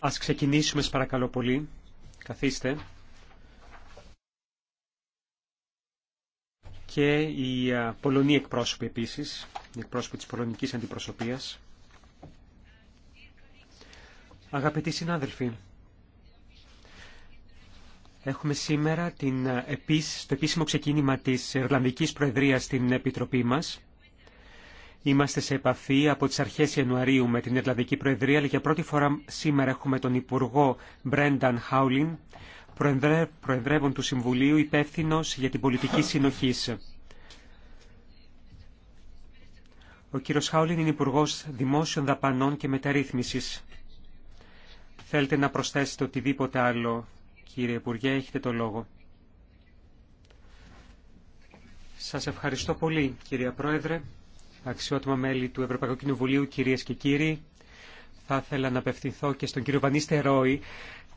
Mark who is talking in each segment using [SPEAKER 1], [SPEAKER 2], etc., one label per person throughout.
[SPEAKER 1] Ας ξεκινήσουμε, παρακαλώ πολύ. Καθίστε. Και οι Πολωνοί εκπρόσωποι επίσης, οι εκπρόσωποι της Πολωνικής Αντιπροσωπείας. Αγαπητοί συνάδελφοι, έχουμε σήμερα την, επίσης, το επίσημο ξεκίνημα της Ιρλανδικής Προεδρίας στην Επιτροπή μας. Είμαστε σε επαφή από τις αρχές Ιανουαρίου με την Ιρλανδική Προεδρία, αλλά για πρώτη φορά σήμερα έχουμε τον Υπουργό Μπρένταν Χάουλιν, Προεδρεύων του Συμβουλίου, υπεύθυνο για την πολιτική συνοχή. Ο κύριος Χάουλιν είναι Υπουργό Δημόσιων Δαπανών και Μεταρρύθμισης. Θέλετε να προσθέσετε οτιδήποτε άλλο, κύριε Υπουργέ, έχετε το λόγο. Σας ευχαριστώ πολύ, κύριε Πρόεδρε αξιότιμα μέλη του Ευρωπαϊκού Κοινοβουλίου, κυρίες και κύριοι. Θα ήθελα να απευθυνθώ και στον κύριο Βανίστε Ρόι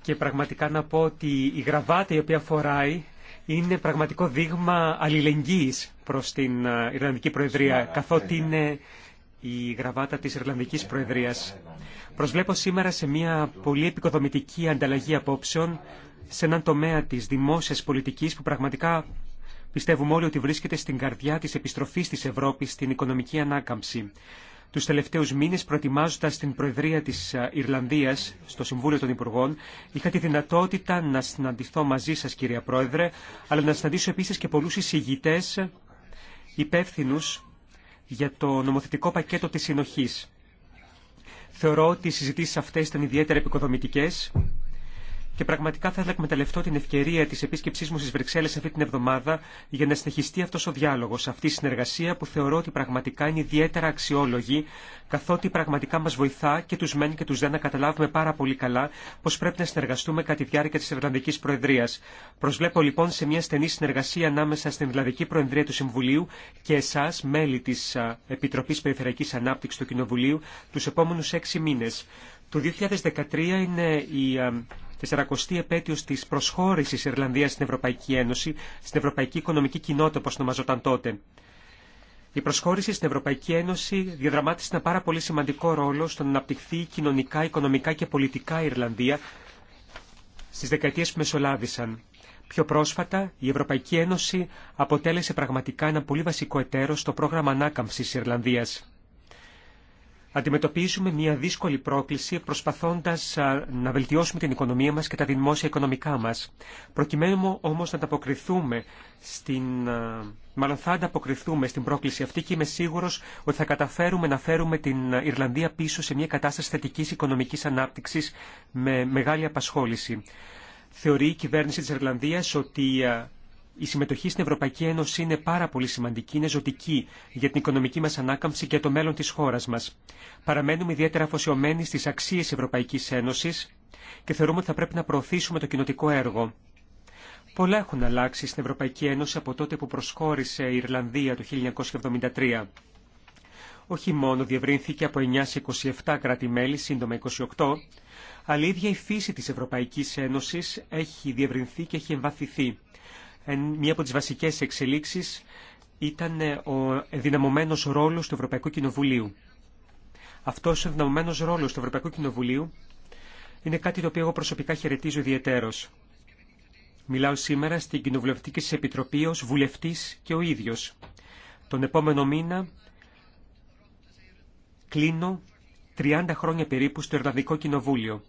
[SPEAKER 1] και πραγματικά να πω ότι η γραβάτα η οποία φοράει είναι πραγματικό δείγμα αλληλεγγύης προς την ε, Ιρλανδική Προεδρία, καθότι είναι η γραβάτα της Ιρλανδικής Προεδρίας. Προσβλέπω σήμερα σε μια πολύ επικοδομητική ανταλλαγή απόψεων σε έναν τομέα της δημόσιας πολιτικής που πραγματικά πιστεύουμε όλοι ότι βρίσκεται στην καρδιά της επιστροφής της Ευρώπης στην οικονομική ανάκαμψη. Τους τελευταίους μήνες, προετοιμάζοντας την Προεδρία της Ιρλανδίας στο Συμβούλιο των Υπουργών, είχα τη δυνατότητα να συναντηθώ μαζί σας, κυρία Πρόεδρε, αλλά να συναντήσω επίσης και πολλούς εισηγητές υπεύθυνου για το νομοθετικό πακέτο της συνοχής. Θεωρώ ότι οι συζητήσεις αυτές ήταν ιδιαίτερα επικοδομητικές και πραγματικά θα ήθελα εκμεταλλευτώ την ευκαιρία τη επίσκεψή μου στι Βρυξέλλε αυτή την εβδομάδα για να συνεχιστεί αυτό ο διάλογο, αυτή η συνεργασία που θεωρώ ότι πραγματικά είναι ιδιαίτερα αξιόλογη, καθότι πραγματικά μα βοηθά και του μεν και του δε να καταλάβουμε πάρα πολύ καλά πώ πρέπει να συνεργαστούμε κατά τη διάρκεια τη Ιρλανδική Προεδρία. Προσβλέπω λοιπόν σε μια στενή συνεργασία ανάμεσα στην Ιρλανδική Προεδρία του Συμβουλίου και εσά, μέλη τη Επιτροπή Περιφερειακή Ανάπτυξη του Κοινοβουλίου, του επόμενου έξι μήνε. Το 2013 είναι η 40η επέτειος της προσχώρησης Ιρλανδίας στην Ευρωπαϊκή Ένωση, στην Ευρωπαϊκή Οικονομική Κοινότητα, όπως ονομαζόταν τότε. Η προσχώρηση στην Ευρωπαϊκή Ένωση διαδραμάτισε ένα πάρα πολύ σημαντικό ρόλο στο να αναπτυχθεί κοινωνικά, οικονομικά και πολιτικά η Ιρλανδία στις δεκαετίες που μεσολάβησαν. Πιο πρόσφατα, η Ευρωπαϊκή Ένωση αποτέλεσε πραγματικά ένα πολύ βασικό εταίρο στο πρόγραμμα ανάκαμψης Ιρλανδίας αντιμετωπίζουμε μια δύσκολη πρόκληση προσπαθώντας να βελτιώσουμε την οικονομία μας και τα δημόσια οικονομικά μας. Προκειμένου όμως να ανταποκριθούμε στην... Μάλλον θα ανταποκριθούμε στην πρόκληση αυτή και είμαι σίγουρο ότι θα καταφέρουμε να φέρουμε την Ιρλανδία πίσω σε μια κατάσταση θετικής οικονομική ανάπτυξη με μεγάλη απασχόληση. Θεωρεί η κυβέρνηση τη Ιρλανδία ότι η συμμετοχή στην Ευρωπαϊκή Ένωση είναι πάρα πολύ σημαντική, είναι ζωτική για την οικονομική μας ανάκαμψη και το μέλλον της χώρας μας. Παραμένουμε ιδιαίτερα αφοσιωμένοι στις αξίες Ευρωπαϊκής Ένωσης και θεωρούμε ότι θα πρέπει να προωθήσουμε το κοινοτικό έργο. Πολλά έχουν αλλάξει στην Ευρωπαϊκή Ένωση από τότε που προσχώρησε η Ιρλανδία το 1973. Όχι μόνο διευρύνθηκε από 9 σε 27 κράτη-μέλη, σύντομα 28, αλλά η ίδια η φύση της Ευρωπαϊκής Ένωσης έχει διευρυνθεί και έχει εμβαθυθεί μία από τις βασικές εξελίξεις ήταν ε, ο δυναμωμένος ρόλος του Ευρωπαϊκού Κοινοβουλίου. Αυτός ο δυναμωμένος ρόλος του Ευρωπαϊκού Κοινοβουλίου είναι κάτι το οποίο εγώ προσωπικά χαιρετίζω ιδιαιτέρως. Μιλάω σήμερα στην Κοινοβουλευτική Επιτροπή ως βουλευτής και ο ίδιος. Τον επόμενο μήνα κλείνω 30 χρόνια περίπου στο Ερλανδικό Κοινοβούλιο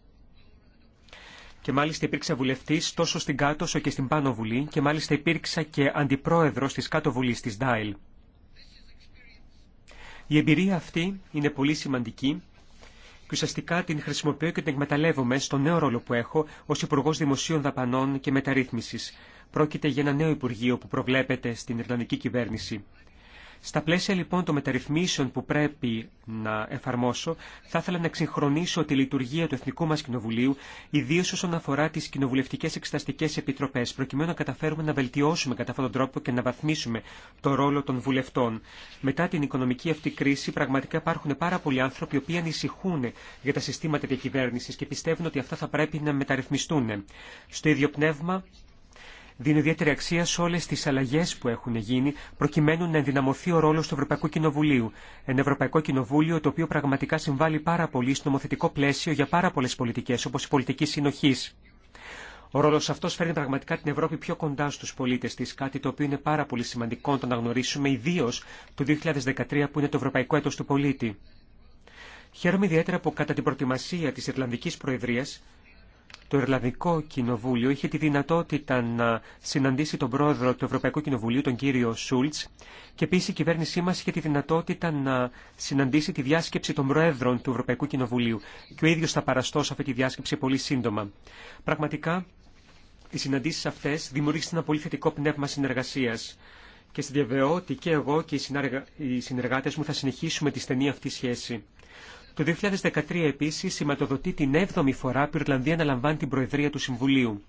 [SPEAKER 1] και μάλιστα υπήρξα βουλευτή τόσο στην κάτω όσο και στην πάνω βουλή και μάλιστα υπήρξα και αντιπρόεδρος τη κάτω βουλής της ΔΑΕΛ. Η εμπειρία αυτή είναι πολύ σημαντική και ουσιαστικά την χρησιμοποιώ και την εκμεταλλεύομαι στο νέο ρόλο που έχω ω Υπουργό Δημοσίων Δαπανών και Μεταρρύθμιση. Πρόκειται για ένα νέο Υπουργείο που προβλέπεται στην Ιρλανδική κυβέρνηση. Στα πλαίσια λοιπόν των μεταρρυθμίσεων που πρέπει να εφαρμόσω, θα ήθελα να εξυγχρονίσω τη λειτουργία του Εθνικού μα Κοινοβουλίου, ιδίω όσον αφορά τι κοινοβουλευτικέ εξεταστικέ επιτροπέ, προκειμένου να καταφέρουμε να βελτιώσουμε κατά αυτόν τον τρόπο και να βαθμίσουμε το ρόλο των βουλευτών. Μετά την οικονομική αυτή κρίση, πραγματικά υπάρχουν πάρα πολλοί άνθρωποι οι οποίοι ανησυχούν για τα συστήματα διακυβέρνηση και πιστεύουν ότι αυτά θα πρέπει να μεταρρυθμιστούν. Στο ίδιο πνεύμα, δίνω ιδιαίτερη αξία σε όλε τι αλλαγέ που έχουν γίνει προκειμένου να ενδυναμωθεί ο ρόλο του Ευρωπαϊκού Κοινοβουλίου. Ένα Ευρωπαϊκό Κοινοβούλιο το οποίο πραγματικά συμβάλλει πάρα πολύ στο νομοθετικό πλαίσιο για πάρα πολλέ πολιτικέ όπω η πολιτική συνοχή. Ο ρόλο αυτό φέρνει πραγματικά την Ευρώπη πιο κοντά στου πολίτε τη, κάτι το οποίο είναι πάρα πολύ σημαντικό να το αναγνωρίσουμε, ιδίω το 2013 που είναι το Ευρωπαϊκό Έτο του Πολίτη. Χαίρομαι ιδιαίτερα που κατά την προετοιμασία τη Ιρλανδική Προεδρία το Ιρλανδικό Κοινοβούλιο είχε τη δυνατότητα να συναντήσει τον πρόεδρο του Ευρωπαϊκού Κοινοβουλίου, τον κύριο Σούλτς, και επίση η κυβέρνησή μας είχε τη δυνατότητα να συναντήσει τη διάσκεψη των πρόεδρων του Ευρωπαϊκού Κοινοβουλίου. Και ο ίδιος θα παραστώ σε αυτή τη διάσκεψη πολύ σύντομα. Πραγματικά, οι συναντήσεις αυτές δημιούργησαν ένα πολύ θετικό πνεύμα συνεργασίας. Και στη ότι και εγώ και οι συνεργάτες μου θα συνεχίσουμε τη στενή αυτή σχέση. Το 2013 επίσης σηματοδοτεί την 7η φορά που η Ιρλανδία αναλαμβάνει την Προεδρία του Συμβουλίου.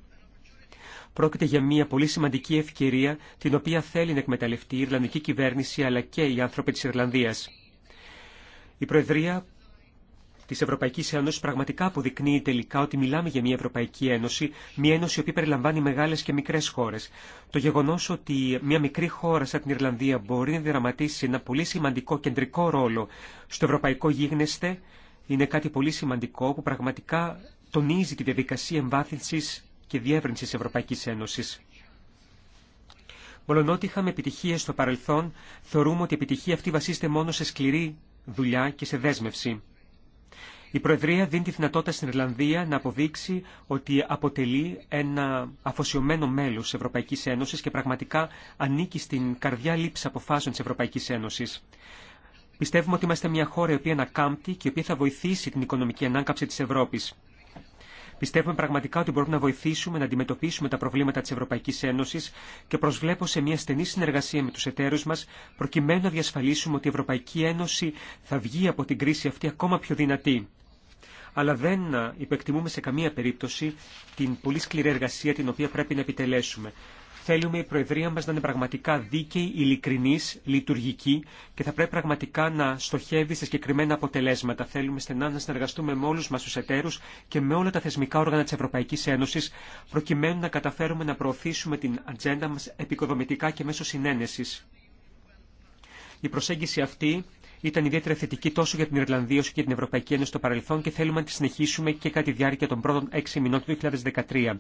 [SPEAKER 1] Πρόκειται για μια πολύ σημαντική ευκαιρία την οποία θέλει να εκμεταλλευτεί η Ιρλανδική κυβέρνηση αλλά και οι άνθρωποι της Ιρλανδίας. Η Προεδρία Τη Ευρωπαϊκή Ένωση πραγματικά αποδεικνύει τελικά ότι μιλάμε για μια Ευρωπαϊκή Ένωση, μια ένωση που περιλαμβάνει μεγάλε και μικρέ χώρε. Το γεγονό ότι μια μικρή χώρα σαν την Ιρλανδία μπορεί να δραματίσει ένα πολύ σημαντικό κεντρικό ρόλο στο ευρωπαϊκό γίγνεσθε είναι κάτι πολύ σημαντικό που πραγματικά τονίζει τη διαδικασία εμβάθυνση και διεύρυνσης Ευρωπαϊκή Ένωση. Μολονότι είχαμε επιτυχίε στο παρελθόν, θεωρούμε ότι η επιτυχία αυτή βασίζεται μόνο σε σκληρή δουλειά και σε δέσμευση. Η Προεδρία δίνει τη δυνατότητα στην Ιρλανδία να αποδείξει ότι αποτελεί ένα αφοσιωμένο μέλο τη Ευρωπαϊκή Ένωση και πραγματικά ανήκει στην καρδιά λήψη αποφάσεων τη Ευρωπαϊκή Ένωση. Πιστεύουμε ότι είμαστε μια χώρα η οποία ανακάμπτει και η οποία θα βοηθήσει την οικονομική ανάκαμψη τη Ευρώπη. Πιστεύουμε πραγματικά ότι μπορούμε να βοηθήσουμε να αντιμετωπίσουμε τα προβλήματα τη Ευρωπαϊκή Ένωση και προσβλέπω σε μια στενή συνεργασία με του εταίρου μα, προκειμένου να διασφαλίσουμε ότι η Ευρωπαϊκή Ένωση θα βγει από την κρίση αυτή ακόμα πιο δυνατή αλλά δεν υπεκτιμούμε σε καμία περίπτωση την πολύ σκληρή εργασία την οποία πρέπει να επιτελέσουμε. Θέλουμε η Προεδρία μας να είναι πραγματικά δίκαιη, ειλικρινής, λειτουργική και θα πρέπει πραγματικά να στοχεύει σε συγκεκριμένα αποτελέσματα. Θέλουμε στενά να συνεργαστούμε με όλους μας τους εταίρους και με όλα τα θεσμικά όργανα της Ευρωπαϊκής Ένωσης προκειμένου να καταφέρουμε να προωθήσουμε την ατζέντα μας επικοδομητικά και μέσω συνένεση. Η προσέγγιση αυτή ήταν ιδιαίτερα θετική τόσο για την Ιρλανδία όσο και την Ευρωπαϊκή Ένωση στο παρελθόν και θέλουμε να τη συνεχίσουμε και κατά τη διάρκεια των πρώτων έξι μηνών του 2013.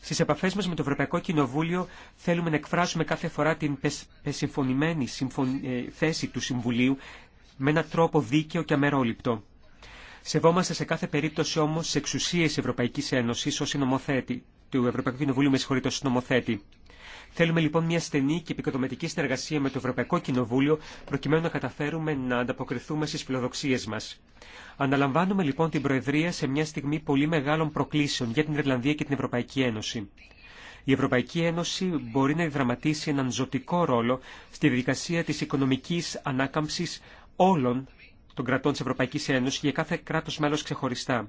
[SPEAKER 1] Στι επαφέ μα με το Ευρωπαϊκό Κοινοβούλιο θέλουμε να εκφράσουμε κάθε φορά την πεσυμφωνημένη ε, θέση του Συμβουλίου με έναν τρόπο δίκαιο και αμερόληπτο. Σεβόμαστε σε κάθε περίπτωση όμως τι εξουσίες Ευρωπαϊκή Ένωση ω νομοθέτη, του Ευρωπαϊκού Κοινοβουλίου με συγχωρείτε ως νομοθέτη. Θέλουμε λοιπόν μια στενή και επικοδομητική συνεργασία με το Ευρωπαϊκό Κοινοβούλιο, προκειμένου να καταφέρουμε να ανταποκριθούμε στι φιλοδοξίε μα. Αναλαμβάνουμε λοιπόν την Προεδρία σε μια στιγμή πολύ μεγάλων προκλήσεων για την Ιρλανδία και την Ευρωπαϊκή Ένωση. Η Ευρωπαϊκή Ένωση μπορεί να δραματίσει έναν ζωτικό ρόλο στη διαδικασία τη οικονομική ανάκαμψη όλων των κρατών τη Ευρωπαϊκή Ένωση για κάθε κράτο μέλο ξεχωριστά.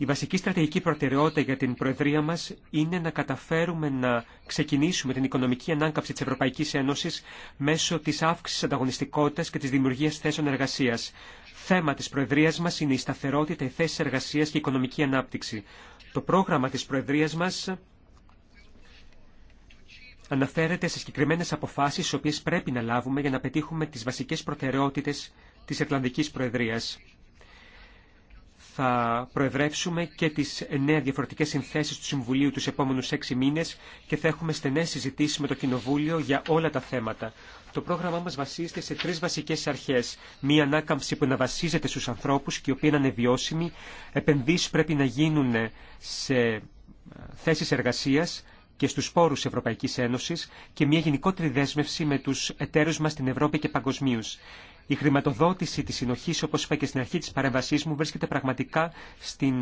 [SPEAKER 1] Η βασική στρατηγική προτεραιότητα για την Προεδρία μας είναι να καταφέρουμε να ξεκινήσουμε την οικονομική ανάκαμψη της Ευρωπαϊκής Ένωσης μέσω της αύξησης ανταγωνιστικότητας και της δημιουργίας θέσεων εργασίας. Θέμα της Προεδρίας μας είναι η σταθερότητα, οι θέσεις εργασίας και η οικονομική ανάπτυξη. Το πρόγραμμα της Προεδρίας μας αναφέρεται σε συγκεκριμένες αποφάσεις τις οποίες πρέπει να λάβουμε για να πετύχουμε τις βασικές προτεραιότητες της Ιρλανδικής Προεδρίας θα προευρεύσουμε και τις νέα διαφορετικές συνθέσεις του Συμβουλίου τους επόμενους έξι μήνες και θα έχουμε στενές συζητήσεις με το Κοινοβούλιο για όλα τα θέματα. Το πρόγραμμά μας βασίζεται σε τρεις βασικές αρχές. Μία ανάκαμψη που να βασίζεται στους ανθρώπους και η οποία να είναι βιώσιμη. Επενδύσεις πρέπει να γίνουν σε ε, θέσεις εργασίας και στους πόρους Ευρωπαϊκής Ένωσης και μια γενικότερη δέσμευση με τους εταίρους μας στην Ευρώπη και παγκοσμίω. Η χρηματοδότηση της συνοχής, όπως είπα και στην αρχή της παρέμβασής μου, βρίσκεται πραγματικά στην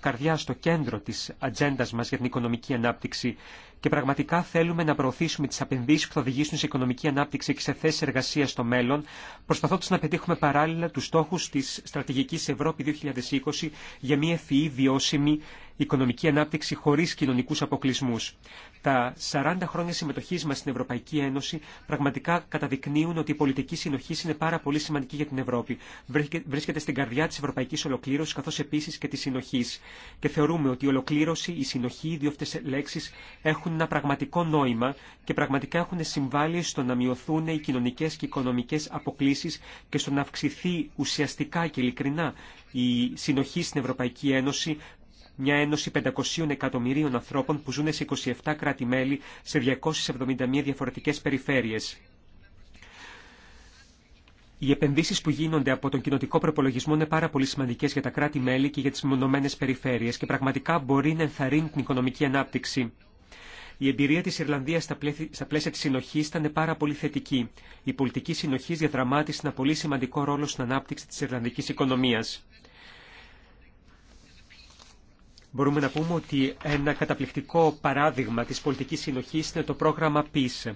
[SPEAKER 1] καρδιά, στο κέντρο της ατζέντα μας για την οικονομική ανάπτυξη και πραγματικά θέλουμε να προωθήσουμε τις απενδύσεις που θα οδηγήσουν σε οικονομική ανάπτυξη και σε θέσεις εργασίας στο μέλλον, προσπαθώντας να πετύχουμε παράλληλα τους στόχους της Στρατηγικής Ευρώπη 2020 για μια ευφυή βιώσιμη οικονομική ανάπτυξη χωρίς κοινωνικούς αποκλεισμούς. Τα 40 χρόνια συμμετοχής μας στην Ευρωπαϊκή Ένωση πραγματικά καταδεικνύουν ότι η πολιτική συνοχή είναι πάρα πολύ σημαντική για την Ευρώπη. Βρίσκεται στην καρδιά της ευρωπαϊκής ολοκλήρωσης καθώς επίσης και της συνοχής. Και θεωρούμε ότι η ολοκλήρωση, η συνοχή, οι δύο αυτές λέξεις έχουν ένα πραγματικό νόημα και πραγματικά έχουν συμβάλει στο να μειωθούν οι κοινωνικέ και οικονομικές αποκλήσει και στο να αυξηθεί ουσιαστικά και ειλικρινά η συνοχή στην Ευρωπαϊκή Ένωση μια ένωση 500 εκατομμυρίων ανθρώπων που ζουν σε 27 κράτη-μέλη σε 271 διαφορετικές περιφέρειες. Οι επενδύσεις που γίνονται από τον κοινοτικό προπολογισμό είναι πάρα πολύ σημαντικέ για τα κράτη-μέλη και για τις μονομένες περιφέρειες και πραγματικά μπορεί να ενθαρρύνει την οικονομική ανάπτυξη. Η εμπειρία της Ιρλανδίας στα πλαίσια τη συνοχή ήταν πάρα πολύ θετική. Η πολιτική συνοχή διαδραμάτισε ένα πολύ σημαντικό ρόλο στην ανάπτυξη της Ιρλανδικής οικονομία. Μπορούμε να πούμε ότι ένα καταπληκτικό παράδειγμα της πολιτικής συνοχής είναι το πρόγραμμα PIS.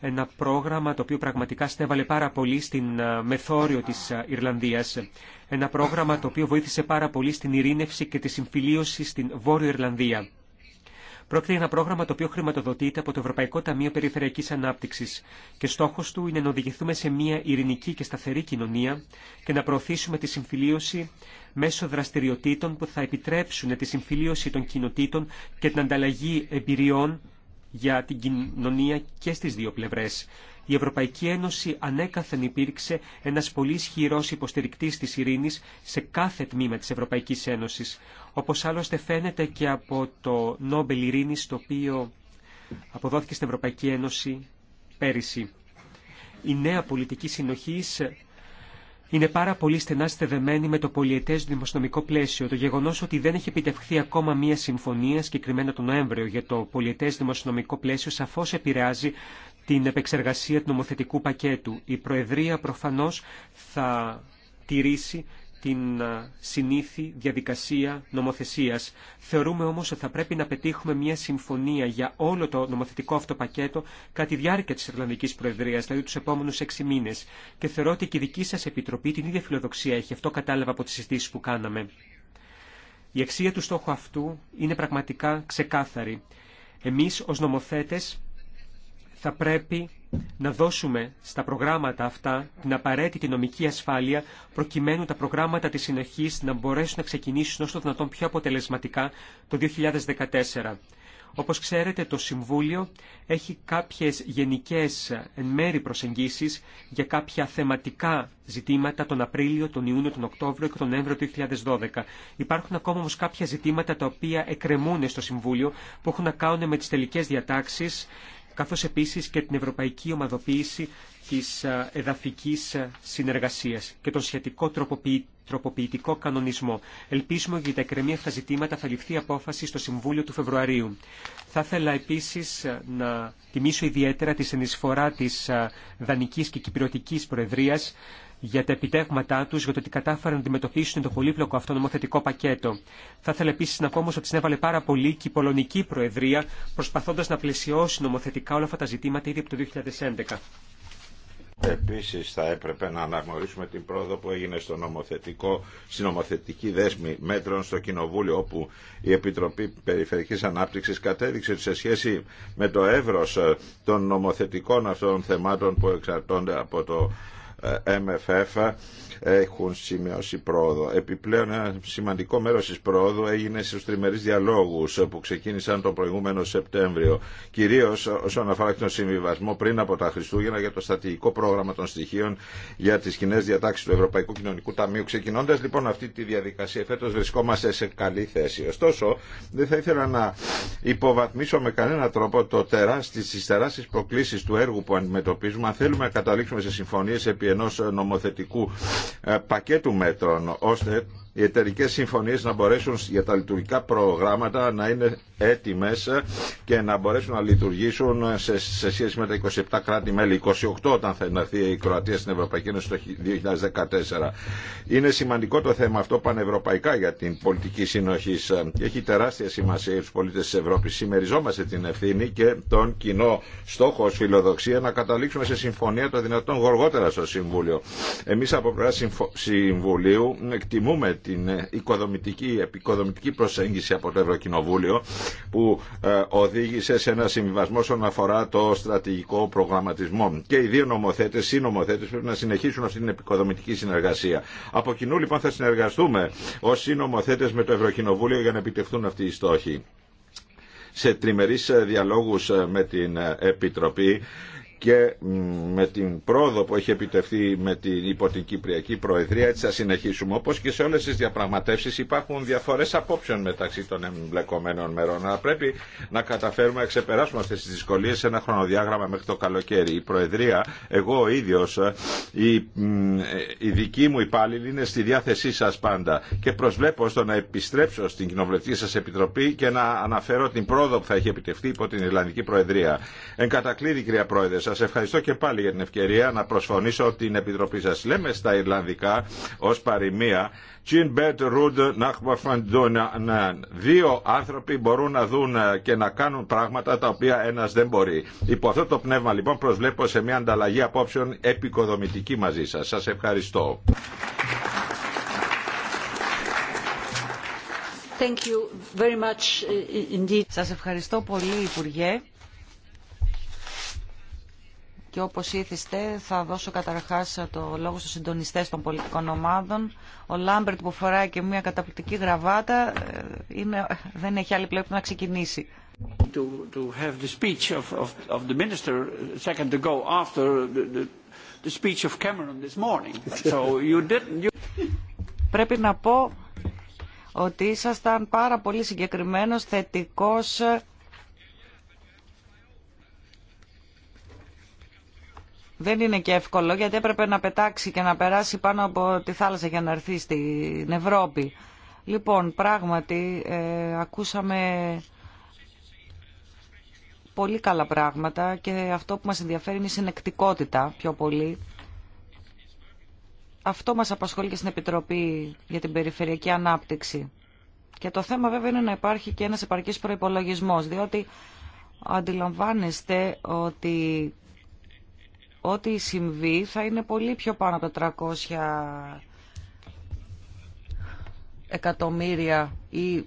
[SPEAKER 1] Ένα πρόγραμμα το οποίο πραγματικά συνέβαλε πάρα πολύ στην μεθόριο της Ιρλανδίας. Ένα πρόγραμμα το οποίο βοήθησε πάρα πολύ στην ειρήνευση και τη συμφιλίωση στην Βόρειο Ιρλανδία. Πρόκειται για ένα πρόγραμμα το οποίο χρηματοδοτείται από το Ευρωπαϊκό Ταμείο Περιφερειακή Ανάπτυξη και στόχο του είναι να οδηγηθούμε σε μια ειρηνική και σταθερή κοινωνία και να προωθήσουμε τη συμφιλίωση μέσω δραστηριοτήτων που θα επιτρέψουν τη συμφιλίωση των κοινοτήτων και την ανταλλαγή εμπειριών για την κοινωνία και στις δύο πλευρές. Η Ευρωπαϊκή Ένωση ανέκαθεν υπήρξε ένας πολύ ισχυρό υποστηρικτής τη Ειρηνή σε κάθε τμήμα τη Ευρωπαϊκή Ένωσης όπως άλλωστε φαίνεται και από το Νόμπελ Ειρήνης, το οποίο αποδόθηκε στην Ευρωπαϊκή Ένωση πέρυσι. Η νέα πολιτική συνοχή είναι πάρα πολύ στενά στεδεμένη με το πολιετές δημοσιονομικό πλαίσιο. Το γεγονός ότι δεν έχει επιτευχθεί ακόμα μία συμφωνία, συγκεκριμένα τον Νοέμβριο, για το πολιετές δημοσιονομικό πλαίσιο, σαφώ επηρεάζει την επεξεργασία του νομοθετικού πακέτου. Η Προεδρία προφανώς θα τηρήσει την συνήθη διαδικασία νομοθεσίας. Θεωρούμε όμως ότι θα πρέπει να πετύχουμε μια συμφωνία για όλο το νομοθετικό αυτό πακέτο κατά τη διάρκεια της Ιρλανδικής Προεδρίας, δηλαδή τους επόμενους έξι μήνες. Και θεωρώ ότι και η δική σας Επιτροπή την ίδια φιλοδοξία έχει. Αυτό κατάλαβα από τις συζητήσεις που κάναμε. Η αξία του στόχου αυτού είναι πραγματικά ξεκάθαρη. Εμείς ως νομοθέτες θα πρέπει να δώσουμε στα προγράμματα αυτά την απαραίτητη νομική ασφάλεια προκειμένου τα προγράμματα της συνεχής να μπορέσουν να ξεκινήσουν όσο το δυνατόν πιο αποτελεσματικά το 2014. Όπως ξέρετε, το Συμβούλιο έχει κάποιες γενικές εν μέρη προσεγγίσεις για κάποια θεματικά ζητήματα τον Απρίλιο, τον Ιούνιο, τον Οκτώβριο και τον Νοέμβριο του 2012. Υπάρχουν ακόμα όμως κάποια ζητήματα τα οποία εκκρεμούν στο Συμβούλιο που έχουν να κάνουν με τις τελικές διατάξεις καθώς επίσης και την ευρωπαϊκή ομαδοποίηση της ε, εδαφικής ε, συνεργασίας και τον σχετικό τροποποιητικό κανονισμό. Ελπίζουμε ότι για τα εκκρεμή αυτά ζητήματα θα ληφθεί απόφαση στο Συμβούλιο του Φεβρουαρίου. Θα ήθελα επίσης ε, να τιμήσω ιδιαίτερα τη συνεισφορά της Δανικής και Κυπριωτικής Προεδρίας για τα επιτεύγματά του, για το ότι κατάφεραν να αντιμετωπίσουν το πολύπλοκο αυτό νομοθετικό πακέτο. Θα ήθελα επίση να πω όμω ότι συνέβαλε πάρα πολύ και η Πολωνική Προεδρία, προσπαθώντα να πλαισιώσει νομοθετικά όλα αυτά τα ζητήματα ήδη από το 2011.
[SPEAKER 2] Επίση, θα έπρεπε να αναγνωρίσουμε την πρόοδο που έγινε στο νομοθετικό, στην νομοθετική δέσμη μέτρων στο Κοινοβούλιο όπου η Επιτροπή Περιφερική ανάπτυξη κατέδειξε σε σχέση με το εύρο των νομοθετικών αυτών θεμάτων που εξαρτώνται από το ε, MFF ε, έχουν σημειώσει πρόοδο. Επιπλέον ένα σημαντικό μέρο τη πρόοδου έγινε στου τριμερεί διαλόγου που ξεκίνησαν τον προηγούμενο Σεπτέμβριο. Κυρίω όσον αφορά τον συμβιβασμό πριν από τα Χριστούγεννα για το στατηγικό πρόγραμμα των στοιχείων για τι κοινέ διατάξει του Ευρωπαϊκού Κοινωνικού Ταμείου. Ξεκινώντας λοιπόν αυτή τη διαδικασία φέτο βρισκόμαστε σε καλή θέση. Ωστόσο δεν θα ήθελα να υποβαθμίσω με κανένα τρόπο το τεράστι, τις τεράστιες προκλήσεις του έργου που αντιμετωπίζουμε αν θέλουμε να καταλήξουμε σε συμφωνίες επί ενός νομοθετικού ε, πακέτου μέτρων ώστε οι εταιρικές συμφωνίες να μπορέσουν για τα λειτουργικά προγράμματα να είναι έτοιμες και να μπορέσουν να λειτουργήσουν σε, σε σχέση με τα 27 κράτη-μέλη, 28 όταν θα έρθει η Κροατία στην Ευρωπαϊκή Ένωση το 2014. Είναι σημαντικό το θέμα αυτό πανευρωπαϊκά για την πολιτική συνοχή και έχει τεράστια σημασία για τους πολίτες της Ευρώπης. Σημεριζόμαστε την ευθύνη και τον κοινό στόχο ως φιλοδοξία να καταλήξουμε σε συμφωνία το δυνατόν γοργότερα στο Συμβούλιο. Εμείς από πλευρά Συμβουλίου εκτιμούμε την ε, οικοδομητική, επικοδομητική προσέγγιση από το Ευρωκοινοβούλιο που ε, οδήγησε σε ένα συμβιβασμό όσον αφορά το στρατηγικό προγραμματισμό. Και οι δύο νομοθέτε, συνομοθέτε, πρέπει να συνεχίσουν αυτή την επικοδομητική συνεργασία. Από κοινού λοιπόν θα συνεργαστούμε ω συνομοθέτε με το Ευρωκοινοβούλιο για να επιτευχθούν αυτοί οι στόχοι σε τριμερείς ε, διαλόγους με την Επιτροπή και με την πρόοδο που έχει επιτευχθεί με την Κυπριακή προεδρία έτσι θα συνεχίσουμε. Όπως και σε όλες τις διαπραγματεύσεις υπάρχουν διαφορές απόψεων μεταξύ των εμπλεκομένων μερών αλλά πρέπει να καταφέρουμε να ξεπεράσουμε αυτές τις δυσκολίες σε ένα χρονοδιάγραμμα μέχρι το καλοκαίρι. Η προεδρία, εγώ ο ίδιος, η, η δική μου υπάλληλη είναι στη διάθεσή σας πάντα και προσβλέπω στο να επιστρέψω στην κοινοβουλευτική σας επιτροπή και να αναφέρω την πρόοδο που θα έχει επιτευχθεί υπό την Ιρλανδική Προεδρία. Εν κατακλείδη, κυρία Πρόεδρε, σας ευχαριστώ και πάλι για την ευκαιρία να προσφωνήσω την Επιτροπή σας. Λέμε στα Ιρλανδικά ως παροιμία Δύο άνθρωποι μπορούν να δουν και να κάνουν πράγματα τα οποία ένα δεν μπορεί. Υπό αυτό το πνεύμα λοιπόν προσβλέπω σε μια ανταλλαγή απόψεων επικοδομητική μαζί σας. Σα ευχαριστώ.
[SPEAKER 3] Thank Σας ευχαριστώ πολύ Υπουργέ και όπως ήθιστε θα δώσω καταρχάς το λόγο στους συντονιστές των πολιτικών ομάδων. Ο Λάμπερτ που φοράει και μια καταπληκτική γραβάτα ε, είναι, δεν έχει άλλη πλέον να ξεκινήσει.
[SPEAKER 2] To, to have the speech of, of, the minister second to go after the, the, speech of Cameron this morning. So you didn't, Πρέπει να πω
[SPEAKER 3] ότι ήσασταν πάρα πολύ συγκεκριμένος, θετικός, δεν είναι και εύκολο γιατί έπρεπε να πετάξει και να περάσει πάνω από τη θάλασσα για να έρθει στην Ευρώπη. Λοιπόν, πράγματι, ε, ακούσαμε πολύ καλά πράγματα και αυτό που μας ενδιαφέρει είναι η συνεκτικότητα πιο πολύ. Αυτό μας απασχολεί και στην Επιτροπή για την Περιφερειακή Ανάπτυξη. Και το θέμα βέβαια είναι να υπάρχει και ένας επαρκής προϋπολογισμός, διότι αντιλαμβάνεστε ότι ό,τι συμβεί θα είναι πολύ πιο πάνω από τα 300 εκατομμύρια ή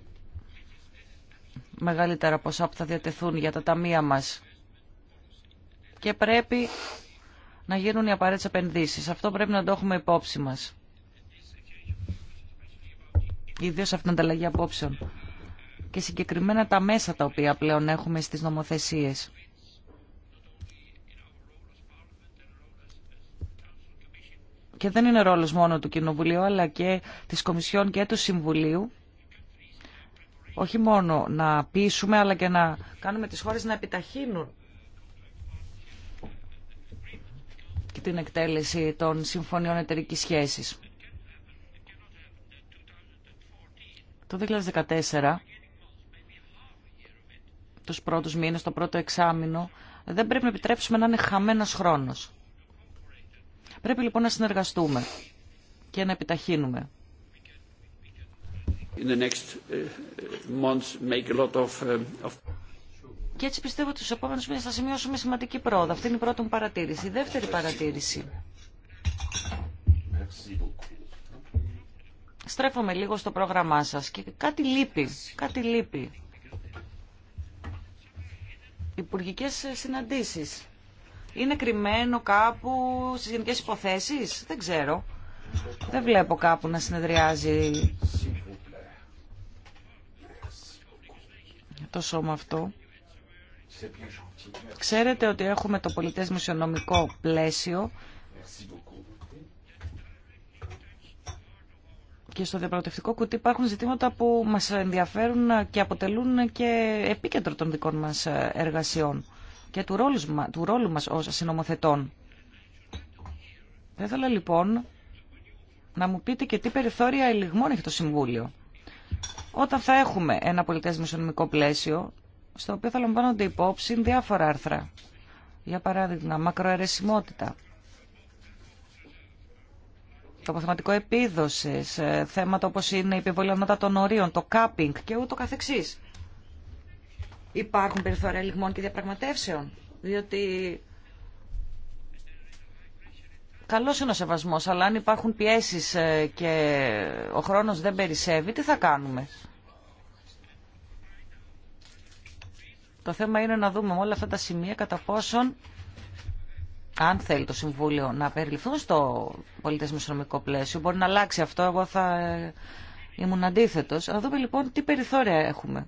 [SPEAKER 3] μεγαλύτερα ποσά που θα διατεθούν για τα ταμεία μας. Και πρέπει να γίνουν οι απαραίτητες επενδύσεις. Αυτό πρέπει να το έχουμε υπόψη μας. Ιδίω αυτήν την ανταλλαγή απόψεων. Και συγκεκριμένα τα μέσα τα οποία πλέον έχουμε στις νομοθεσίες. και δεν είναι ρόλος μόνο του Κοινοβουλίου αλλά και της Κομισιόν και του Συμβουλίου όχι μόνο να πείσουμε αλλά και να κάνουμε τις χώρες να
[SPEAKER 1] επιταχύνουν
[SPEAKER 3] και την εκτέλεση των συμφωνιών εταιρική σχέσης. Το 2014, τους πρώτους μήνες, το πρώτο εξάμεινο, δεν πρέπει να επιτρέψουμε να είναι χαμένος χρόνος. Πρέπει λοιπόν να συνεργαστούμε και να επιταχύνουμε. Και έτσι πιστεύω ότι στους επόμενους μήνες θα σημειώσουμε σημαντική πρόοδο. Αυτή είναι η πρώτη μου παρατήρηση. Η δεύτερη παρατήρηση. Στρέφομαι λίγο στο πρόγραμμά σας και κάτι λείπει, κάτι λείπει. Υπουργικές συναντήσεις είναι κρυμμένο κάπου στις γενικέ υποθέσεις. Δεν ξέρω. Δεν βλέπω κάπου να συνεδριάζει το σώμα αυτό. Ξέρετε ότι έχουμε το πολιτές μουσιονομικό πλαίσιο και στο διαπραγματευτικό κουτί υπάρχουν ζητήματα που μας ενδιαφέρουν και αποτελούν και επίκεντρο των δικών μας εργασιών και του ρόλου, του ρόλου μας ως συνομοθετών. Θα ήθελα λοιπόν να μου πείτε και τι περιθώρια ελιγμών έχει το Συμβούλιο. Όταν θα έχουμε ένα πολιτές μεσονομικό πλαίσιο, στο οποίο θα λαμβάνονται υπόψη διάφορα άρθρα. Για παράδειγμα, μακροαιρεσιμότητα, το μαθηματικό επίδοση, ε, θέματα όπως είναι η επιβολή των ορίων, το κάπινγκ και ούτω καθεξής υπάρχουν περιθώρια λιγμών και διαπραγματεύσεων. Διότι καλό είναι ο σεβασμό, αλλά αν υπάρχουν πιέσει ε, και ο χρόνο δεν περισσεύει, τι θα κάνουμε. Το θέμα είναι να δούμε όλα αυτά τα σημεία κατά πόσον αν θέλει το Συμβούλιο να περιληφθούν στο πολιτισμικό πλαίσιο, μπορεί να αλλάξει αυτό. Εγώ θα ήμουν αντίθετο. Να δούμε λοιπόν τι περιθώρια έχουμε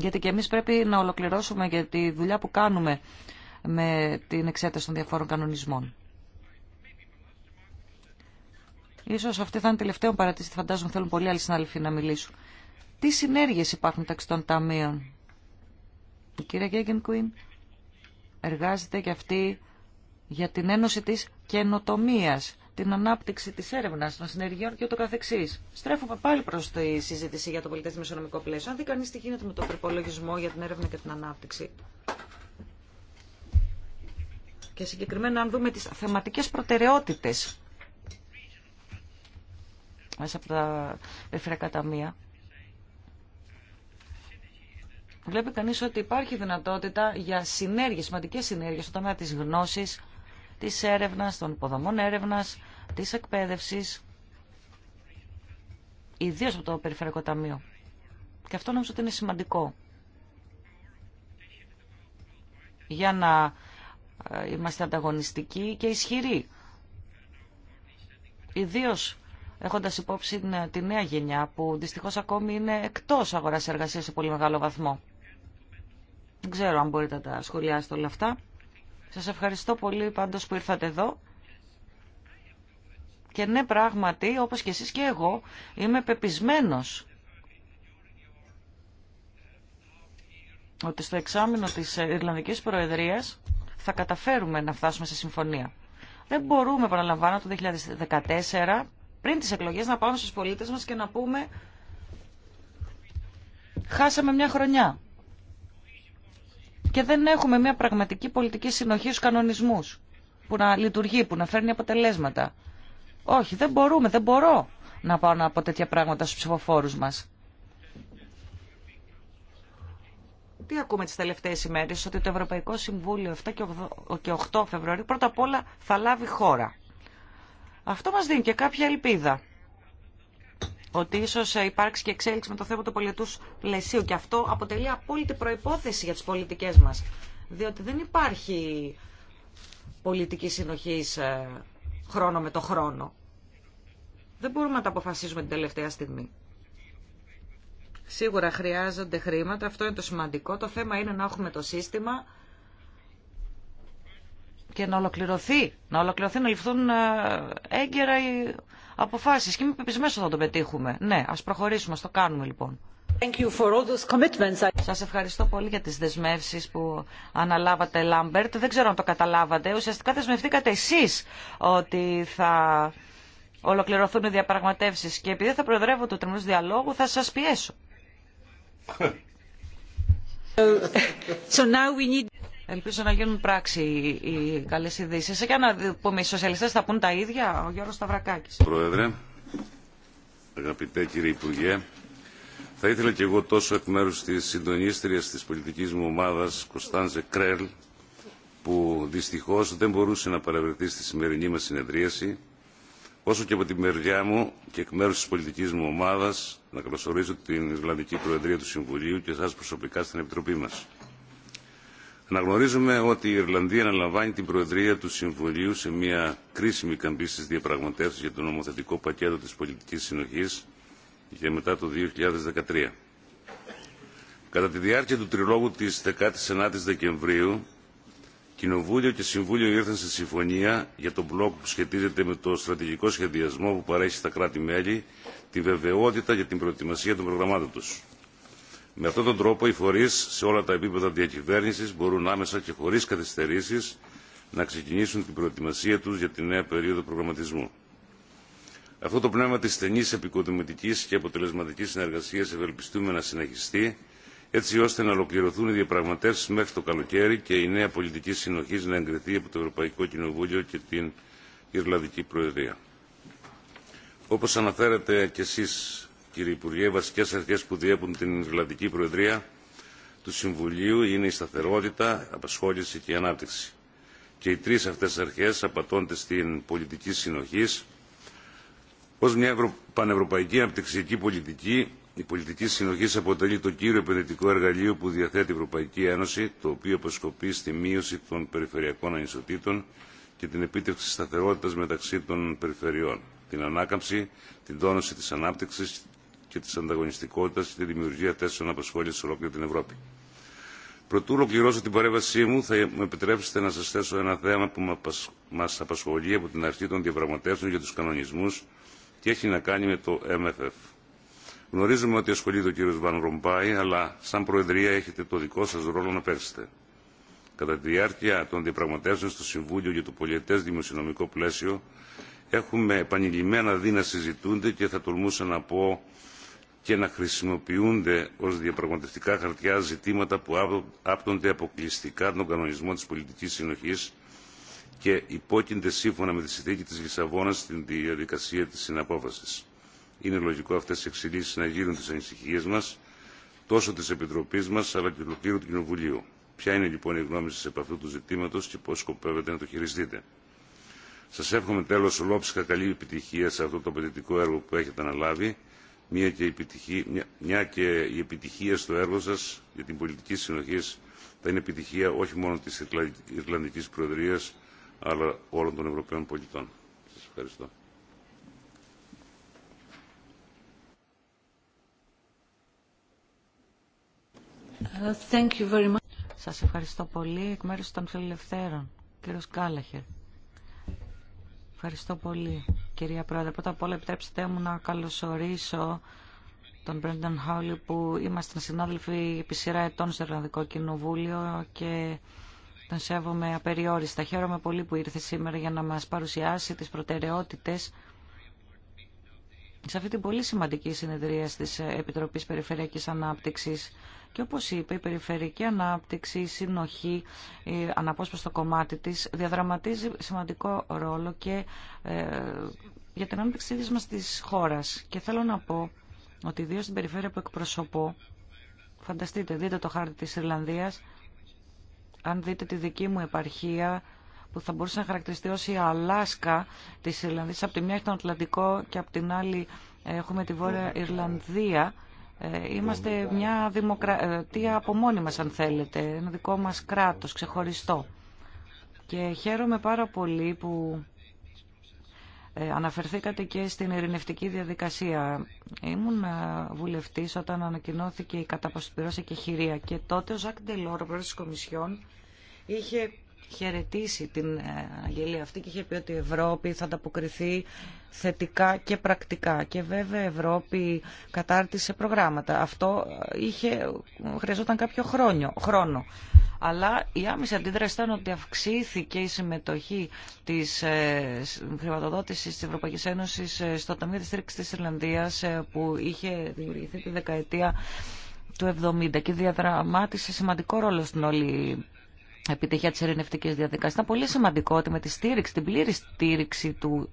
[SPEAKER 3] Γιατί και εμείς πρέπει να ολοκληρώσουμε για τη δουλειά που κάνουμε με την εξέταση των διαφόρων κανονισμών. Ίσως αυτή θα είναι τελευταία παρατήρηση, φαντάζομαι θέλουν πολλοί άλλοι συνάδελφοι να μιλήσουν. Τι συνέργειες υπάρχουν μεταξύ των ταμείων. Η κυρία Γέγγεν Κουίν εργάζεται και αυτή για την ένωση της καινοτομίας την ανάπτυξη της έρευνας των συνεργειών και ούτω καθεξής. Στρέφουμε πάλι προς τη συζήτηση για το πολιτεύσιμο οικονομικό πλαίσιο. Αν δει κανείς τι γίνεται με το προπολογισμό για την έρευνα και την ανάπτυξη. Και συγκεκριμένα αν δούμε τις θεματικές προτεραιότητες μέσα από τα περιφερειακά ταμεία. Βλέπει κανείς ότι υπάρχει δυνατότητα για συνέργειες, σημαντικές συνέργειες στο τομέα της γνώσης, της έρευνας, των υποδομών έρευνας, της εκπαίδευσης, ιδίως από το Περιφερειακό Ταμείο. Και αυτό νομίζω ότι είναι σημαντικό για να ε, είμαστε ανταγωνιστικοί και ισχυροί. Ιδίως έχοντας υπόψη ε, τη νέα γενιά που δυστυχώς ακόμη είναι εκτός αγοράς εργασίας σε πολύ μεγάλο βαθμό. Δεν ξέρω αν μπορείτε να τα σχολιάσετε όλα αυτά. Σας ευχαριστώ πολύ πάντως που ήρθατε εδώ. Και ναι πράγματι, όπως και εσείς και εγώ, είμαι πεπισμένος ότι στο εξάμεινο της Ιρλανδικής Προεδρίας θα καταφέρουμε να φτάσουμε σε συμφωνία. Δεν μπορούμε, παραλαμβάνω, το 2014, πριν τις εκλογές, να πάμε στους πολίτες μας και να πούμε «Χάσαμε μια χρονιά» και δεν έχουμε μια πραγματική πολιτική συνοχή στου κανονισμού που να λειτουργεί, που να φέρνει αποτελέσματα. Όχι, δεν μπορούμε, δεν μπορώ να πάω να πω τέτοια πράγματα στους ψηφοφόρους μας. Τι ακούμε τι τελευταίε ημέρε ότι το Ευρωπαϊκό Συμβούλιο 7 και 8 Φεβρουαρίου πρώτα απ' όλα θα λάβει χώρα. Αυτό μας δίνει και κάποια ελπίδα ότι ίσω υπάρξει και εξέλιξη με το θέμα του πολιτού πλαισίου και αυτό αποτελεί απόλυτη προϋπόθεση για τις πολιτικές μας. Διότι δεν υπάρχει πολιτική συνοχής ε, χρόνο με το χρόνο. Δεν μπορούμε να τα αποφασίζουμε την τελευταία στιγμή. Σίγουρα χρειάζονται χρήματα, αυτό είναι το σημαντικό. Το θέμα είναι να έχουμε το σύστημα και να ολοκληρωθεί, να ολοκληρωθεί, να ληφθούν ε, έγκαιρα οι αποφάσεις και είμαι πεπισμένος ότι θα το πετύχουμε. Ναι, ας προχωρήσουμε, ας το κάνουμε λοιπόν. Thank you for all those commitments. Σας ευχαριστώ πολύ για τις δεσμεύσεις που αναλάβατε, Λάμπερτ. Δεν ξέρω αν το καταλάβατε. Ουσιαστικά δεσμευτήκατε εσείς ότι θα ολοκληρωθούν οι διαπραγματεύσεις και επειδή θα προεδρεύω το τριμνούς διαλόγου θα σας πιέσω. so now we need... Ελπίζω να γίνουν πράξη οι καλές ειδήσει. Για να πούμε, οι σοσιαλιστές θα πούν τα ίδια, ο Γιώργος Σταυρακάκης.
[SPEAKER 4] Πρόεδρε, αγαπητέ κύριε Υπουργέ, θα ήθελα και εγώ τόσο εκ μέρους της συντονίστριας της πολιτικής μου ομάδας, Κωνσταντζε Κρέλ, που δυστυχώς δεν μπορούσε να παρευρεθεί στη σημερινή μας συνεδρίαση, όσο και από τη μεριά μου και εκ μέρους της πολιτικής μου ομάδας, να καλωσορίσω την Ισλανδική Προεδρία του Συμβουλίου και εσάς προσωπικά στην Επιτροπή μας. Αναγνωρίζουμε ότι η Ιρλανδία αναλαμβάνει την Προεδρία του Συμβουλίου σε μια κρίσιμη καμπή στι διαπραγματεύσει για το νομοθετικό πακέτο τη πολιτική συνοχή για μετά το 2013. Κατά τη διάρκεια του τριλόγου τη 19η Δεκεμβρίου, Κοινοβούλιο και Συμβούλιο ήρθαν σε συμφωνία για τον μπλοκ που σχετίζεται με το στρατηγικό σχεδιασμό που παρέχει στα κράτη-μέλη τη βεβαιότητα για την προετοιμασία των προγραμμάτων του. Με αυτόν τον τρόπο οι φορεί σε όλα τα επίπεδα διακυβέρνηση μπορούν άμεσα και χωρί καθυστερήσει να ξεκινήσουν την προετοιμασία του για τη νέα περίοδο προγραμματισμού. Αυτό το πνεύμα τη στενής επικοδομητική και αποτελεσματική συνεργασία ευελπιστούμε να συνεχιστεί έτσι ώστε να ολοκληρωθούν οι διαπραγματεύσει μέχρι το καλοκαίρι και η νέα πολιτική συνοχή να εγκριθεί από το Ευρωπαϊκό Κοινοβούλιο και την Ιρλανδική Προεδρία. Όπω αναφέρατε κι εσεί κύριε Υπουργέ, οι βασικέ αρχέ που διέπουν την Ιρλανδική Προεδρία του Συμβουλίου είναι η σταθερότητα, απασχόληση και η ανάπτυξη. Και οι τρει αυτέ αρχέ απατώνται στην πολιτική συνοχή ω μια πανευρωπαϊκή αναπτυξιακή πολιτική η πολιτική συνοχή αποτελεί το κύριο επενδυτικό εργαλείο που διαθέτει η Ευρωπαϊκή Ένωση, το οποίο αποσκοπεί στη μείωση των περιφερειακών ανισοτήτων και την επίτευξη σταθερότητα μεταξύ των περιφερειών, την ανάκαμψη, την τόνωση τη ανάπτυξη και τη ανταγωνιστικότητα και τη δημιουργία τέσσερων απασχόληση σε ολόκληρη την Ευρώπη. Προτού ολοκληρώσω την παρέμβασή μου, θα μου επιτρέψετε να σα θέσω ένα θέμα που μα απασχολεί από την αρχή των διαπραγματεύσεων για του κανονισμού και έχει να κάνει με το MFF. Γνωρίζουμε ότι ασχολείται ο κ. Βαν Ρομπάη, αλλά σαν Προεδρία έχετε το δικό σα ρόλο να παίξετε. Κατά τη διάρκεια των διαπραγματεύσεων στο Συμβούλιο για το Πολιετέ Δημοσιονομικό Πλαίσιο, έχουμε επανειλημμένα δει να και θα τολμούσα να πω και να χρησιμοποιούνται ως διαπραγματευτικά χαρτιά ζητήματα που άπτονται αποκλειστικά τον κανονισμό της πολιτικής συνοχής και υπόκεινται σύμφωνα με τη συνθήκη της Λισαβόνας στην διαδικασία της συναπόφασης. Είναι λογικό αυτές οι εξελίξεις να γίνουν τις ανησυχίες μας, τόσο της Επιτροπής μας, αλλά και του πλήρου του Κοινοβουλίου. Ποια είναι λοιπόν η γνώμη σας επ' αυτού του ζητήματος και πώς σκοπεύετε να το χειριστείτε. Σας εύχομαι τέλος ολόψυχα καλή επιτυχία σε αυτό το απαιτητικό έργο που έχετε αναλάβει μια και, η επιτυχία στο έργο σας για την πολιτική συνοχή θα είναι επιτυχία όχι μόνο της Ιρλανδικής Προεδρίας αλλά όλων των Ευρωπαίων πολιτών. Σας ευχαριστώ.
[SPEAKER 3] Uh, thank you very much. Σας ευχαριστώ πολύ εκ μέρους των φιλελευθέρων, κύριος Κάλαχερ. Ευχαριστώ πολύ κυρία Πρόεδρε. Πρώτα απ' όλα επιτρέψτε μου να καλωσορίσω τον Brendan Χάουλι που είμαστε συνάδελφοι επί σειρά ετών στο Ιρλανδικό Κοινοβούλιο και τον σέβομαι απεριόριστα. Χαίρομαι πολύ που ήρθε σήμερα για να μας παρουσιάσει τις προτεραιότητες σε αυτή την πολύ σημαντική συνεδρία της Επιτροπής Περιφερειακής Ανάπτυξης και όπως είπε, η περιφερειακή ανάπτυξη, η συνοχή, η αναπόσπαστο κομμάτι της, διαδραματίζει σημαντικό ρόλο και ε, για την ανάπτυξη της μας της χώρας. Και θέλω να πω ότι ιδίω στην περιφέρεια που εκπροσωπώ, φανταστείτε, δείτε το χάρτη της Ιρλανδίας, αν δείτε τη δική μου επαρχία, που θα μπορούσε να χαρακτηριστεί ως η Αλάσκα της Ιρλανδίας. Από τη μια έχει τον Ατλαντικό και από την άλλη έχουμε τη Βόρεια Ιρλανδία ε, είμαστε μια δημοκρατία ε, από μόνοι μας, αν θέλετε, ένα δικό μας κράτος, ξεχωριστό. Και χαίρομαι πάρα πολύ που ε, αναφερθήκατε και στην ειρηνευτική διαδικασία. Ήμουν βουλευτής όταν ανακοινώθηκε η καταποστηρώση και χειρία και τότε ο Ζακ Ντελόρ, πρόεδρος της Κομισιόν, είχε χαιρετήσει την ε, αγγελία αυτή και είχε πει ότι η Ευρώπη θα ανταποκριθεί θετικά και πρακτικά. Και βέβαια η Ευρώπη κατάρτισε προγράμματα. Αυτό ε, είχε, χρειαζόταν κάποιο χρόνιο, χρόνο. Αλλά η άμεση αντίδραση ήταν ότι αυξήθηκε η συμμετοχή της ε, χρηματοδότησης της Ευρωπαϊκής Ένωσης στο Ταμείο της Στήριξη της Ιρλανδίας που είχε δημιουργηθεί τη δεκαετία του 70 και διαδραμάτισε σημαντικό ρόλο στην όλη επιτυχία της ειρηνευτικής διαδικασίας. Ήταν πολύ σημαντικό ότι με τη στήριξη, την πλήρη στήριξη του,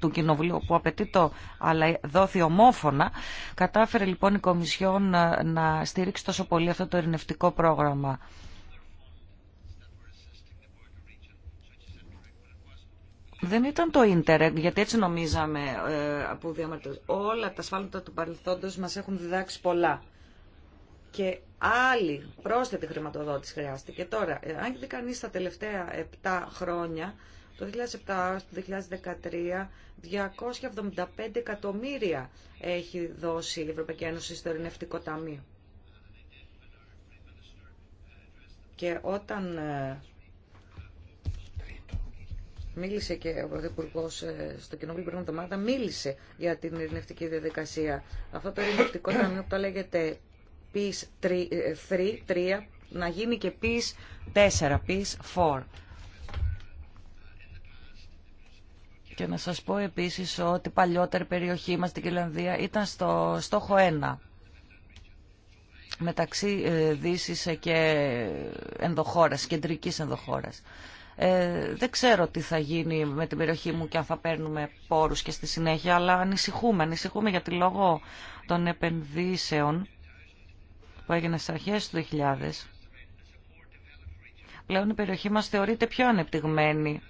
[SPEAKER 3] του Κοινοβουλίου που απαιτεί το, αλλά δόθη ομόφωνα, κατάφερε λοιπόν η Κομισιόν να, στήριξει τόσο πολύ αυτό το ειρηνευτικό πρόγραμμα. Δεν ήταν το ίντερνετ, γιατί έτσι νομίζαμε από ε, διαμαρτυρίες. Όλα τα ασφάλματα του παρελθόντος μας έχουν διδάξει πολλά. Και άλλη πρόσθετη χρηματοδότηση χρειάστηκε. Τώρα, ε, αν δει κανεί τα τελευταία 7 χρόνια, το 2007 το 2013, 275 εκατομμύρια έχει δώσει η Ευρωπαϊκή Ένωση στο Ειρηνευτικό Ταμείο. Και όταν ε, μίλησε και ο Πρωθυπουργό ε, στο κοινοβούλιο πριν εβδομάδα, μίλησε για την ειρηνευτική διαδικασία. Αυτό το ειρηνευτικό ταμείο που το λέγεται PIS 3, ε, να γίνει και PIS 4, PIS 4. Και να σας πω επίσης ότι η παλιότερη περιοχή μας στην Κιλανδία ήταν στο στόχο 1 μεταξύ ε, Δύσης ε, και ενδοχώρας, κεντρικής ενδοχώρας. Ε, δεν ξέρω τι θα γίνει με την περιοχή μου και αν θα παίρνουμε πόρους και στη συνέχεια, αλλά ανησυχούμε, ανησυχούμε για τη λόγω των επενδύσεων που έγινε στις αρχές του 2000, πλέον η περιοχή μας θεωρείται πιο ανεπτυγμένη.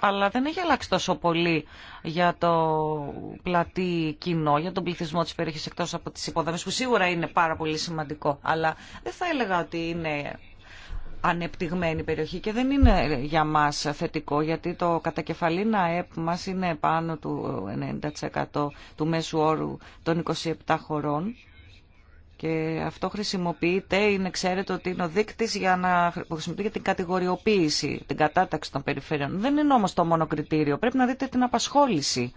[SPEAKER 3] Αλλά δεν έχει αλλάξει τόσο πολύ για το πλατή κοινό, για τον πληθυσμό της περιοχής εκτός από τις υποδομές, που σίγουρα είναι πάρα πολύ σημαντικό. Αλλά δεν θα έλεγα ότι είναι ανεπτυγμένη περιοχή και δεν είναι για μας θετικό γιατί το κατακεφαλήν ΑΕΠ μας είναι πάνω του 90% του μέσου όρου των 27 χωρών και αυτό χρησιμοποιείται, είναι ξέρετε ότι είναι ο δείκτης για να χρησιμοποιείται για την κατηγοριοποίηση, την κατάταξη των περιφέρειων. Δεν είναι όμως το μόνο κριτήριο, πρέπει να δείτε την απασχόληση.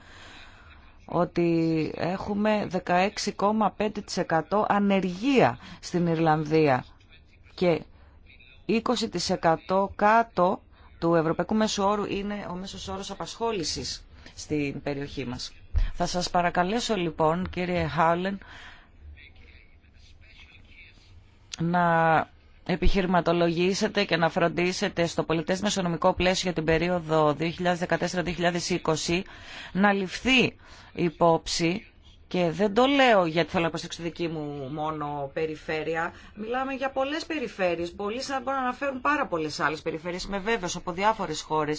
[SPEAKER 3] Ότι έχουμε 16,5% ανεργία στην Ιρλανδία και 20% κάτω του Ευρωπαϊκού Μέσου Όρου είναι ο μέσος όρος απασχόλησης στην περιοχή μας. Θα σας παρακαλέσω λοιπόν κύριε Χάουλεν να επιχειρηματολογήσετε και να φροντίσετε στο πολιτές μεσονομικό πλαίσιο για την περίοδο 2014-2020 να ληφθεί υπόψη και δεν το λέω γιατί θέλω να τη δική μου μόνο περιφέρεια. Μιλάμε για πολλέ περιφέρειε. Πολλοί σαν μπορούν να αναφέρουν πάρα πολλέ άλλε περιφέρειε. Είμαι βέβαιο από διάφορε χώρε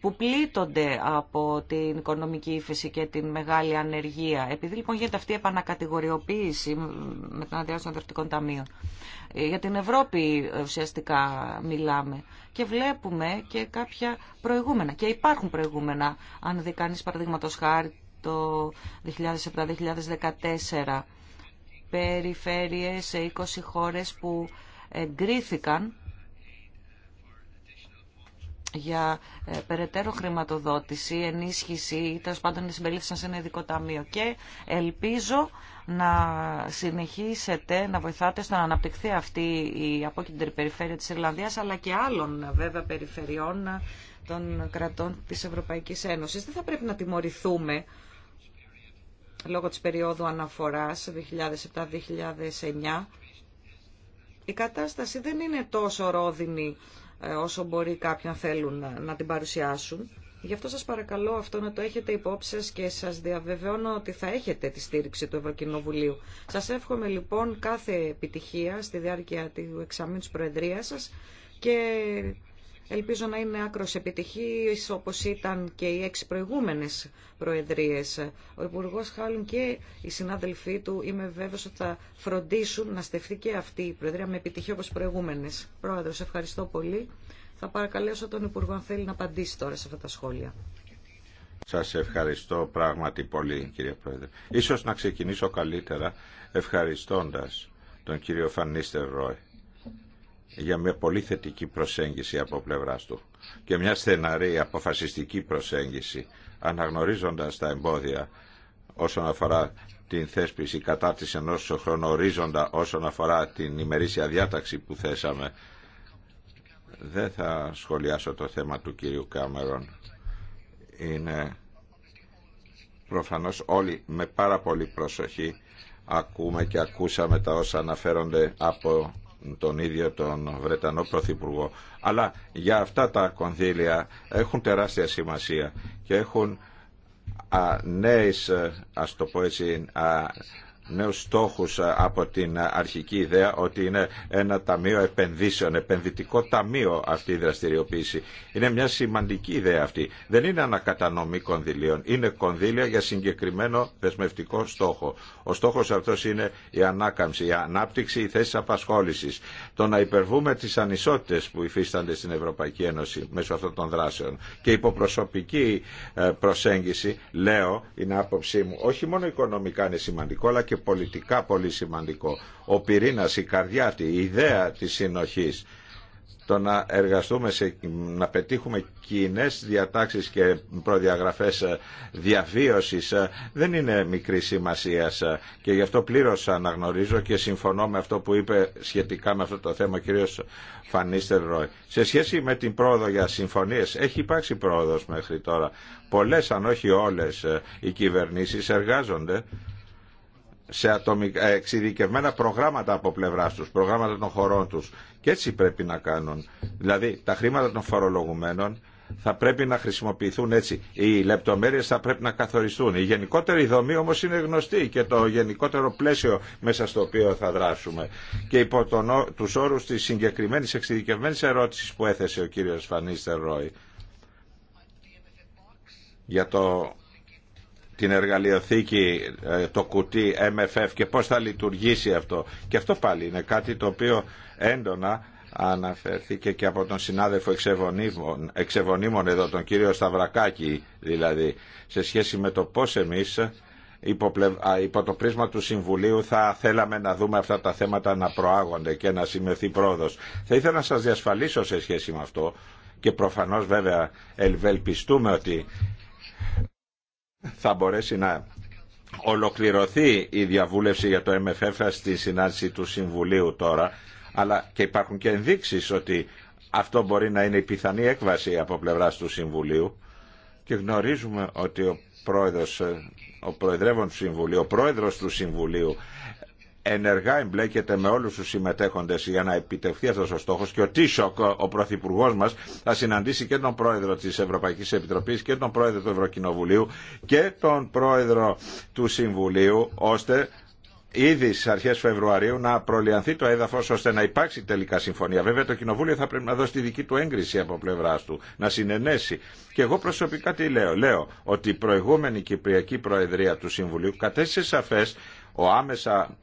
[SPEAKER 3] που πλήττονται από την οικονομική ύφεση και την μεγάλη ανεργία. Επειδή λοιπόν γίνεται αυτή η επανακατηγοριοποίηση με τον αδειάση των ανθρωπικών ταμείων. Ε, για την Ευρώπη ε, ουσιαστικά μιλάμε. Και βλέπουμε και κάποια προηγούμενα. Και υπάρχουν προηγούμενα. Αν δει κανεί παραδείγματο χάρη το 2007-2014. Περιφέρειες σε 20 χώρες που εγκρίθηκαν για ε, περαιτέρω χρηματοδότηση, ενίσχυση ή τέλο πάντων συμπερίληψαν σε ένα ειδικό ταμείο. Και ελπίζω να συνεχίσετε να βοηθάτε στο να αναπτυχθεί αυτή η απόκεντρη περιφέρεια της Ιρλανδίας αλλά και άλλων βέβαια περιφερειών των κρατών της Ευρωπαϊκής Ένωσης. Δεν θα πρέπει να τιμωρηθούμε λόγω της περίοδου αναφοράς 2007-2009, η κατάσταση δεν είναι τόσο ρόδινη ε, όσο μπορεί κάποιον θέλουν να την παρουσιάσουν. Γι' αυτό σας παρακαλώ αυτό να το έχετε υπόψη σας και σας διαβεβαιώνω ότι θα έχετε τη στήριξη του Ευρωκοινοβουλίου. Σας εύχομαι λοιπόν κάθε επιτυχία στη διάρκεια του εξαμήνου της Προεδρίας σας Ελπίζω να είναι άκρο επιτυχη όπω ήταν και οι έξι προηγούμενε προεδρίε. Ο Υπουργό Χάλουν και οι συνάδελφοί του είμαι βέβαιος ότι θα φροντίσουν να στεφθεί και αυτή η προεδρία με επιτυχία όπω οι προηγούμενες. ευχαριστώ πολύ. Θα παρακαλέσω τον Υπουργό αν θέλει να απαντήσει τώρα σε αυτά τα σχόλια.
[SPEAKER 2] Σα ευχαριστώ πράγματι πολύ κύριε Πρόεδρε. Ίσως να ξεκινήσω καλύτερα ευχαριστώντα τον κύριο Φανίστερ Ρόι για μια πολύ θετική προσέγγιση από πλευρά του και μια στεναρή αποφασιστική προσέγγιση αναγνωρίζοντας τα εμπόδια όσον αφορά την θέσπιση της ενός χρονορίζοντα όσον αφορά την ημερήσια διάταξη που θέσαμε. Δεν θα σχολιάσω το θέμα του κυρίου Κάμερον. Είναι προφανώς όλοι με πάρα πολύ προσοχή ακούμε και ακούσαμε τα όσα αναφέρονται από τον ίδιο τον Βρετανό Πρωθυπουργό. Αλλά για αυτά τα κονδύλια έχουν τεράστια σημασία και έχουν α, νέες, ας το πω έτσι, νέους στόχους ε, από την ε, αρχική ιδέα ότι είναι ένα ταμείο επενδύσεων, επενδυτικό ταμείο αυτή η δραστηριοποίηση. Είναι μια σημαντική ιδέα αυτή. Δεν είναι ανακατανομή κονδυλίων, είναι κονδύλια για συγκεκριμένο δεσμευτικό στόχο. Ο στόχος αυτός είναι η ανάκαμψη, η ανάπτυξη, η θέση απασχόλησης. Το να υπερβούμε τις ανισότητες που υφίστανται στην Ευρωπαϊκή Ένωση μέσω αυτών των δράσεων. Και υποπροσωπική ε, προσέγγιση, λέω, είναι άποψή μου, όχι μόνο οικονομικά είναι σημαντικό, αλλά και πολιτικά πολύ σημαντικό. Ο πυρήνας, η καρδιά, η ιδέα της συνοχής το να εργαστούμε, να πετύχουμε κοινέ διατάξεις και προδιαγραφές ε, διαβίωσης ε, δεν είναι μικρή σημασία ε, και γι' αυτό πλήρως αναγνωρίζω και συμφωνώ με αυτό που είπε σχετικά με αυτό το θέμα ο κύριος Φανίστερ Ρόι. Σε σχέση με την πρόοδο για συμφωνίες, έχει υπάρξει πρόοδος μέχρι τώρα. Πολλές αν όχι όλες οι κυβερνήσεις εργάζονται σε ατομικά, ε, εξειδικευμένα προγράμματα από πλευρά του, προγράμματα των χωρών του. Και έτσι πρέπει να κάνουν. Δηλαδή, τα χρήματα των φορολογουμένων θα πρέπει να χρησιμοποιηθούν έτσι. Οι λεπτομέρειε θα πρέπει να καθοριστούν. Η γενικότερη δομή όμω είναι γνωστή και το γενικότερο πλαίσιο μέσα στο οποίο θα δράσουμε. Και υπό του όρου τη συγκεκριμένη εξειδικευμένη ερώτηση που έθεσε ο κύριο Φανίστερ Ρόι για το την εργαλειοθήκη, ε, το κουτί MFF και πώς θα λειτουργήσει αυτό. Και αυτό πάλι είναι κάτι το οποίο έντονα αναφέρθηκε και από τον συνάδελφο εξεβονίμων εδώ, τον κύριο Σταυρακάκη δηλαδή, σε σχέση με το πώς εμείς υπό το πρίσμα του Συμβουλίου θα θέλαμε να δούμε αυτά τα θέματα να προάγονται και να σημειωθεί πρόοδος. Θα ήθελα να σας διασφαλίσω σε σχέση με αυτό και προφανώς βέβαια ελβελπιστούμε ότι θα μπορέσει να ολοκληρωθεί η διαβούλευση για το MFF στη συνάντηση του Συμβουλίου τώρα, αλλά και υπάρχουν και ενδείξεις ότι αυτό μπορεί να είναι η πιθανή έκβαση από πλευράς του Συμβουλίου και γνωρίζουμε ότι ο πρόεδρος ο του Συμβουλίου, ο Πρόεδρος του Συμβουλίου ενεργά εμπλέκεται με όλους τους συμμετέχοντες για να επιτευχθεί αυτός ο στόχος και ο Τίσοκ, ο Πρωθυπουργό μας, θα συναντήσει και τον Πρόεδρο της Ευρωπαϊκής Επιτροπής και τον Πρόεδρο του Ευρωκοινοβουλίου και τον Πρόεδρο του Συμβουλίου, ώστε ήδη στι αρχέ Φεβρουαρίου να προλιανθεί το έδαφο ώστε να υπάρξει τελικά συμφωνία. Βέβαια το Κοινοβούλιο θα πρέπει να δώσει τη δική του έγκριση από πλευρά του, να συνενέσει. Και εγώ προσωπικά τι λέω. Λέω ότι η προηγούμενη Κυπριακή Προεδρία του Συμβουλίου κατέστησε σαφέ ο άμεσα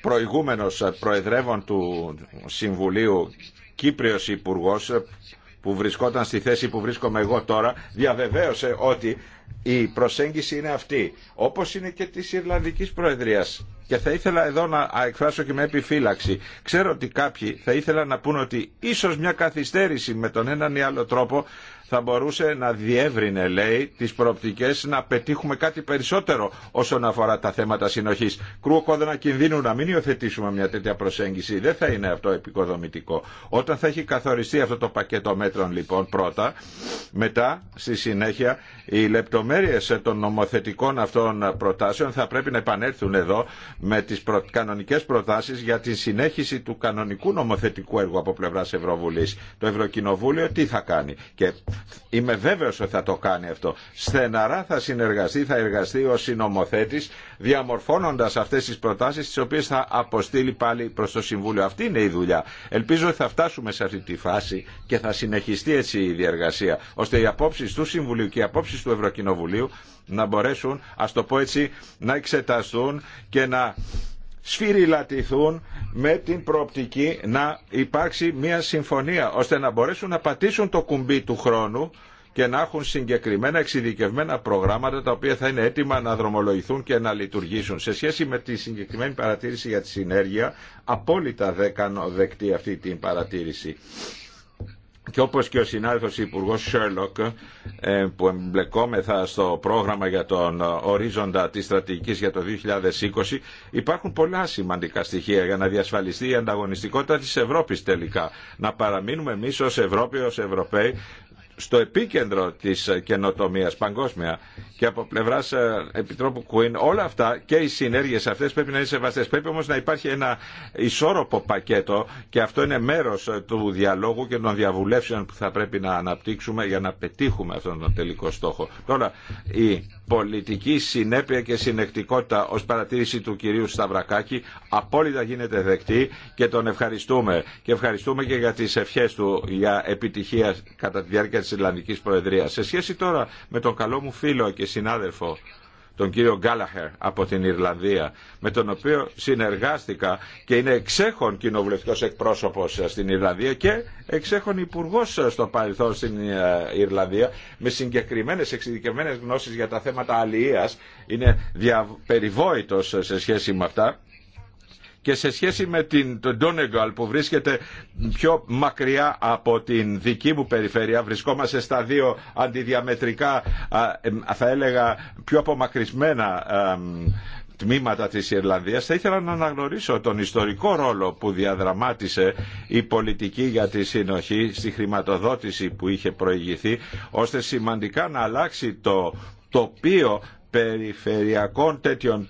[SPEAKER 2] προηγούμενος προεδρεύων του Συμβουλίου Κύπριος Υπουργό, που βρισκόταν στη θέση που βρίσκομαι εγώ τώρα διαβεβαίωσε ότι η προσέγγιση είναι αυτή όπως είναι και της Ιρλανδικής Προεδρίας και θα ήθελα εδώ να εκφράσω και με επιφύλαξη. Ξέρω ότι κάποιοι θα ήθελαν να πούν ότι ίσως μια καθυστέρηση με τον έναν ή άλλο τρόπο θα μπορούσε να διεύρυνε, λέει, τι προοπτικέ να πετύχουμε κάτι περισσότερο όσον αφορά τα θέματα συνοχή. Κρούω κόδωνα κινδύνου να μην υιοθετήσουμε μια τέτοια προσέγγιση. Δεν θα είναι αυτό επικοδομητικό. Όταν θα έχει καθοριστεί αυτό το πακέτο μέτρων λοιπόν πρώτα, μετά στη συνέχεια οι λεπτομέρειε των νομοθετικών αυτών προτάσεων θα πρέπει να επανέλθουν εδώ με τι προ... κανονικές προτάσεις για τη συνέχιση του κανονικού νομοθετικού έργου από πλευρά Ευρωβουλή. Το Ευρωκοινοβούλιο τι θα κάνει Είμαι βέβαιος ότι θα το κάνει αυτό. Στεναρά θα συνεργαστεί, θα εργαστεί ο συνομοθέτης διαμορφώνοντας αυτές τις προτάσεις τι οποίες θα αποστείλει πάλι προς το Συμβούλιο. Αυτή είναι η δουλειά. Ελπίζω ότι θα φτάσουμε σε αυτή τη φάση και θα συνεχιστεί έτσι η διεργασία ώστε οι απόψει του Συμβουλίου και οι απόψει του Ευρωκοινοβουλίου να μπορέσουν, α το πω έτσι, να εξεταστούν και να σφυριλατηθούν με την προοπτική να υπάρξει μια συμφωνία ώστε να μπορέσουν να πατήσουν το κουμπί του χρόνου και να έχουν συγκεκριμένα εξειδικευμένα προγράμματα τα οποία θα είναι έτοιμα να δρομολογηθούν και να λειτουργήσουν. Σε σχέση με τη συγκεκριμένη παρατήρηση για τη συνέργεια, απόλυτα δεν δεκτή αυτή την παρατήρηση και όπως και ο συνάδελφος Υπουργό Σέρλοκ ε, που εμπλεκόμεθα στο πρόγραμμα για τον ορίζοντα της στρατηγικής για το 2020 υπάρχουν πολλά σημαντικά στοιχεία για να διασφαλιστεί η ανταγωνιστικότητα της Ευρώπης τελικά. Να παραμείνουμε εμείς ως Ευρώπη, ως Ευρωπαίοι στο επίκεντρο της ε, καινοτομίας παγκόσμια και από πλευράς ε, Επιτρόπου Κουίν όλα αυτά και οι συνέργειες αυτές πρέπει να είναι σεβαστές. Πρέπει όμως να υπάρχει ένα ισόρροπο πακέτο και αυτό είναι μέρος ε, του διαλόγου και των διαβουλεύσεων που θα πρέπει να αναπτύξουμε για να πετύχουμε αυτόν τον τελικό στόχο. Τώρα η πολιτική συνέπεια και συνεκτικότητα ως παρατήρηση του κυρίου Σταυρακάκη απόλυτα γίνεται δεκτή και τον ευχαριστούμε και ευχαριστούμε και για τις του για επιτυχία κατά τη διάρκεια της Ιρλανδικής Προεδρίας. Σε σχέση τώρα με τον καλό μου φίλο και συνάδελφο τον κύριο Γκάλαχερ από την Ιρλανδία, με τον οποίο συνεργάστηκα και είναι εξέχον κοινοβουλευτικό εκπρόσωπο στην Ιρλανδία και εξέχον υπουργό στο παρελθόν στην ε, Ιρλανδία, με συγκεκριμένε εξειδικευμένε γνώσει για τα θέματα αλληλεία. Είναι σε σχέση με αυτά και σε σχέση με την, τον Ντόνεγκαλ που βρίσκεται πιο μακριά από την δική μου περιφέρεια, βρισκόμαστε στα δύο αντιδιαμετρικά, θα έλεγα πιο απομακρυσμένα τμήματα της Ιρλανδίας θα ήθελα να αναγνωρίσω τον ιστορικό ρόλο που διαδραμάτισε η πολιτική για τη συνοχή στη χρηματοδότηση που είχε προηγηθεί ώστε σημαντικά να αλλάξει το τοπίο περιφερειακών τέτοιων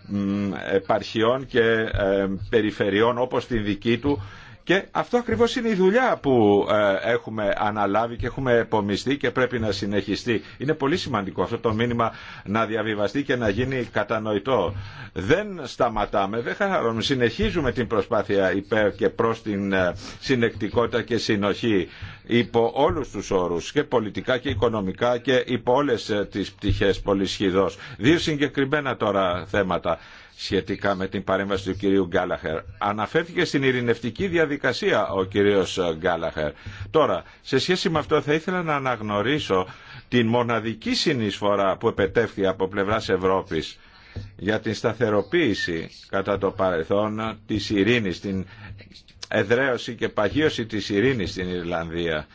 [SPEAKER 2] επαρχιών και ε, περιφερειών όπως την δική του και αυτό ακριβώς είναι η δουλειά που ε, έχουμε αναλάβει και έχουμε επομιστεί και πρέπει να συνεχιστεί. Είναι πολύ σημαντικό αυτό το μήνυμα να διαβιβαστεί και να γίνει κατανοητό. Δεν σταματάμε, δεν χαρώνουμε, Συνεχίζουμε την προσπάθεια υπέρ και προς την ε, συνεκτικότητα και συνοχή υπό όλους τους όρους και πολιτικά και οικονομικά και υπό όλες ε, τις πτυχές πολύ σχηδός. Δύο συγκεκριμένα τώρα θέματα σχετικά με την παρέμβαση του κυρίου Γκάλαχερ. Αναφέρθηκε στην ειρηνευτική διαδικασία ο κύριος Γκάλαχερ. Τώρα, σε σχέση με αυτό θα ήθελα να αναγνωρίσω την μοναδική συνεισφορά που επετεύχθη από πλευράς Ευρώπης για την σταθεροποίηση κατά το παρελθόν της ειρήνης, την εδραίωση και παγίωση της ειρήνης στην Ιρλανδία,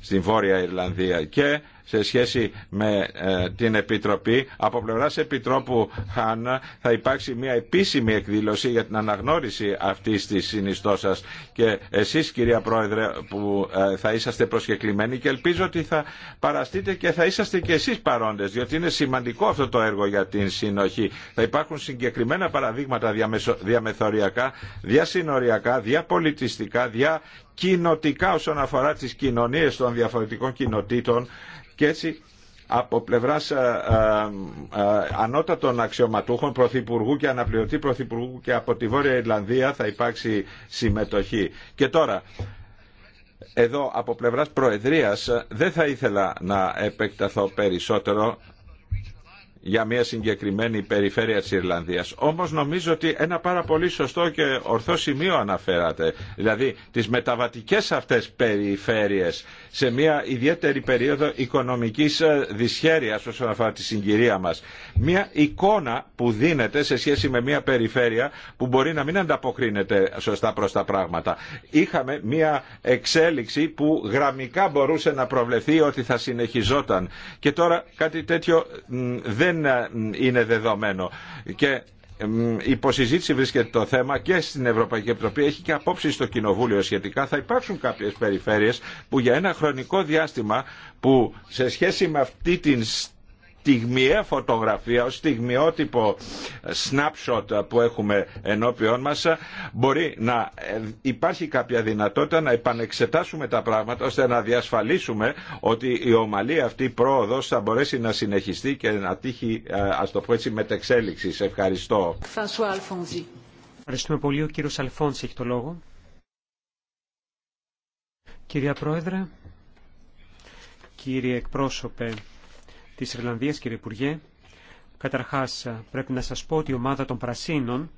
[SPEAKER 2] στην Βόρεια Ιρλανδία και σε σχέση με ε, την Επιτροπή. Από πλευράς Επιτρόπου Χάν θα υπάρξει μια επίσημη εκδήλωση για την αναγνώριση αυτής της σα. και εσείς κυρία Πρόεδρε που ε, θα είσαστε προσκεκλημένοι και ελπίζω ότι θα παραστείτε και θα είσαστε και εσείς παρόντες διότι είναι σημαντικό αυτό το έργο για την συνοχή. Θα υπάρχουν συγκεκριμένα παραδείγματα διαμεθοριακά, διασυνοριακά, διαπολιτιστικά, δια κοινοτικά όσον αφορά τις κοινωνίες των διαφορετικών κοινοτήτων και έτσι από πλευρά ε, ε, ε, ανώτατων αξιωματούχων, πρωθυπουργού και αναπληρωτή πρωθυπουργού και από τη Βόρεια Ιρλανδία θα υπάρξει συμμετοχή. Και τώρα, εδώ από πλευράς Προεδρίας δεν θα ήθελα να επεκταθώ περισσότερο για μια συγκεκριμένη περιφέρεια της Ιρλανδίας. Όμως νομίζω ότι ένα πάρα πολύ σωστό και ορθό σημείο αναφέρατε, δηλαδή τις μεταβατικές αυτές περιφέρειες σε μια ιδιαίτερη περίοδο οικονομικής ε, δυσχέρειας όσον αφορά τη συγκυρία μας. Μια εικόνα που δίνεται σε σχέση με μια περιφέρεια που μπορεί να μην ανταποκρίνεται σωστά προς τα πράγματα. Είχαμε μια εξέλιξη που γραμμικά μπορούσε να προβλεφθεί ότι θα συνεχιζόταν. Και τώρα κάτι τέτοιο δεν ε, είναι δεδομένο. Και υποσυζήτηση βρίσκεται το θέμα και στην Ευρωπαϊκή Επιτροπή. Έχει και απόψει στο Κοινοβούλιο σχετικά. Θα υπάρξουν κάποιες περιφέρειες που για ένα χρονικό διάστημα που σε σχέση με αυτή την στιγμιαία φωτογραφία, ως στιγμιότυπο snapshot που έχουμε ενώπιόν μας, μπορεί να ε, υπάρχει κάποια δυνατότητα να επανεξετάσουμε τα πράγματα ώστε να διασφαλίσουμε ότι η ομαλή αυτή πρόοδος θα μπορέσει να συνεχιστεί και να τύχει, ε, ας το πω έτσι, μετεξέλιξης. Ευχαριστώ.
[SPEAKER 1] Ευχαριστούμε πολύ. Ο κύριος Αλφόνς έχει το λόγο. Κυρία Πρόεδρε, κύριε εκπρόσωπε της Ιρλανδίας, κύριε Υπουργέ. Καταρχάς, πρέπει να σας πω ότι η ομάδα των Πρασίνων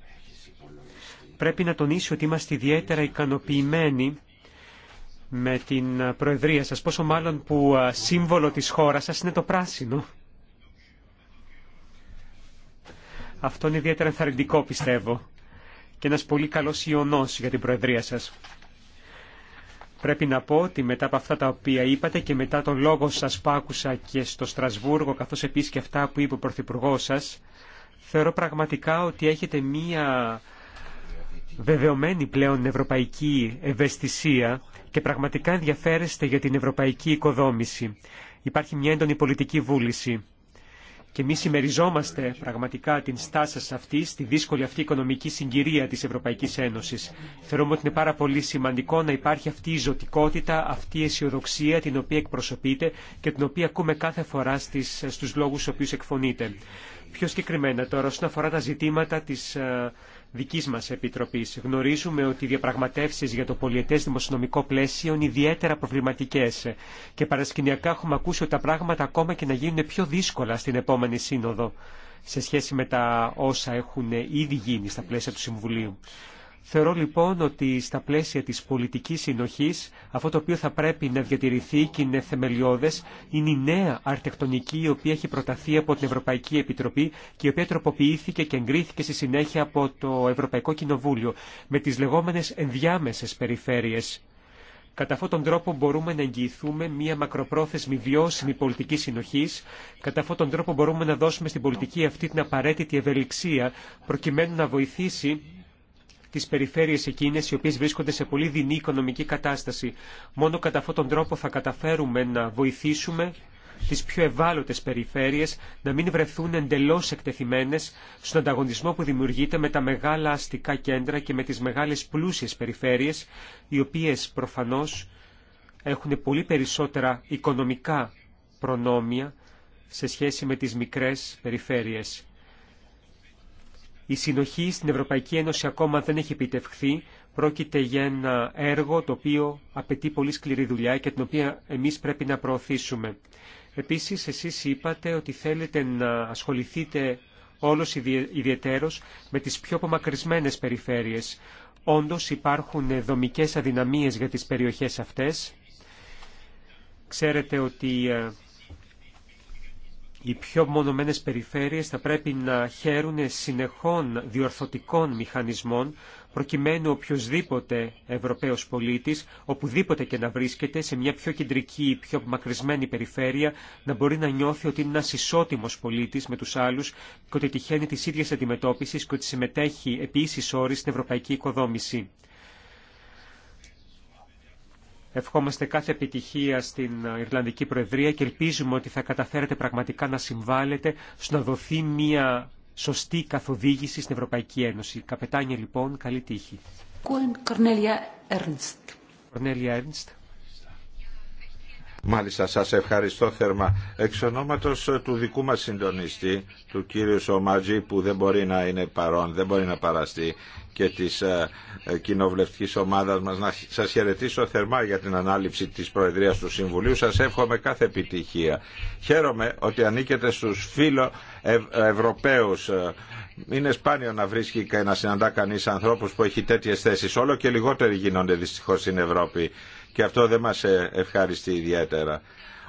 [SPEAKER 1] πρέπει να τονίσει ότι είμαστε ιδιαίτερα ικανοποιημένοι με την Προεδρία σας, πόσο μάλλον που σύμβολο της χώρας σας είναι το πράσινο. Αυτό είναι ιδιαίτερα ενθαρρυντικό, πιστεύω, και ένας πολύ καλός ιονός για την Προεδρία σας. Πρέπει να πω ότι μετά από αυτά τα οποία είπατε και μετά τον λόγο σας που άκουσα και στο Στρασβούργο, καθώς επίσης και αυτά που είπε ο Πρωθυπουργό σας, θεωρώ πραγματικά ότι έχετε μία βεβαιωμένη πλέον ευρωπαϊκή ευαισθησία και πραγματικά ενδιαφέρεστε για την ευρωπαϊκή οικοδόμηση. Υπάρχει μια έντονη πολιτική βούληση και εμεί συμμεριζόμαστε πραγματικά την στάση σας αυτή στη δύσκολη αυτή οικονομική συγκυρία της Ευρωπαϊκής Ένωσης. Θεωρούμε ότι είναι πάρα πολύ σημαντικό να υπάρχει αυτή η ζωτικότητα, αυτή η αισιοδοξία την οποία εκπροσωπείτε και την οποία ακούμε κάθε φορά στις, στους λόγους στους οποίους εκφωνείτε. Πιο συγκεκριμένα τώρα, όσον αφορά τα ζητήματα της ε, δικής μας Επιτροπής. Γνωρίζουμε ότι οι διαπραγματεύσεις για το πολιετές δημοσιονομικό πλαίσιο είναι ιδιαίτερα προβληματικές και παρασκηνιακά έχουμε ακούσει ότι τα πράγματα ακόμα και να γίνουν πιο δύσκολα στην επόμενη σύνοδο σε σχέση με τα όσα έχουν ήδη γίνει στα πλαίσια του Συμβουλίου. Θεωρώ λοιπόν ότι στα πλαίσια της πολιτικής συνοχής αυτό το οποίο θα πρέπει να διατηρηθεί και είναι θεμελιώδες είναι η νέα αρτεκτονική η οποία έχει προταθεί από την Ευρωπαϊκή Επιτροπή και η οποία τροποποιήθηκε και εγκρίθηκε στη συνέχεια από το Ευρωπαϊκό Κοινοβούλιο με τις λεγόμενες ενδιάμεσες περιφέρειες. Κατά αυτόν τον τρόπο μπορούμε να εγγυηθούμε μια μακροπρόθεσμη βιώσιμη πολιτική συνοχή. Κατά αυτόν τον τρόπο μπορούμε να δώσουμε στην πολιτική αυτή την απαραίτητη ευελιξία προκειμένου να βοηθήσει τις περιφέρειες εκείνες οι οποίες βρίσκονται σε πολύ δεινή οικονομική κατάσταση. Μόνο κατά αυτόν τον τρόπο θα καταφέρουμε να βοηθήσουμε τις πιο ευάλωτες περιφέρειες να μην βρεθούν εντελώ εκτεθειμένε στον ανταγωνισμό που δημιουργείται με τα μεγάλα αστικά κέντρα και με τις μεγάλες πλούσιες περιφέρειες, οι οποίε προφανώ έχουν πολύ περισσότερα οικονομικά προνόμια σε σχέση με τις μικρές περιφέρειες. Η συνοχή στην Ευρωπαϊκή Ένωση ακόμα δεν έχει επιτευχθεί. Πρόκειται για ένα έργο το οποίο απαιτεί πολύ σκληρή δουλειά και την οποία εμείς πρέπει να προωθήσουμε. Επίσης, εσείς είπατε ότι θέλετε να ασχοληθείτε όλος ιδιαιτέρως με τις πιο απομακρυσμένες περιφέρειες. Όντως υπάρχουν δομικές αδυναμίες για τις περιοχές αυτές. Ξέρετε ότι ε, οι πιο μονομένες περιφέρειες θα πρέπει να χαίρουν συνεχών διορθωτικών μηχανισμών προκειμένου οποιοδήποτε Ευρωπαίος πολίτης, οπουδήποτε και να βρίσκεται, σε μια πιο κεντρική ή πιο μακρισμένη περιφέρεια, να μπορεί να νιώθει ότι είναι ένας ισότιμος πολίτης με τους άλλους και ότι τυχαίνει της ίδιας αντιμετώπισης και ότι συμμετέχει επίσης όρη στην ευρωπαϊκή οικοδόμηση. Ευχόμαστε κάθε επιτυχία στην Ιρλανδική Προεδρία και ελπίζουμε ότι θα καταφέρετε πραγματικά να συμβάλλετε στο να δοθεί μια σωστή καθοδήγηση στην Ευρωπαϊκή Ένωση. Καπετάνια λοιπόν, καλή τύχη. Κορνέλια Ernst.
[SPEAKER 2] Μάλιστα, σας ευχαριστώ θερμά. Εξ ονόματος ε, του δικού μας συντονιστή, του κύριου Σομάτζη, που δεν μπορεί να είναι παρόν, δεν μπορεί να παραστεί, και της ε, ε, κοινοβουλευτικής ομάδας μας να σας χαιρετήσω θερμά για την ανάληψη της Προεδρίας του Συμβουλίου. Σας εύχομαι κάθε επιτυχία. Χαίρομαι ότι ανήκετε στους φίλο ευ Ευρωπαίους. Είναι σπάνιο να βρίσκει και να συναντά κανείς ανθρώπους που έχει τέτοιες θέσεις. Όλο και λιγότεροι γίνονται δυστυχώς στην Ευρώπη και αυτό δεν μας ε, ευχαριστεί ιδιαίτερα.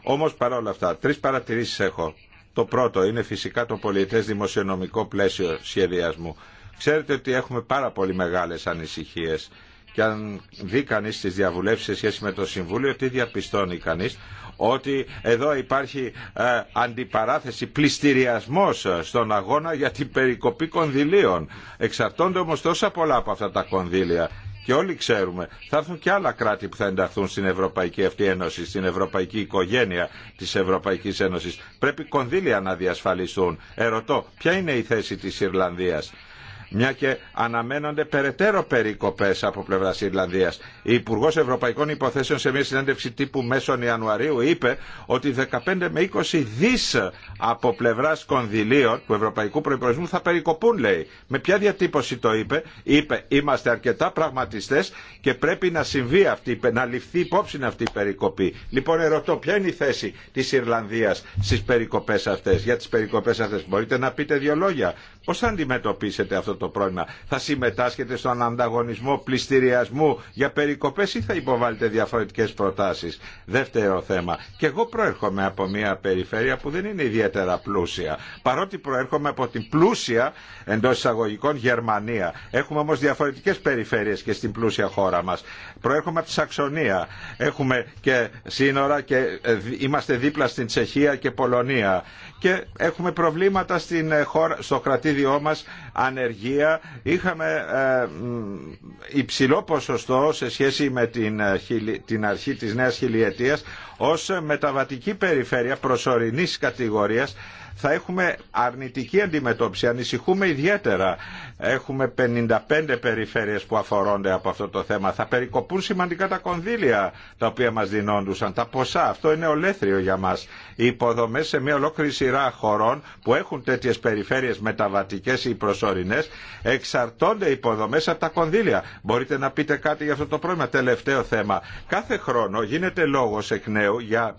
[SPEAKER 2] Όμως παρόλα αυτά, τρεις παρατηρήσεις έχω. Το πρώτο είναι φυσικά το πολιτές δημοσιονομικό πλαίσιο σχεδιασμού. Ξέρετε ότι έχουμε πάρα πολύ μεγάλες ανησυχίες και αν δει κανείς τις διαβουλεύσεις σε σχέση με το Συμβούλιο, τι διαπιστώνει κανείς, ότι εδώ υπάρχει ε, αντιπαράθεση, πληστηριασμός στον αγώνα για την περικοπή κονδυλίων. Εξαρτώνται όμως τόσα πολλά από αυτά τα κονδύλια και όλοι ξέρουμε θα έρθουν και άλλα κράτη που θα ενταχθούν στην Ευρωπαϊκή αυτή Ένωση, στην Ευρωπαϊκή οικογένεια της Ευρωπαϊκής Ένωση, Πρέπει κονδύλια να διασφαλιστούν. Ερωτώ, ποια είναι η θέση της Ιρλανδίας μια και αναμένονται περαιτέρω περικοπέ από πλευρά Ιρλανδία. Η Υπουργό Ευρωπαϊκών Υποθέσεων σε μια συνέντευξη τύπου μέσων Ιανουαρίου είπε ότι 15 με 20 δι από πλευρά κονδυλίων του Ευρωπαϊκού Προπολογισμού θα περικοπούν, λέει. Με ποια διατύπωση το είπε, είπε είμαστε αρκετά πραγματιστέ και πρέπει να συμβεί αυτή, να ληφθεί υπόψη αυτή η περικοπή. Λοιπόν, ερωτώ, ποια είναι η θέση τη Ιρλανδία στι περικοπέ αυτέ, για τι περικοπέ αυτέ. Μπορείτε να πείτε δύο λόγια. Πώ θα αντιμετωπίσετε αυτό το πρόβλημα. Θα συμμετάσχετε στον ανταγωνισμό πληστηριασμού για περικοπές ή θα υποβάλλετε διαφορετικές προτάσεις. Δεύτερο θέμα. Και εγώ προέρχομαι από μια περιφέρεια που δεν είναι ιδιαίτερα πλούσια. Παρότι προέρχομαι από την πλούσια εντό εισαγωγικών Γερμανία. Έχουμε όμω διαφορετικές περιφέρειες και στην πλούσια χώρα μα. Προέρχομαι από τη Σαξονία. Έχουμε και σύνορα και ε, είμαστε δίπλα στην Τσεχία και Πολωνία και έχουμε προβλήματα στην ε, χώρα, στο κρατήδιό μας, ανεργία. Είχαμε ε, υψηλό ποσοστό σε σχέση με την, ε, την αρχή της νέας χιλιετίας ως μεταβατική περιφέρεια προσωρινής κατηγορίας θα έχουμε αρνητική αντιμετώπιση. Ανησυχούμε ιδιαίτερα. Έχουμε 55 περιφέρειες που αφορώνται από αυτό το θέμα. Θα περικοπούν σημαντικά τα κονδύλια τα οποία μας δινόντουσαν. Τα ποσά. Αυτό είναι ολέθριο για μας. Οι υποδομές σε μια ολόκληρη σειρά χωρών που έχουν τέτοιες περιφέρειες μεταβατικές ή προσωρινές εξαρτώνται υποδομές από τα κονδύλια. Μπορείτε να πείτε κάτι για αυτό το πρόβλημα. Τελευταίο θέμα. Κάθε χρόνο γίνεται λόγος εκ νέου για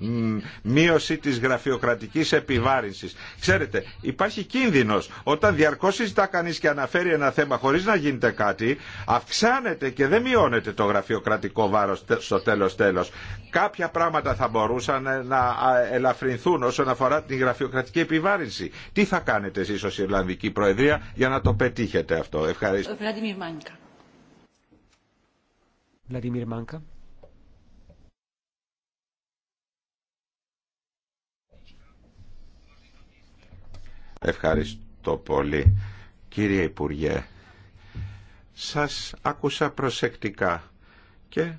[SPEAKER 2] μείωση της γραφειοκρατικής επιβάρυνσης Ξέρετε, υπάρχει κίνδυνο όταν διαρκώ συζητά κανεί και αναφέρει ένα θέμα χωρί να γίνεται κάτι, αυξάνεται και δεν μειώνεται το γραφειοκρατικό βάρο στο τέλο τέλο. Κάποια πράγματα θα μπορούσαν ε, να ελαφρυνθούν όσον αφορά την γραφειοκρατική επιβάρυνση. Τι θα κάνετε εσεί ω Ιρλανδική Προεδρία για να το πετύχετε αυτό. Ευχαριστώ. Ευχαριστώ πολύ. Κύριε Υπουργέ, σας άκουσα προσεκτικά και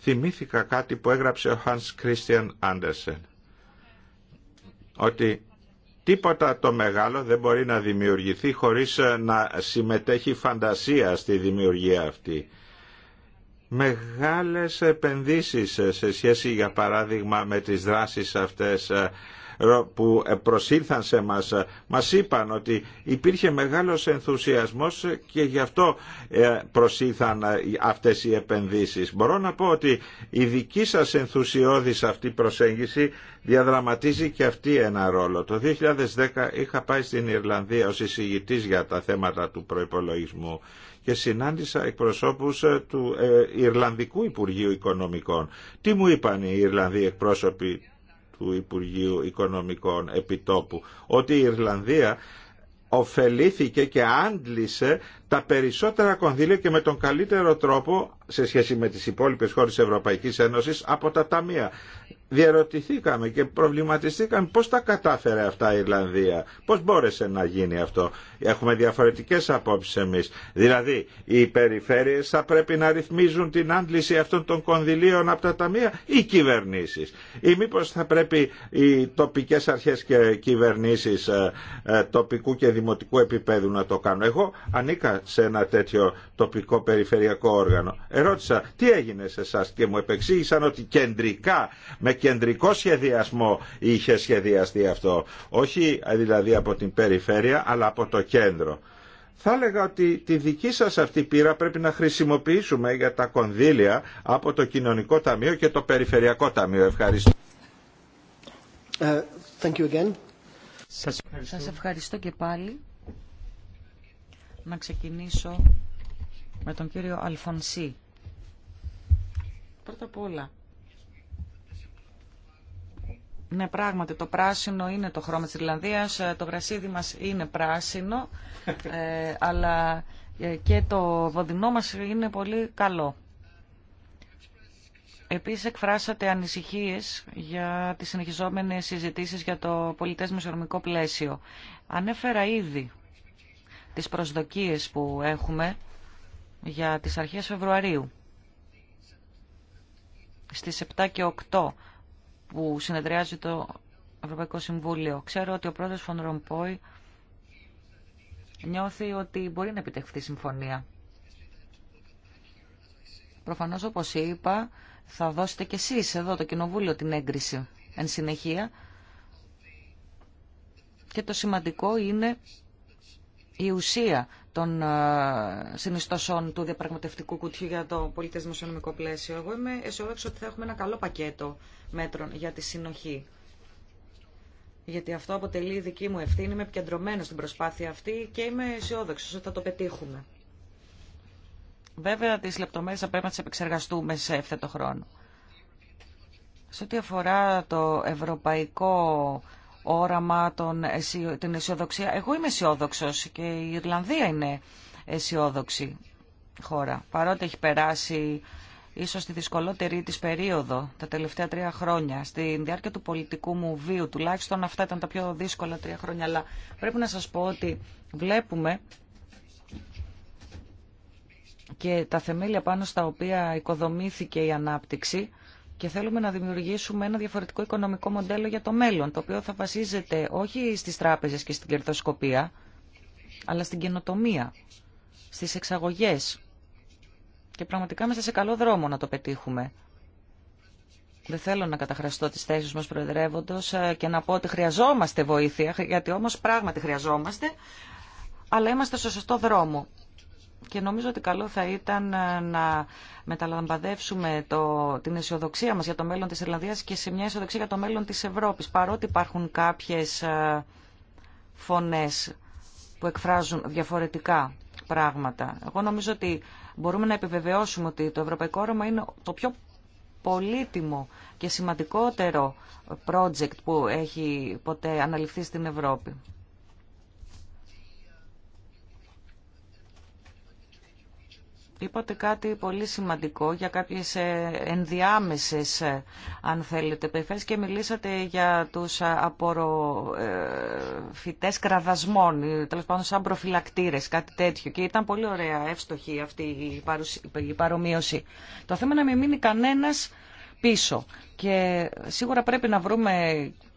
[SPEAKER 2] θυμήθηκα κάτι που έγραψε ο Hans Christian Andersen ότι τίποτα το μεγάλο δεν μπορεί να δημιουργηθεί χωρίς ε, να συμμετέχει φαντασία στη δημιουργία αυτή. Μεγάλες επενδύσεις ε, σε σχέση για παράδειγμα με τις δράσεις αυτές ε, που προσήλθαν σε μας ε, μας είπαν ότι υπήρχε μεγάλος ενθουσιασμός και γι' αυτό ε, προσήλθαν ε, αυτές οι επενδύσεις. Μπορώ να πω ότι η δική σας ενθουσιώδης αυτή προσέγγιση διαδραματίζει και αυτή ένα ρόλο. Το 2010 είχα πάει στην Ιρλανδία ως εισηγητής για τα θέματα του προϋπολογισμού και συνάντησα εκπροσώπους του Ιρλανδικού Υπουργείου Οικονομικών. Τι μου είπαν οι Ιρλανδοί εκπρόσωποι του Υπουργείου Οικονομικών Επιτόπου, ότι η Ιρλανδία ωφελήθηκε και άντλησε τα περισσότερα κονδύλια και με τον καλύτερο τρόπο σε σχέση με τις υπόλοιπες χώρες της Ευρωπαϊκής Ένωσης από τα ταμεία διαρωτηθήκαμε και προβληματιστήκαμε πώς τα κατάφερε αυτά η Ιρλανδία, πώς μπόρεσε να γίνει αυτό. Έχουμε διαφορετικές απόψεις εμείς. Δηλαδή, οι περιφέρειες θα πρέπει να ρυθμίζουν την άντληση αυτών των κονδυλίων από τα ταμεία ή κυβερνήσεις. Ή μήπως θα πρέπει οι τοπικές αρχές και κυβερνήσεις ε, ε, τοπικού και δημοτικού επίπεδου να το κάνουν. Εγώ ανήκα σε ένα τέτοιο τοπικό περιφερειακό όργανο. Ερώτησα τι έγινε σε εσά και μου επεξήγησαν ότι κεντρικά με κεντρικό σχεδιασμό είχε σχεδιαστεί αυτό. Όχι ε, δηλαδή από την περιφέρεια αλλά από το κέντρο. Θα έλεγα ότι τη δική σας αυτή πείρα πρέπει να χρησιμοποιήσουμε για τα κονδύλια από το Κοινωνικό Ταμείο και το Περιφερειακό Ταμείο. Ευχαριστώ.
[SPEAKER 1] Uh, thank you again. Σας ευχαριστώ.
[SPEAKER 3] ευχαριστώ και πάλι. Να ξεκινήσω με τον κύριο Αλφονσί. Πρώτα απ' όλα, ναι, πράγματι, το πράσινο είναι το χρώμα της Ιρλανδίας, ε, το γρασίδι μας είναι πράσινο, ε, αλλά ε, και το βοδινό μας είναι πολύ καλό. Επίσης εκφράσατε ανησυχίες για τις συνεχιζόμενες συζητήσεις για το πολιτές μεσορμικό πλαίσιο. Ανέφερα ήδη τις προσδοκίες που έχουμε για τις αρχές Φεβρουαρίου. Στις 7 και 8 που συνεδριάζει το Ευρωπαϊκό Συμβούλιο. Ξέρω ότι ο πρόεδρος Φον Ρομπόι νιώθει ότι μπορεί να επιτευχθεί συμφωνία. Προφανώς, όπως είπα, θα δώσετε κι εσείς εδώ το Κοινοβούλιο την έγκριση εν συνεχεία. Και το σημαντικό είναι η ουσία των ε, συνιστοσών του διαπραγματευτικού κουτιού για το πολιτισμό οικονομικό πλαίσιο. Εγώ είμαι αισιόδοξη ότι θα έχουμε ένα καλό πακέτο μέτρων για τη συνοχή. Γιατί αυτό αποτελεί δική μου ευθύνη, είμαι επικεντρωμένο στην προσπάθεια αυτή και είμαι αισιόδοξο ότι θα το πετύχουμε. Βέβαια, τι λεπτομέρειε θα πρέπει να τι επεξεργαστούμε σε το χρόνο. Σε ό,τι αφορά το ευρωπαϊκό όραμα, τον, την αισιοδοξία, εγώ είμαι αισιόδοξο και η Ιρλανδία είναι αισιόδοξη χώρα. Παρότι έχει περάσει ίσως στη δυσκολότερη της περίοδο τα τελευταία τρία χρόνια. Στην διάρκεια του πολιτικού μου βίου τουλάχιστον αυτά ήταν τα πιο δύσκολα τρία χρόνια. Αλλά πρέπει να σας πω ότι βλέπουμε και τα θεμέλια πάνω στα οποία οικοδομήθηκε η ανάπτυξη και θέλουμε να δημιουργήσουμε ένα διαφορετικό οικονομικό μοντέλο για το μέλλον, το οποίο θα βασίζεται όχι στις τράπεζες και στην κερδοσκοπία, αλλά στην καινοτομία, στις εξαγωγές, και πραγματικά είμαστε σε καλό δρόμο να το πετύχουμε. Δεν θέλω να καταχραστώ τις θέσεις μας προεδρεύοντος ε, και να πω ότι χρειαζόμαστε βοήθεια, γιατί όμως πράγματι χρειαζόμαστε, αλλά είμαστε στο σωστό δρόμο. Και νομίζω ότι καλό θα ήταν ε, να μεταλαμπαδεύσουμε το, την αισιοδοξία μας για το μέλλον της Ιρλανδίας και σε μια αισιοδοξία για το μέλλον της Ευρώπης, παρότι υπάρχουν κάποιες ε, φωνές που εκφράζουν διαφορετικά πράγματα. Εγώ νομίζω ότι μπορούμε να επιβεβαιώσουμε ότι το ευρωπαϊκό Ρώμα είναι το πιο πολύτιμο και σημαντικότερο project που έχει ποτέ αναλυφθεί στην Ευρώπη. Είπατε κάτι πολύ σημαντικό για κάποιες ε, ενδιάμεσες, ε, αν θέλετε, περιφέρειες και μιλήσατε για τους ε, απορροφητές κραδασμών, τέλος πάντων σαν προφυλακτήρες, κάτι τέτοιο. Και ήταν πολύ ωραία, εύστοχη αυτή η παρομοίωση. Το θέμα να μην μείνει κανένας πίσω. Και σίγουρα πρέπει να βρούμε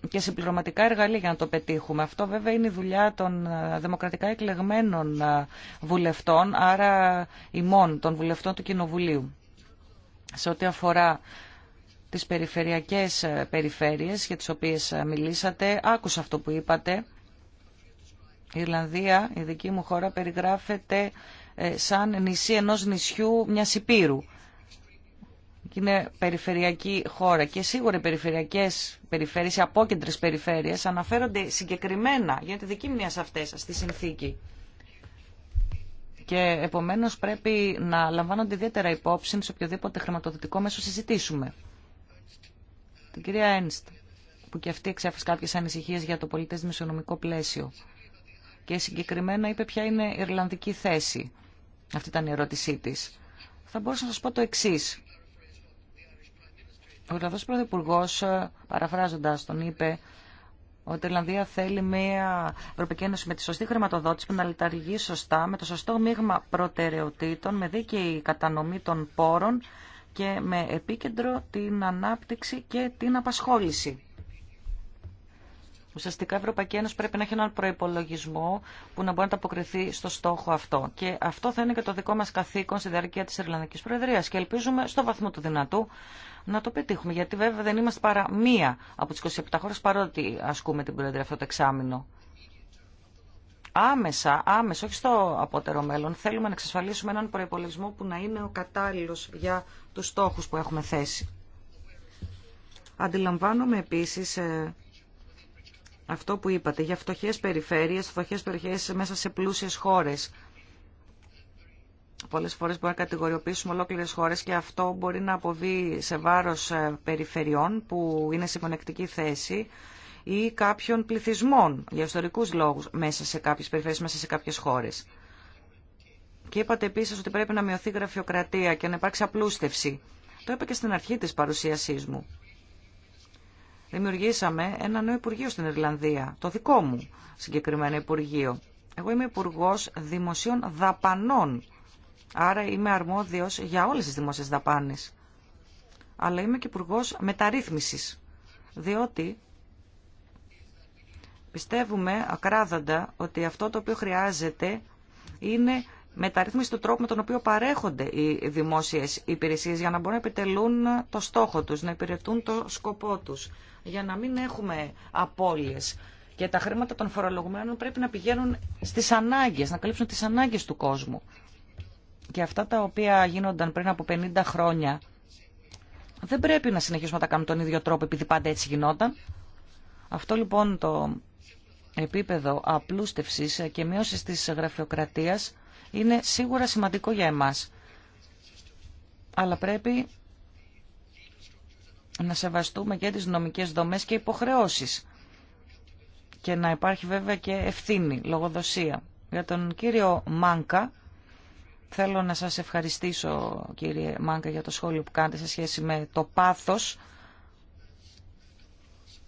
[SPEAKER 3] και συμπληρωματικά εργαλεία για να το πετύχουμε. Αυτό βέβαια είναι η δουλειά των ε, δημοκρατικά εκλεγμένων ε, βουλευτών, άρα ημών των βουλευτών του Κοινοβουλίου. Σε ό,τι αφορά τις περιφερειακές ε, περιφέρειες για τις οποίες μιλήσατε, άκουσα αυτό που είπατε. Η Ιρλανδία, η δική μου χώρα, περιγράφεται σαν νησί ενός νησιού μιας υπήρου είναι περιφερειακή χώρα και σίγουρα οι περιφερειακές περιφέρειες, οι απόκεντρες περιφέρειες αναφέρονται συγκεκριμένα, γιατί δική μου σε αυτές, στη συνθήκη. Και επομένως πρέπει να λαμβάνονται ιδιαίτερα υπόψη σε οποιοδήποτε χρηματοδοτικό μέσο συζητήσουμε. Την κυρία Ένστ, που και αυτή εξέφρασε κάποιες ανησυχίες για το πολιτέ δημοσιονομικό πλαίσιο. Και συγκεκριμένα είπε ποια είναι η Ιρλανδική θέση. Αυτή ήταν η ερώτησή της. Θα μπορούσα να σα πω το εξή. Ο Ιρλανδός Πρωθυπουργός, ε, παραφράζοντας τον, είπε ότι η Ιρλανδία θέλει μια Ευρωπαϊκή Ένωση με τη σωστή χρηματοδότηση που να λειτουργεί σωστά, με το σωστό μείγμα προτεραιοτήτων, με δίκαιη κατανομή των πόρων και με επίκεντρο την ανάπτυξη και την απασχόληση. Ουσιαστικά η Ευρωπαϊκή Ένωση πρέπει να έχει έναν προπολογισμό που να μπορεί να ανταποκριθεί στο στόχο αυτό. Και αυτό θα είναι και το δικό μα καθήκον στη διάρκεια τη Ιρλανδική Προεδρία. Και ελπίζουμε στο βαθμό του δυνατού να το πετύχουμε. Γιατί βέβαια δεν είμαστε παρά μία από τις 27 χώρες παρότι ασκούμε την Πρόεδρε αυτό το εξάμεινο. Άμεσα, άμεσα, όχι στο απότερο μέλλον, θέλουμε να εξασφαλίσουμε έναν προπολογισμό που να είναι ο κατάλληλος για τους στόχους που έχουμε θέσει. Αντιλαμβάνομαι επίσης ε, αυτό που είπατε για φτωχές περιφέρειες, φτωχές περιοχέ μέσα σε πλούσιες χώρες πολλές φορές μπορεί να κατηγοριοποιήσουμε ολόκληρες χώρες και αυτό μπορεί να αποβεί σε βάρος ε, περιφερειών που είναι σε υπονεκτική θέση ή κάποιων πληθυσμών για ιστορικούς λόγους μέσα σε κάποιες περιφέρειες περιφέρειες, μέσα σε κάποιες χώρες. Και είπατε επίσης ότι πρέπει να μειωθεί η γραφειοκρατία και να υπάρξει απλούστευση. Το είπα και στην αρχή της παρουσίασής μου. Δημιουργήσαμε ένα νέο Υπουργείο στην Ιρλανδία, το δικό μου συγκεκριμένο Υπουργείο. Εγώ είμαι Υπουργό Δημοσίων Δαπανών Άρα είμαι αρμόδιο για όλε τι δημόσιες δαπάνε. Αλλά είμαι και υπουργό μεταρρύθμισης. Διότι πιστεύουμε ακράδαντα ότι αυτό το οποίο χρειάζεται είναι μεταρρύθμιση του τρόπου με τον οποίο παρέχονται οι δημόσιες υπηρεσίες για να μπορούν να επιτελούν το στόχο τους, να υπηρετούν το σκοπό τους, για να μην έχουμε απώλειες. Και τα χρήματα των φορολογουμένων πρέπει να πηγαίνουν στις ανάγκες, να καλύψουν τις ανάγκες του κόσμου. Και αυτά τα οποία γίνονταν πριν από 50 χρόνια δεν πρέπει να συνεχίσουμε να τα κάνουμε τον ίδιο τρόπο επειδή πάντα έτσι γινόταν. Αυτό λοιπόν το επίπεδο απλούστευσης και μείωσης της γραφειοκρατίας είναι σίγουρα σημαντικό για εμάς. Αλλά πρέπει να σεβαστούμε και τις νομικές δομές και υποχρεώσεις και να υπάρχει βέβαια και ευθύνη, λογοδοσία. Για τον κύριο Μάνκα Θέλω να σας ευχαριστήσω κύριε Μάνκα, για το σχόλιο που κάνετε σε σχέση με το πάθος.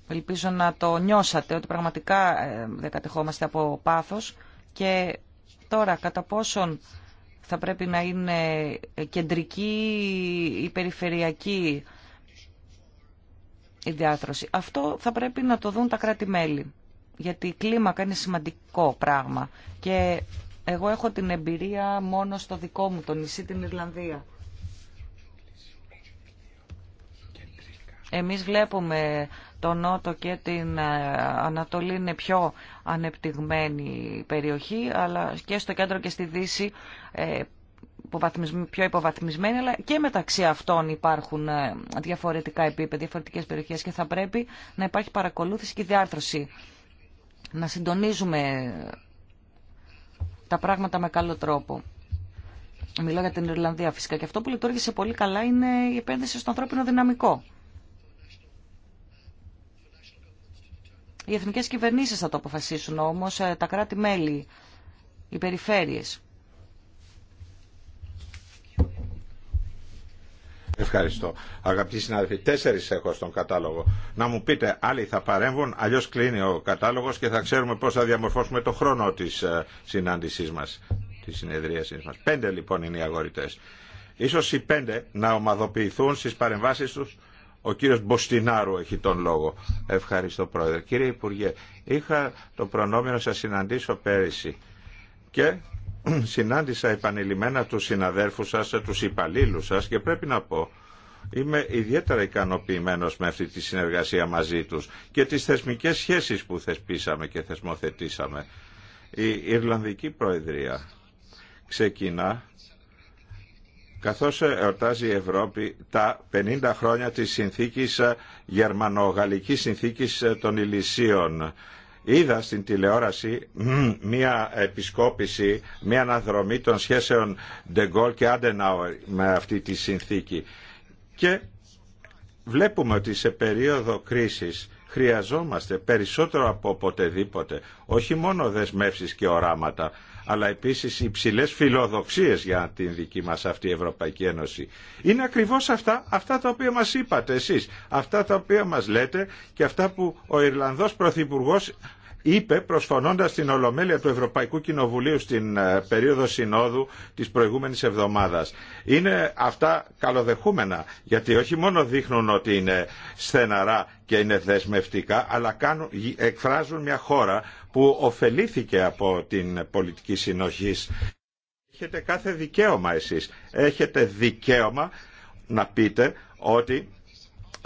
[SPEAKER 3] Ελπίζω να το νιώσατε ότι πραγματικά ε, δεν κατεχόμαστε από πάθος και τώρα κατά πόσον θα πρέπει να είναι κεντρική ή περιφερειακή η διάθρωση. Αυτό θα πρέπει να το δουν τα κράτη-μέλη γιατί η κλίμακα είναι σημαντικό πράγμα και εγώ έχω την εμπειρία μόνο στο δικό μου, το νησί, την Ιρλανδία. Εμείς βλέπουμε το Νότο και την ε, Ανατολή είναι πιο ανεπτυγμένη περιοχή, αλλά και στο κέντρο και στη Δύση ε, πιο υποβαθμισμένη, αλλά και μεταξύ αυτών υπάρχουν ε, διαφορετικά επίπεδα, διαφορετικές περιοχές και θα πρέπει να υπάρχει παρακολούθηση και διάρθρωση. Να συντονίζουμε τα πράγματα με καλό τρόπο. Μιλάω για την Ιρλανδία φυσικά και αυτό που λειτουργήσε πολύ καλά είναι η επένδυση στο ανθρώπινο δυναμικό. Οι εθνικές κυβερνήσεις θα το αποφασίσουν όμως, ε, τα κράτη-μέλη, οι περιφέρειες.
[SPEAKER 2] Ευχαριστώ. Αγαπητοί συνάδελφοι, τέσσερι έχω στον κατάλογο. Να μου πείτε, άλλοι θα παρέμβουν, αλλιώ κλείνει ο κατάλογο και θα ξέρουμε πώ θα διαμορφώσουμε το χρόνο τη ε, συνάντησή μα, τη συνεδρίασή μα. Πέντε λοιπόν είναι οι αγορητέ. Ίσως οι πέντε να ομαδοποιηθούν στις παρεμβάσει του, Ο κύριος Μποστινάρου έχει τον λόγο. Ευχαριστώ πρόεδρε. Κύριε Υπουργέ, είχα το προνόμιο να σας συναντήσω πέρυσι και συνάντησα επανειλημμένα τους συναδέρφους σας, τους υπαλλήλους σας και πρέπει να πω Είμαι ιδιαίτερα ικανοποιημένος με αυτή τη συνεργασία μαζί τους και τις θεσμικές σχέσεις που θεσπίσαμε και θεσμοθετήσαμε. Η Ιρλανδική Προεδρία ξεκινά καθώς εορτάζει η Ευρώπη τα 50 χρόνια της συνθήκης γερμανογαλλικής συνθήκης ε, των ηλισίων. Είδα στην τηλεόραση μία επισκόπηση, μία αναδρομή των σχέσεων Ντεγκόλ και Άντεναουερ με αυτή τη συνθήκη. Και βλέπουμε ότι σε περίοδο κρίσης χρειαζόμαστε περισσότερο από οποτεδήποτε όχι μόνο δεσμεύσεις και οράματα αλλά επίσης υψηλέ φιλοδοξίες για την δική μας αυτή η Ευρωπαϊκή Ένωση. Είναι ακριβώς αυτά, αυτά τα οποία μας είπατε εσείς, αυτά τα οποία μας λέτε και αυτά που ο Ιρλανδός Πρωθυπουργός είπε προσφωνώντας την Ολομέλεια του Ευρωπαϊκού Κοινοβουλίου στην ε, περίοδο συνόδου της προηγούμενης εβδομάδας. Είναι αυτά καλοδεχούμενα, γιατί όχι μόνο δείχνουν ότι είναι στεναρά και είναι δεσμευτικά, αλλά κάνουν, εκφράζουν μια χώρα που ωφελήθηκε από την πολιτική συνοχή. Έχετε κάθε δικαίωμα εσείς. Έχετε δικαίωμα να πείτε ότι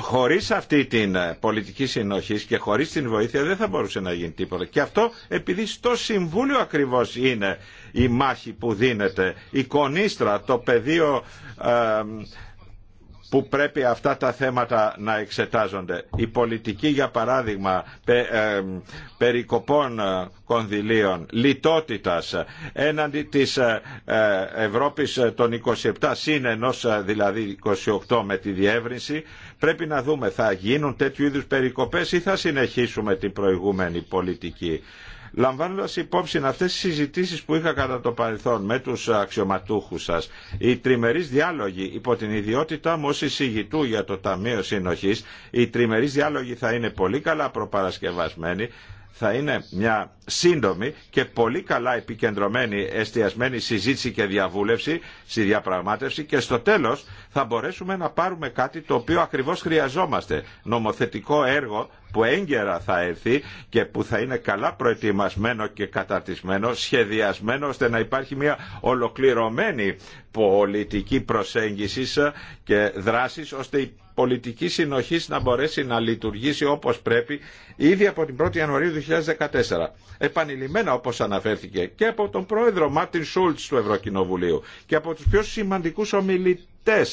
[SPEAKER 2] χωρίς αυτή την ε, πολιτική συνοχή και χωρίς την βοήθεια δεν θα μπορούσε να γίνει τίποτα. Και αυτό επειδή στο Συμβούλιο ακριβώς είναι η μάχη που δίνεται, η κονίστρα, το πεδίο ε, που πρέπει αυτά τα θέματα να εξετάζονται. Η πολιτική, για παράδειγμα, ε, περικοπών κονδυλίων, λιτότητας, έναντι της ε, Ευρώπης των 27, συν ενός δηλαδή 28 με τη διεύρυνση, Πρέπει να δούμε, θα γίνουν τέτοιου είδους περικοπές ή θα συνεχίσουμε την προηγούμενη πολιτική. Λαμβάνοντας υπόψη αυτές τις συζητήσεις που είχα κατά το παρελθόν με τους αξιωματούχους σας, οι τριμερείς διάλογοι υπό την ιδιότητά μου ως εισηγητού για το Ταμείο Συνοχής, οι τριμερείς διάλογοι θα είναι πολύ καλά προπαρασκευασμένοι θα είναι μια σύντομη και πολύ καλά επικεντρωμένη, εστιασμένη συζήτηση και διαβούλευση στη διαπραγμάτευση και στο τέλος θα μπορέσουμε να πάρουμε κάτι το οποίο ακριβώς χρειαζόμαστε. Νομοθετικό έργο που έγκαιρα θα έρθει και που θα είναι καλά προετοιμασμένο και καταρτισμένο, σχεδιασμένο ώστε να υπάρχει μια ολοκληρωμένη πολιτική προσέγγισης και δράσης ώστε πολιτική συνοχή να μπορέσει να λειτουργήσει όπω πρέπει ήδη από την 1η Ιανουαρίου 2014. Επανειλημμένα όπω αναφέρθηκε και από τον πρόεδρο Μάρτιν Σούλτ του Ευρωκοινοβουλίου και από του πιο σημαντικού ομιλητέ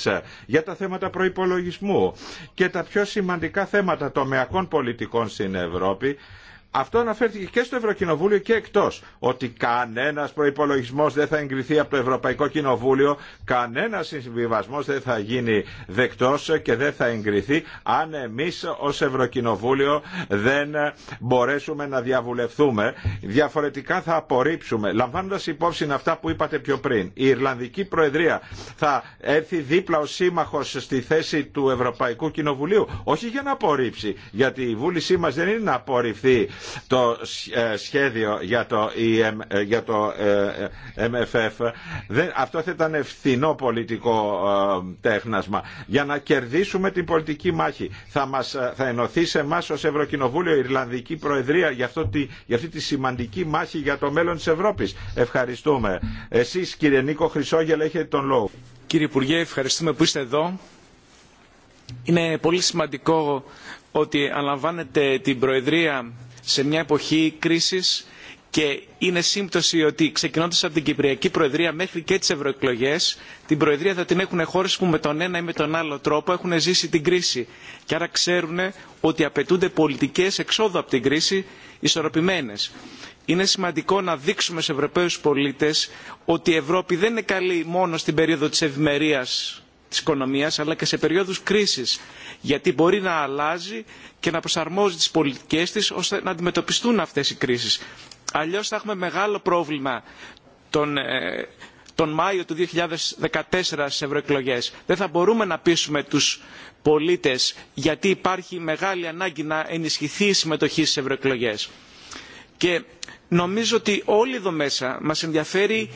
[SPEAKER 2] για τα θέματα προϋπολογισμού και τα πιο σημαντικά θέματα τομεακών πολιτικών στην Ευρώπη αυτό αναφέρθηκε και στο Ευρωκοινοβούλιο και εκτό. ότι κανένα προπολογισμό δεν θα εγκριθεί από το Ευρωπαϊκό Κοινοβούλιο, κανένα συμβιβασμό δεν θα γίνει δεκτό και δεν θα εγκριθεί αν εμεί ω Ευρωκοινοβούλιο δεν μπορέσουμε να διαβουλευθούμε Διαφορετικά θα απορρίψουμε, λαμβάνοντα υπόψη αυτά που είπατε πιο πριν. Η Ιρλανδική Προεδρία θα έρθει δίπλα ο σύμμαχος στη θέση του Ευρωπαϊκού Κοινοβουλίου, όχι για να απορρίψει, γιατί η βούλησή μα δεν είναι να απορριφθεί το ε, σχέδιο για το, EM, ε, για το ε, MFF, αυτό θα ήταν ευθυνό πολιτικό τέχνασμα. Για να κερδίσουμε την πολιτική μάχη. Θα, μας, θα ενωθεί σε εμά ω Ευρωκοινοβούλιο η Ιρλανδική Προεδρία για, αυτή τη σημαντική μάχη για το μέλλον της Ευρώπης. Ευχαριστούμε. Εσείς κύριε Νίκο Χρυσόγελ έχετε τον λόγο. Κύριε Υπουργέ, ευχαριστούμε που είστε εδώ. Είναι πολύ σημαντικό
[SPEAKER 5] ότι αναλαμβάνετε την Προεδρία σε μια εποχή κρίσης και είναι σύμπτωση ότι ξεκινώντας από την Κυπριακή Προεδρία μέχρι και τις ευρωεκλογέ, την Προεδρία θα την έχουν χώρε που με τον ένα ή με τον άλλο τρόπο έχουν ζήσει την κρίση και άρα ξέρουν ότι απαιτούνται πολιτικές εξόδου από την κρίση ισορροπημένες. Είναι σημαντικό να δείξουμε στους Ευρωπαίους πολίτες ότι η Ευρώπη δεν είναι καλή μόνο στην περίοδο της ευημερίας της οικονομίας αλλά και σε περίοδους κρίσης γιατί μπορεί να αλλάζει και να προσαρμόζει τις πολιτικές της ώστε να αντιμετωπιστούν αυτές οι κρίσεις. Αλλιώς θα έχουμε μεγάλο πρόβλημα τον, ε, τον Μάιο του 2014 στις ευρωεκλογέ. Δεν θα μπορούμε να πείσουμε τους πολίτες γιατί υπάρχει μεγάλη ανάγκη να ενισχυθεί η συμμετοχή στις ευρωεκλογέ. Και νομίζω ότι όλοι εδώ μέσα μας ενδιαφέρει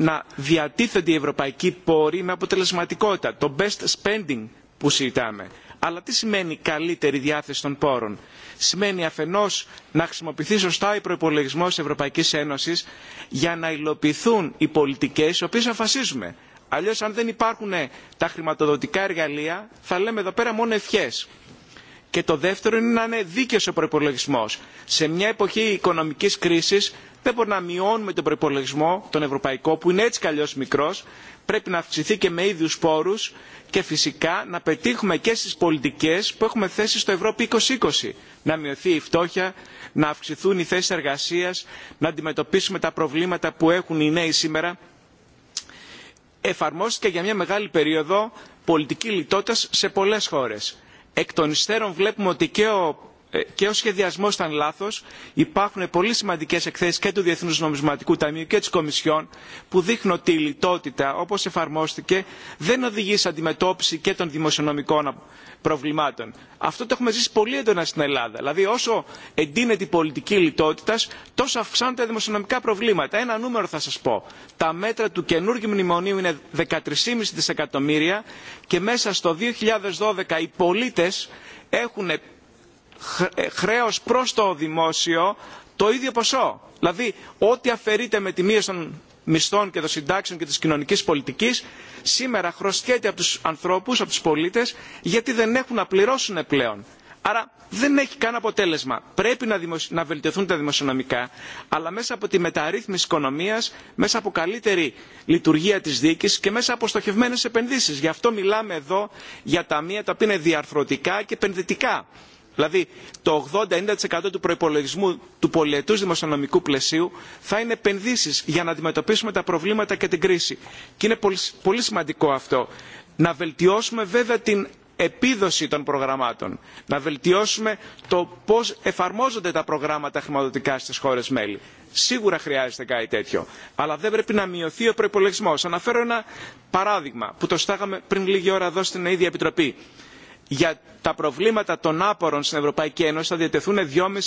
[SPEAKER 5] να διατίθενται οι ευρωπαϊκοί πόροι με αποτελεσματικότητα, το best spending που συζητάμε. Αλλά τι σημαίνει καλύτερη διάθεση των πόρων. Σημαίνει αφενός να χρησιμοποιηθεί σωστά ο προπολογισμό της Ευρωπαϊκής Ένωσης για να υλοποιηθούν οι πολιτικές οι οποίες αφασίζουμε. Αλλιώς αν δεν υπάρχουν τα χρηματοδοτικά εργαλεία θα λέμε εδώ πέρα μόνο ευχές και το δεύτερο είναι να είναι δίκαιος ο προπολογισμό. Σε μια εποχή οικονομικής κρίσης δεν μπορούμε να μειώνουμε τον προπολογισμό, τον ευρωπαϊκό, που είναι έτσι καλλιώς μικρός, πρέπει να αυξηθεί και με ίδιους πόρους και φυσικά να πετύχουμε και στις πολιτικές που έχουμε θέσει στο Ευρώπη 2020. Να μειωθεί η φτώχεια, να αυξηθούν οι θέσεις εργασίας, να αντιμετωπίσουμε τα προβλήματα που έχουν οι νέοι σήμερα. Εφαρμόστηκε για μια μεγάλη περίοδο πολιτική λιτότητα σε πολλέ χώρε εκ των υστέρων βλέπουμε ότι και ο ε, και ο σχεδιασμός ήταν λάθος. Υπάρχουν πολύ σημαντικές εκθέσεις και του Διεθνούς Νομισματικού Ταμείου και της Κομισιόν που δείχνουν ότι η λιτότητα όπως εφαρμόστηκε δεν οδηγεί σε αντιμετώπιση και των δημοσιονομικών προβλημάτων. Αυτό το έχουμε ζήσει πολύ έντονα στην Ελλάδα. Δηλαδή όσο εντείνεται η πολιτική λιτότητα τόσο αυξάνονται τα δημοσιονομικά προβλήματα. Ένα νούμερο θα σας πω. Τα μέτρα του καινούργιου μνημονίου είναι 13,5 δισεκατομμύρια και μέσα στο 2012 οι πολίτες έχουν ε, χρέος προς το δημόσιο το ίδιο ποσό. Δηλαδή, ό,τι αφαιρείται με τη μείωση των μισθών και των συντάξεων και της κοινωνικής πολιτικής, σήμερα χρωστιέται από τους ανθρώπους, από τους πολίτες, γιατί δεν έχουν να πληρώσουν πλέον. Άρα δεν έχει καν αποτέλεσμα. Πρέπει να, να βελτιωθούν τα δημοσιονομικά, αλλά μέσα από τη μεταρρύθμιση οικονομίας, μέσα από καλύτερη λειτουργία της δίκης και μέσα από στοχευμένες επενδύσεις. Γι' αυτό μιλάμε εδώ για ταμεία τα οποία είναι διαρθρωτικά και επενδυτικά Δηλαδή το 80-90% του προπολογισμού του πολιετού δημοσιονομικού πλαισίου θα είναι επενδύσει για να αντιμετωπίσουμε τα προβλήματα και την κρίση. Και είναι πολύ, σημαντικό αυτό. Να βελτιώσουμε βέβαια την επίδοση των προγραμμάτων. Να βελτιώσουμε το πώ εφαρμόζονται τα προγράμματα χρηματοδοτικά στι χώρε μέλη. Σίγουρα χρειάζεται κάτι τέτοιο. Αλλά δεν πρέπει να μειωθεί ο προπολογισμό. Αναφέρω ένα παράδειγμα που το στάγαμε πριν λίγη ώρα εδώ στην ίδια Επιτροπή για τα προβλήματα των άπορων στην Ευρωπαϊκή Ένωση θα διατεθούν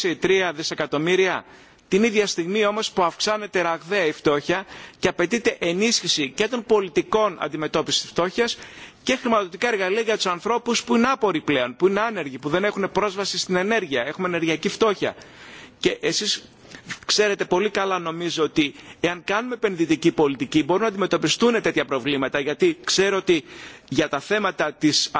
[SPEAKER 5] 2,5-3 δισεκατομμύρια. Την ίδια στιγμή όμως που αυξάνεται ραγδαία η φτώχεια και απαιτείται ενίσχυση και των πολιτικών αντιμετώπισης της φτώχειας και χρηματοδοτικά εργαλεία για τους ανθρώπους που είναι άποροι πλέον, που είναι άνεργοι, που δεν έχουν πρόσβαση στην ενέργεια, έχουμε ενεργειακή φτώχεια. Και εσείς ξέρετε πολύ καλά νομίζω ότι εάν κάνουμε επενδυτική πολιτική μπορούν να αντιμετωπιστούν τέτοια προβλήματα γιατί ξέρω ότι για τα θέματα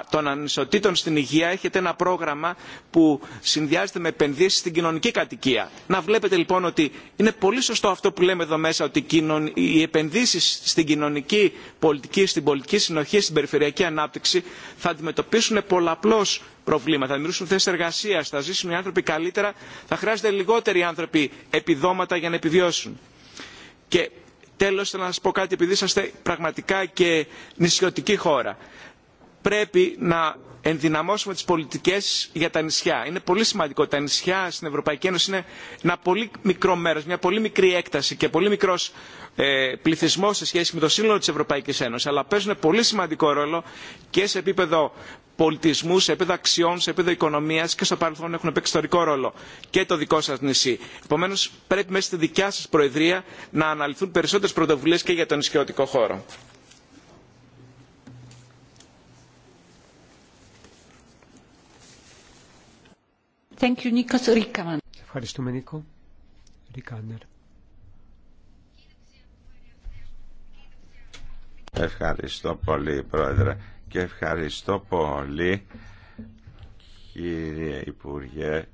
[SPEAKER 5] των ανισοτήτων στην υγεία έχετε ένα πρόγραμμα που συνδυάζεται με επενδύσεις στην κοινωνική κατοικία. Να βλέπετε λοιπόν ότι είναι πολύ σωστό αυτό που λέμε εδώ μέσα ότι οι επενδύσεις στην κοινωνική πολιτική, στην πολιτική συνοχή, στην περιφερειακή ανάπτυξη θα αντιμετωπίσουν πολλαπλώς προβλήματα, θα δημιουργήσουν θέσει εργασία, θα ζήσουν οι άνθρωποι καλύτερα, θα χρειάζονται λιγότεροι άνθρωποι επιδόματα για να επιβιώσουν. Και τέλος θέλω να σας πω κάτι επειδή είσαστε πραγματικά και νησιωτική χώρα. Πρέπει να ενδυναμώσουμε τις πολιτικές για τα νησιά. Είναι πολύ σημαντικό. Τα νησιά στην Ευρωπαϊκή Ένωση είναι ένα πολύ μικρό μέρος, μια πολύ μικρή έκταση και πολύ μικρός ε, πληθυσμός σε σχέση με το σύνολο της Ευρωπαϊκής Ένωσης. Αλλά παίζουν πολύ σημαντικό ρόλο και σε επίπεδο πολιτισμού, σε επίπεδο αξιών, σε επίπεδο οικονομία και στο παρελθόν έχουν παίξει ιστορικό ρόλο και το δικό σα νησί. Επομένω, πρέπει μέσα στη δικιά σα Προεδρία να αναλυθούν περισσότερε πρωτοβουλίε και για τον νησιωτικό χώρο.
[SPEAKER 1] Ευχαριστούμε, Νίκο. Ρικάνερ.
[SPEAKER 2] Ευχαριστώ πολύ, Πρόεδρε. Και ευχαριστώ πολύ, κύριε Υπουργέ,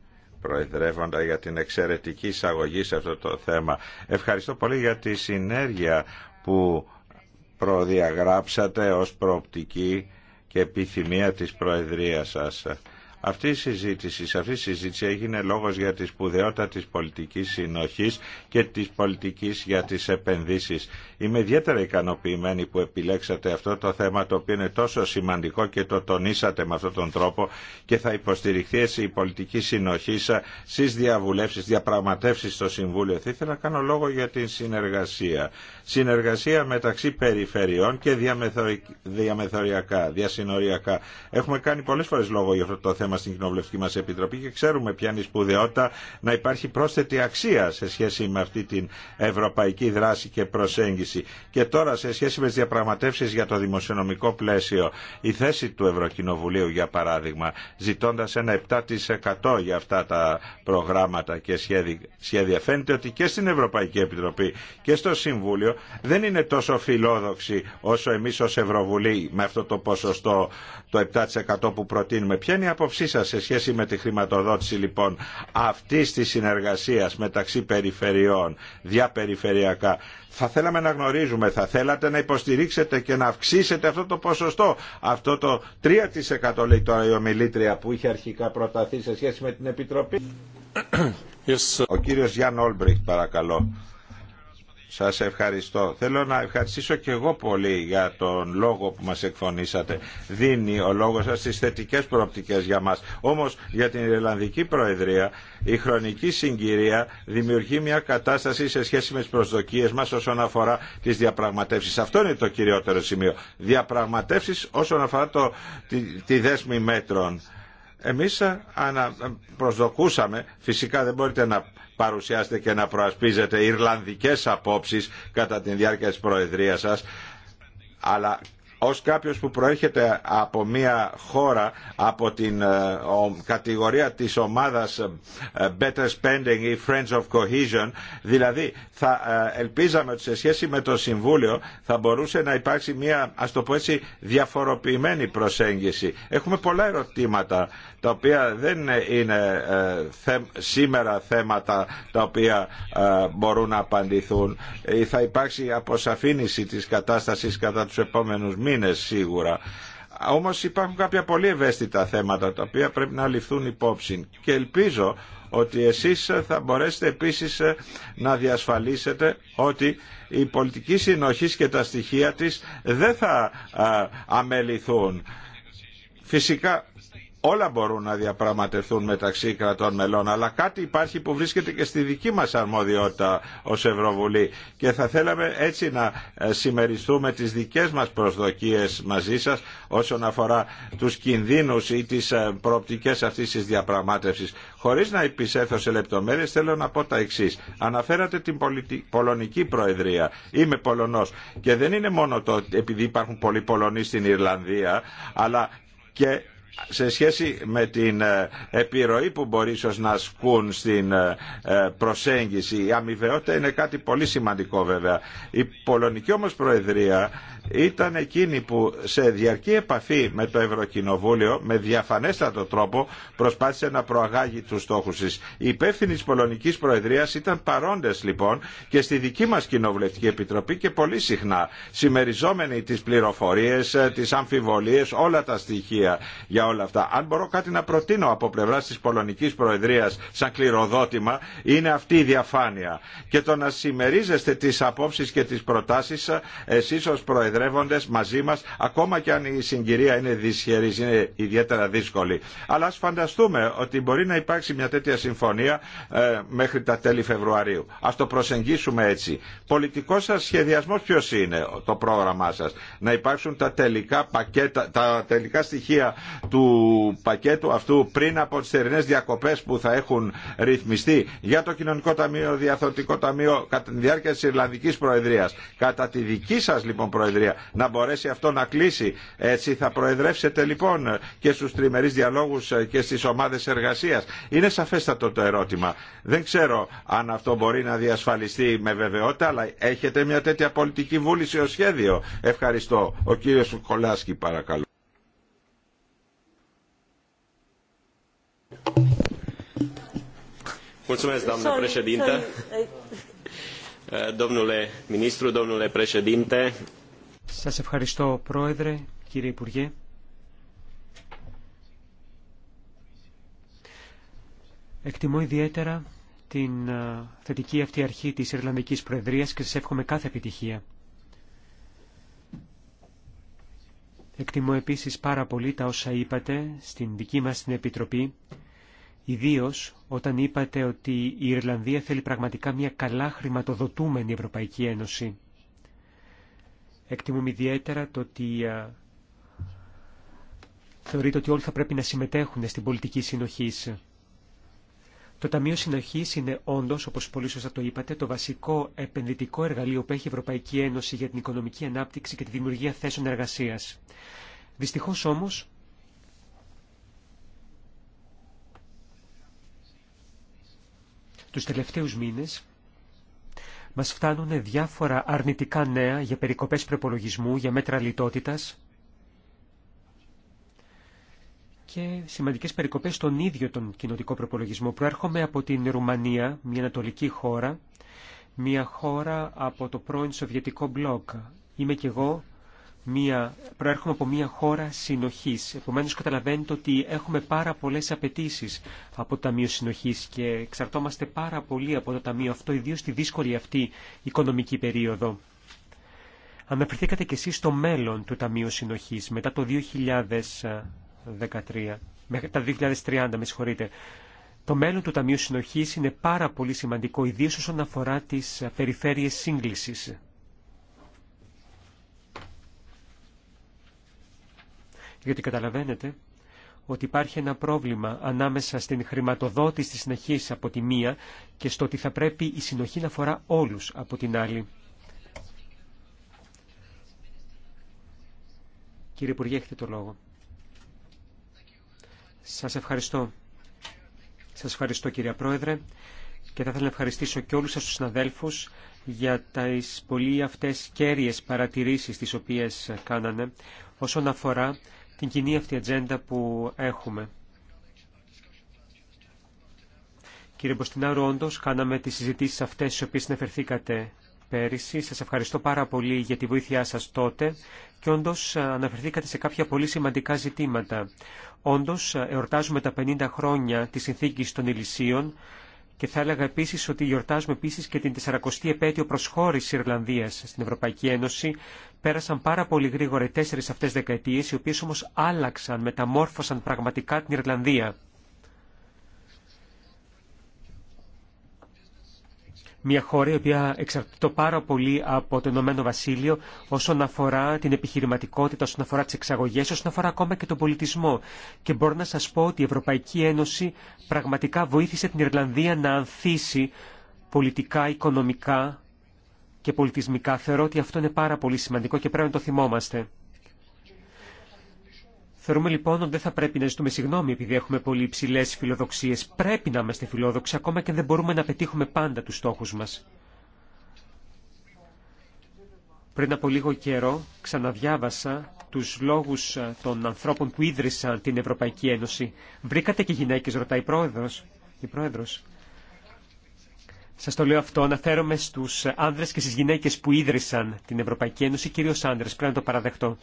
[SPEAKER 2] Προεδρεύοντα για την εξαιρετική εισαγωγή σε αυτό το θέμα. Ευχαριστώ πολύ για τη συνέργεια που προδιαγράψατε ως προοπτική και επιθυμία της Προεδρίας σας. Αυτή η συζήτηση, σε αυτή τη συζήτηση έγινε λόγος για τη σπουδαιότητα της πολιτικής συνοχής και της πολιτικής για τις επενδύσεις. Είμαι ιδιαίτερα ικανοποιημένη που επιλέξατε αυτό το θέμα το οποίο είναι τόσο σημαντικό και το τονίσατε με αυτόν τον τρόπο και θα υποστηριχθεί έτσι η πολιτική συνοχή στις διαβουλεύσεις, διαπραγματεύσεις στο Συμβούλιο. Θα ήθελα να κάνω λόγο για την συνεργασία. Συνεργασία μεταξύ περιφερειών και διαμεθοριακά, διασυνοριακά. Έχουμε κάνει πολλές φορές λόγο για αυτό το θέμα στην Κοινοβουλευτική μας Επιτροπή και ξέρουμε ποια είναι η σπουδαιότητα να υπάρχει πρόσθετη αξία σε σχέση με αυτή την ευρωπαϊκή δράση και προσέγγιση. Και τώρα σε σχέση με τι διαπραγματεύσεις για το δημοσιονομικό πλαίσιο, η θέση του Ευρωκοινοβουλίου για παράδειγμα, ζητώντα ένα 7% για αυτά τα προγράμματα και σχέδια, φαίνεται ότι και στην Ευρωπαϊκή Επιτροπή και στο Συμβούλιο δεν είναι τόσο φιλόδοξη όσο εμεί ω Ευρωβουλή με αυτό το ποσοστό το 7% που προτείνουμε. Ποια είναι η άποψη άποψή σε σχέση με τη χρηματοδότηση λοιπόν αυτής της συνεργασίας μεταξύ περιφερειών, διαπεριφερειακά. Θα θέλαμε να γνωρίζουμε, θα θέλατε να υποστηρίξετε και να αυξήσετε αυτό το ποσοστό, αυτό το 3% λέει τώρα η ομιλήτρια που είχε αρχικά προταθεί σε σχέση με την Επιτροπή. Yes, Ο κύριος Γιάνν Όλμπριχτ παρακαλώ. Σας ευχαριστώ. Θέλω να ευχαριστήσω και εγώ πολύ για τον λόγο που μας εκφωνήσατε. Δίνει ο λόγος σας τις θετικές προοπτικές για μας. Όμως για την Ιρλανδική Προεδρία η χρονική συγκυρία δημιουργεί μια κατάσταση σε σχέση με τις προσδοκίες μας όσον αφορά τις διαπραγματεύσεις. Αυτό είναι το κυριότερο σημείο. Διαπραγματεύσεις όσον αφορά το, τη, τη δέσμη μέτρων εμείς ε, ε, προσδοκούσαμε, φυσικά δεν μπορείτε να παρουσιάσετε και να προασπίζετε ιρλανδικές απόψεις κατά τη διάρκεια της προεδρίας σας, αλλά ως κάποιος που προέρχεται από μια χώρα από την ε, κατηγορία της ομάδας ε, Better Spending ή Friends of Cohesion δηλαδή θα ε, ελπίζαμε ότι σε σχέση με το Συμβούλιο θα μπορούσε να υπάρξει μια ας το πω έτσι διαφοροποιημένη προσέγγιση. Έχουμε πολλά ερωτήματα τα οποία δεν είναι σήμερα θέματα τα οποία μπορούν να απαντηθούν. Θα υπάρξει αποσαφήνιση της κατάστασης κατά τους επόμενους μήνες μήνες σίγουρα. Όμως υπάρχουν κάποια πολύ ευαίσθητα θέματα τα οποία πρέπει να ληφθούν υπόψη και ελπίζω ότι εσείς θα μπορέσετε επίσης να διασφαλίσετε ότι η πολιτική συνοχή και τα στοιχεία της δεν θα αμεληθούν. Φυσικά όλα μπορούν να διαπραγματευτούν μεταξύ κρατών μελών, αλλά κάτι υπάρχει που βρίσκεται και στη δική μας αρμοδιότητα ως Ευρωβουλή και θα θέλαμε έτσι να ε, συμμεριστούμε τις δικές μας προσδοκίες μαζί σας όσον αφορά τους κινδύνους ή τις ε, προοπτικές αυτής της διαπραγμάτευσης. Χωρίς να επισέθω σε λεπτομέρειες θέλω να πω τα εξής. Αναφέρατε την Πολωνική Προεδρία. Είμαι Πολωνός και δεν είναι μόνο το επειδή υπάρχουν πολλοί Πολωνοί στην Ιρλανδία, αλλά και σε σχέση με την ε, επιρροή που μπορεί ίσω να ασκούν στην ε, ε, προσέγγιση. Η αμοιβαιότητα είναι κάτι πολύ σημαντικό βέβαια. Η Πολωνική όμως Προεδρία ήταν εκείνοι που σε διαρκή επαφή με το Ευρωκοινοβούλιο με διαφανέστατο τρόπο προσπάθησε να προαγάγει τους στόχους τη. Οι υπεύθυνοι της Πολωνικής Προεδρίας ήταν παρόντες λοιπόν και στη δική μας Κοινοβουλευτική Επιτροπή και πολύ συχνά συμμεριζόμενοι τις πληροφορίες, ε, τις αμφιβολίες, όλα τα στοιχεία για όλα αυτά. Αν μπορώ κάτι να προτείνω από πλευρά της Πολωνικής Προεδρίας σαν κληροδότημα είναι αυτή η διαφάνεια και το να συμμερίζεστε τις απόψεις και τις προτάσεις ε, εσείς ως Προεδρία μαζί μας ακόμα και αν η συγκυρία είναι δύσχερη, είναι ιδιαίτερα δύσκολη. Αλλά α φανταστούμε ότι μπορεί να υπάρξει μια τέτοια συμφωνία ε, μέχρι τα τέλη Φεβρουαρίου. Α το προσεγγίσουμε έτσι. Πολιτικό σα σχεδιασμό ποιο είναι το πρόγραμμά σα. Να υπάρξουν τα τελικά, πακέτα, τα τελικά στοιχεία του πακέτου αυτού πριν από τι θερινέ διακοπέ που θα έχουν ρυθμιστεί για το Κοινωνικό Ταμείο, Διαθωτικό Ταμείο κατά τη διάρκεια τη Ιρλανδική Προεδρία. Κατά τη δική σα λοιπόν Προεδρία να μπορέσει αυτό να κλείσει. Έτσι θα προεδρεύσετε λοιπόν και στους τριμερείς διαλόγους ε, και στις ομάδες εργασίας. Είναι σαφέστατο το ερώτημα. Δεν ξέρω αν αυτό μπορεί να διασφαλιστεί με βεβαιότητα, αλλά έχετε μια τέτοια πολιτική βούληση ως σχέδιο. Ευχαριστώ. Ο κύριος Κολάσκη παρακαλώ.
[SPEAKER 1] Mulțumesc, doamnă președintă. Domnule ministru, domnule președinte, σας ευχαριστώ Πρόεδρε, κύριε Υπουργέ. Εκτιμώ ιδιαίτερα την θετική αυτή αρχή της Ιρλανδικής Προεδρίας και σας εύχομαι κάθε επιτυχία. Εκτιμώ επίσης πάρα πολύ τα όσα είπατε στην δική μας την Επιτροπή, ιδίως όταν είπατε ότι η Ιρλανδία θέλει πραγματικά μια καλά χρηματοδοτούμενη Ευρωπαϊκή Ένωση. Εκτιμούμε ιδιαίτερα το ότι θεωρείται ότι όλοι θα πρέπει να συμμετέχουν στην πολιτική συνοχή. Το Ταμείο Συνοχή είναι όντω, όπω πολύ σωστά το είπατε, το βασικό επενδυτικό εργαλείο που έχει η Ευρωπαϊκή Ένωση για την οικονομική ανάπτυξη και τη δημιουργία θέσεων εργασία. Δυστυχώ όμω. Τους τελευταίους μήνες μας φτάνουν διάφορα αρνητικά νέα για περικοπές προπολογισμού, για μέτρα λιτότητας και σημαντικές περικοπές στον ίδιο τον κοινοτικό προπολογισμό. Προέρχομαι από την Ρουμανία, μια ανατολική χώρα, μια χώρα από το πρώην Σοβιετικό μπλοκ. Είμαι κι εγώ μία, προέρχομαι από μια χώρα συνοχής. Επομένως καταλαβαίνετε ότι έχουμε πάρα πολλές απαιτήσει από το Ταμείο Συνοχής και εξαρτώμαστε πάρα πολύ από το Ταμείο αυτό, ιδίως στη δύσκολη αυτή οικονομική περίοδο. Αναφερθήκατε και εσείς στο μέλλον του Ταμείου Συνοχής μετά το 2013, μετά το 2030 με συγχωρείτε. Το μέλλον του Ταμείου Συνοχής είναι πάρα πολύ σημαντικό, ιδίως όσον αφορά τις περιφέρειες σύγκλησης. γιατί καταλαβαίνετε ότι υπάρχει ένα πρόβλημα ανάμεσα στην χρηματοδότηση της συνοχής από τη μία και στο ότι θα πρέπει η συνοχή να αφορά όλους από την άλλη. Κύριε Υπουργέ, έχετε το λόγο. Σας ευχαριστώ. Σας ευχαριστώ κύριε Πρόεδρε και θα ήθελα να ευχαριστήσω και όλους σας τους συναδέλφους για τις πολύ αυτές κέρυες παρατηρήσεις τις οποίες κάνανε όσον αφορά την κοινή αυτή ατζέντα που έχουμε. Κύριε Μποστινάρου, όντως κάναμε τις συζητήσεις αυτές στις οποίες αναφερθήκατε πέρυσι. Σας ευχαριστώ πάρα πολύ για τη βοήθειά σας τότε και όντως ε, αναφερθήκατε σε κάποια πολύ σημαντικά ζητήματα. Όντως ε, εορτάζουμε τα 50 χρόνια της συνθήκης των Ηλισίων και θα έλεγα επίσης ότι γιορτάζουμε επίσης και την 40η επέτειο προσχώρησης Ιρλανδίας στην Ευρωπαϊκή Ένωση. Πέρασαν πάρα πολύ γρήγορα οι τέσσερις αυτές δεκαετίες, οι οποίες όμως άλλαξαν, μεταμόρφωσαν πραγματικά την Ιρλανδία. μια χώρα η οποία εξαρτηθεί πάρα πολύ από το Ηνωμένο Βασίλειο όσον αφορά την επιχειρηματικότητα, όσον αφορά τις εξαγωγέ, όσον αφορά ακόμα και τον πολιτισμό. Και μπορώ να σας πω ότι η Ευρωπαϊκή Ένωση πραγματικά βοήθησε την Ιρλανδία να ανθίσει πολιτικά, οικονομικά και πολιτισμικά. Θεωρώ ότι αυτό είναι πάρα πολύ σημαντικό και πρέπει να το θυμόμαστε. Θεωρούμε λοιπόν ότι δεν θα πρέπει να ζητούμε συγγνώμη επειδή έχουμε πολύ υψηλέ φιλοδοξίε. Πρέπει να είμαστε φιλόδοξοι ακόμα και δεν μπορούμε να πετύχουμε πάντα του στόχου μα. Πριν από λίγο καιρό ξαναδιάβασα του λόγου ε, των ανθρώπων που ίδρυσαν την Ευρωπαϊκή Ένωση. Βρήκατε και γυναίκε, ρωτάει η πρόεδρος. Η Σας το λέω αυτό, αναφέρομαι στου άνδρες και στι γυναίκε που ίδρυσαν την Ευρωπαϊκή Ένωση, κυρίω άνδρε, πρέπει να το παραδεχτώ.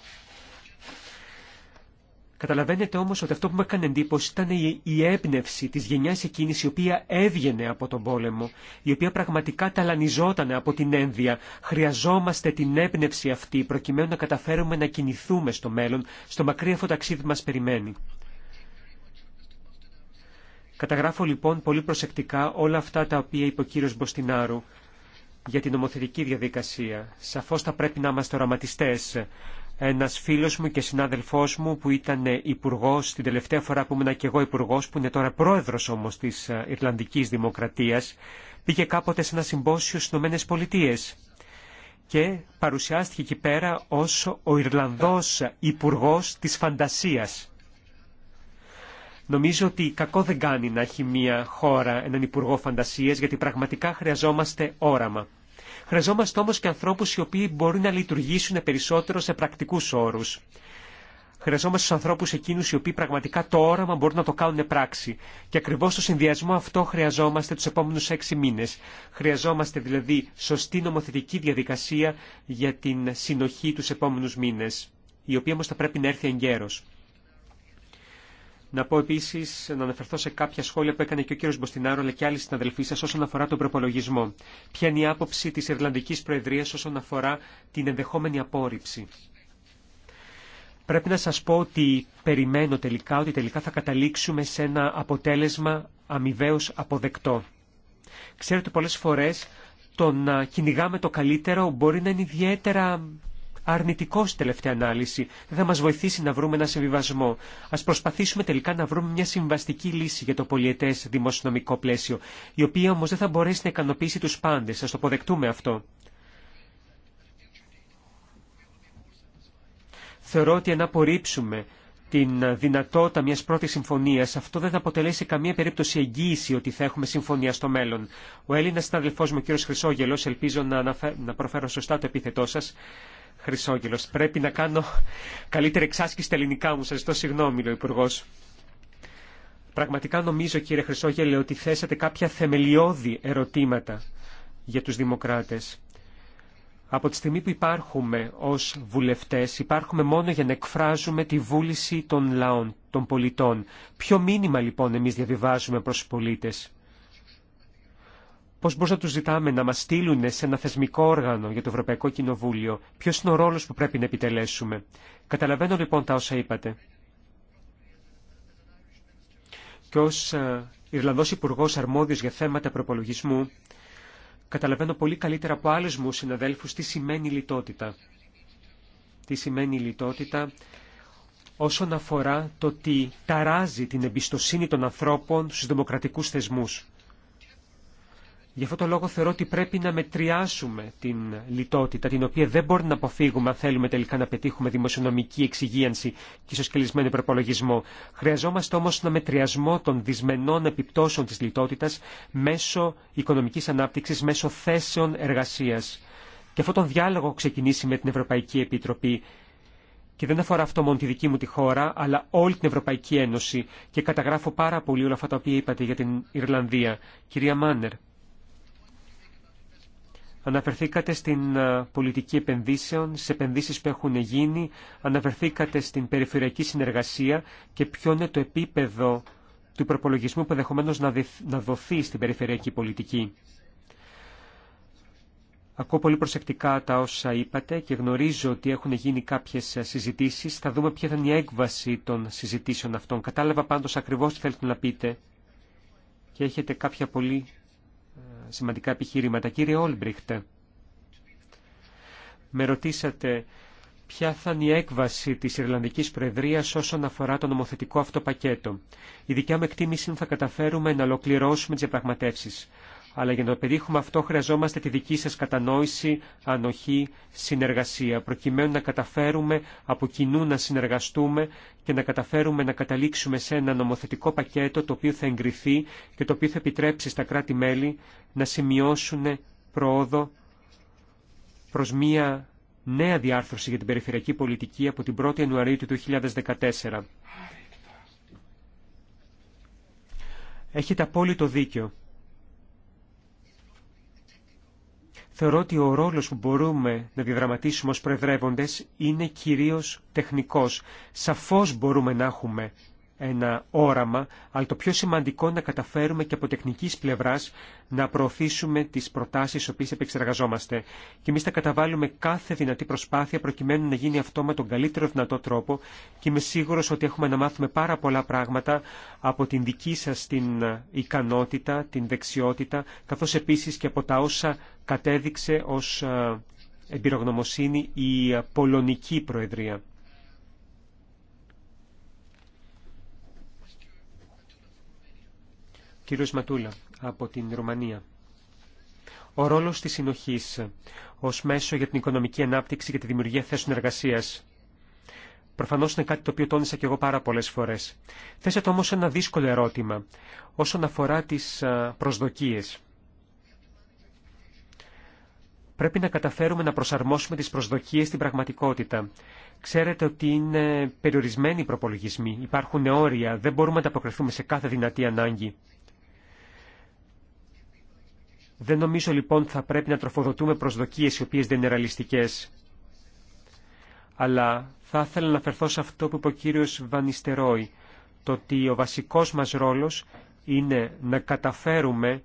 [SPEAKER 1] Καταλαβαίνετε όμως ότι αυτό που με έκανε εντύπωση ήταν η έμπνευση της γενιάς εκείνης η οποία έβγαινε από τον πόλεμο, η οποία πραγματικά ταλανιζόταν από την ένδια. Χρειαζόμαστε την έμπνευση αυτή προκειμένου να καταφέρουμε να κινηθούμε στο μέλλον, στο μακρύ αυτό ταξίδι μας περιμένει. Καταγράφω λοιπόν πολύ προσεκτικά όλα αυτά τα οποία είπε ο κύριος Μποστινάρου για την νομοθετική διαδικασία. Σαφώς θα πρέπει να είμαστε οραματιστές ένας φίλος μου και συνάδελφός μου που ήταν υπουργό την τελευταία φορά που ήμουν και εγώ υπουργό, που είναι τώρα πρόεδρος όμως της ε, Ιρλανδικής Δημοκρατίας, πήγε κάποτε σε ένα συμπόσιο στις Ηνωμένες Πολιτείες και παρουσιάστηκε εκεί πέρα ως ο Ιρλανδός υπουργό της φαντασίας. Νομίζω ότι κακό δεν κάνει να έχει μια χώρα έναν υπουργό φαντασίες γιατί πραγματικά χρειαζόμαστε όραμα. Χρειαζόμαστε όμως και ανθρώπου οι οποίοι μπορούν να λειτουργήσουν περισσότερο σε πρακτικούς όρου. Χρειαζόμαστε του ανθρώπου εκείνου οι οποίοι πραγματικά το όραμα μπορούν να το κάνουν πράξη. Και ακριβώ στο συνδυασμό αυτό χρειαζόμαστε του επόμενου έξι μήνε. Χρειαζόμαστε δηλαδή σωστή νομοθετική διαδικασία για την συνοχή του επόμενου μήνε, η οποία όμω θα πρέπει να έρθει εγκαίρω. Να πω επίση, να αναφερθώ σε κάποια σχόλια που έκανε και ο κύριο Μποστινάρο αλλά και άλλοι συναδελφοί σα όσον αφορά τον προπολογισμό. Ποια είναι η άποψη τη Ιρλανδική Προεδρία όσον αφορά την ενδεχόμενη απόρριψη. Πρέπει να σας πω ότι περιμένω τελικά ότι τελικά θα καταλήξουμε σε ένα αποτέλεσμα αμοιβαίω αποδεκτό. Ξέρετε πολλέ πολλές το να κυνηγάμε το καλύτερο μπορεί να είναι ιδιαίτερα αρνητικό στη τελευταία ανάλυση. Δεν θα μα βοηθήσει να βρούμε ένα συμβιβασμό. Α προσπαθήσουμε τελικά να βρούμε μια συμβαστική λύση για το πολιετέ δημοσιονομικό πλαίσιο, η οποία όμω δεν θα μπορέσει να ικανοποιήσει του πάντε α το αποδεκτούμε αυτό. Θεωρώ ότι αν απορρίψουμε την δυνατότητα μιας πρώτης συμφωνίας, αυτό δεν θα αποτελέσει καμία περίπτωση εγγύηση ότι θα έχουμε συμφωνία στο μέλλον. Ο Έλληνας συναδελφός μου, ο κύριος Χρυσόγελος, ελπίζω να, να προφέρω σωστά το επίθετό σας, Χρυσόγελο. Πρέπει να κάνω καλύτερη εξάσκηση στα ελληνικά μου. σα ζητώ συγγνώμη, λέει ο Υπουργός. Πραγματικά νομίζω, κύριε Χρυσόγελε, ότι θέσατε κάποια θεμελιώδη ερωτήματα για τους δημοκράτες. Από τη στιγμή που υπάρχουμε ως βουλευτές, υπάρχουμε μόνο για να εκφράζουμε τη βούληση των λαών, των πολιτών. Ποιο μήνυμα λοιπόν εμεί διαβιβάζουμε προ του πολίτε. Πώς μπορούμε να τους ζητάμε να μας στείλουν σε ένα θεσμικό όργανο για το Ευρωπαϊκό Κοινοβούλιο. Ποιος είναι ο ρόλος που πρέπει να επιτελέσουμε. Καταλαβαίνω λοιπόν τα όσα είπατε. Και ως ε, Ιρλανδός Υπουργό Αρμόδιος για θέματα προπολογισμού, καταλαβαίνω πολύ καλύτερα από άλλους μου συναδέλφους τι σημαίνει λιτότητα. Τι σημαίνει λιτότητα όσον αφορά το ότι ταράζει την εμπιστοσύνη των ανθρώπων στους δημοκρατικούς θεσμούς. Γι' αυτό το λόγο θεωρώ ότι πρέπει να μετριάσουμε την λιτότητα, την οποία δεν μπορεί να αποφύγουμε αν θέλουμε τελικά να πετύχουμε δημοσιονομική εξυγίανση και ισοσκελισμένο προπολογισμό. Χρειαζόμαστε όμω ένα μετριασμό των δυσμενών επιπτώσεων τη λιτότητα μέσω οικονομική ανάπτυξη, μέσω θέσεων εργασία. Και αυτόν τον διάλογο ξεκινήσει με την Ευρωπαϊκή Επιτροπή. Και δεν αφορά αυτό μόνο τη δική μου τη χώρα, αλλά όλη την Ευρωπαϊκή Ένωση. Και καταγράφω πάρα πολύ όλα αυτά τα οποία είπατε για την Ιρλανδία. Κυρία Μάνερ. Αναφερθήκατε στην ε, πολιτική επενδύσεων, στι επενδύσεις που έχουν γίνει, αναφερθήκατε στην περιφερειακή συνεργασία και ποιο είναι το επίπεδο του προπολογισμού που ενδεχομένω να δοθεί στην περιφερειακή πολιτική. Ακούω πολύ προσεκτικά τα όσα είπατε και γνωρίζω ότι έχουν γίνει κάποιες ε, συζητήσεις. Θα δούμε ποια ήταν η έκβαση των συζητήσεων αυτών. Κατάλαβα πάντως ακριβώς τι θέλετε να πείτε και έχετε κάποια πολύ σημαντικά επιχειρήματα. Κύριε Όλμπριχτ, με ρωτήσατε ποια θα είναι η έκβαση της Ιρλανδικής Προεδρίας όσον αφορά το νομοθετικό αυτό πακέτο. Η δικιά μου εκτίμηση θα καταφέρουμε να ολοκληρώσουμε τις διαπραγματεύσεις αλλά για να το πετύχουμε αυτό χρειαζόμαστε τη δική σας κατανόηση, ανοχή, συνεργασία, προκειμένου να καταφέρουμε από κοινού να συνεργαστούμε και να καταφέρουμε να καταλήξουμε σε ένα νομοθετικό πακέτο το οποίο θα εγκριθεί και το οποίο θα επιτρέψει στα κράτη-μέλη να σημειώσουν πρόοδο προς μία νέα διάρθρωση για την περιφερειακή πολιτική από την 1η Ιανουαρίου του 2014. Έχετε απόλυτο δίκιο. Θεωρώ ότι ο ρόλος που μπορούμε να διαδραματίσουμε ως προεδρεύοντες είναι κυρίως τεχνικός. Σαφώς μπορούμε να έχουμε ένα όραμα, αλλά το πιο σημαντικό είναι να καταφέρουμε και από τεχνική πλευρά να προωθήσουμε τι προτάσει οποίε επεξεργαζόμαστε. Και εμεί θα καταβάλουμε κάθε δυνατή προσπάθεια προκειμένου να γίνει αυτό με τον καλύτερο δυνατό τρόπο και είμαι σίγουρο ότι έχουμε να μάθουμε πάρα πολλά πράγματα από την δική σα την ικανότητα, την δεξιότητα, καθώ επίση και από τα όσα κατέδειξε ω ε, εμπειρογνωμοσύνη η ε, Πολωνική Προεδρία. κύριος Ματούλα από την Ρουμανία. Ο ρόλος της συνοχής ως μέσο για την οικονομική ανάπτυξη και τη δημιουργία θέσεων εργασίας. Προφανώς είναι κάτι το οποίο τόνισα και εγώ πάρα πολλές φορές. Θέσατε όμως ένα δύσκολο ερώτημα όσον αφορά τις προσδοκίες. Πρέπει να καταφέρουμε να προσαρμόσουμε τις προσδοκίες στην πραγματικότητα. Ξέρετε ότι είναι περιορισμένοι οι προπολογισμοί, υπάρχουν όρια, δεν μπορούμε να ανταποκριθούμε σε κάθε δυνατή ανάγκη. Δεν νομίζω λοιπόν θα πρέπει να τροφοδοτούμε προσδοκίες οι οποίες δεν είναι ρεαλιστικές. Αλλά θα ήθελα να αφαιρθώ σε αυτό που είπε ο κύριος Βανιστερόη, το ότι ο βασικός μας ρόλος είναι να καταφέρουμε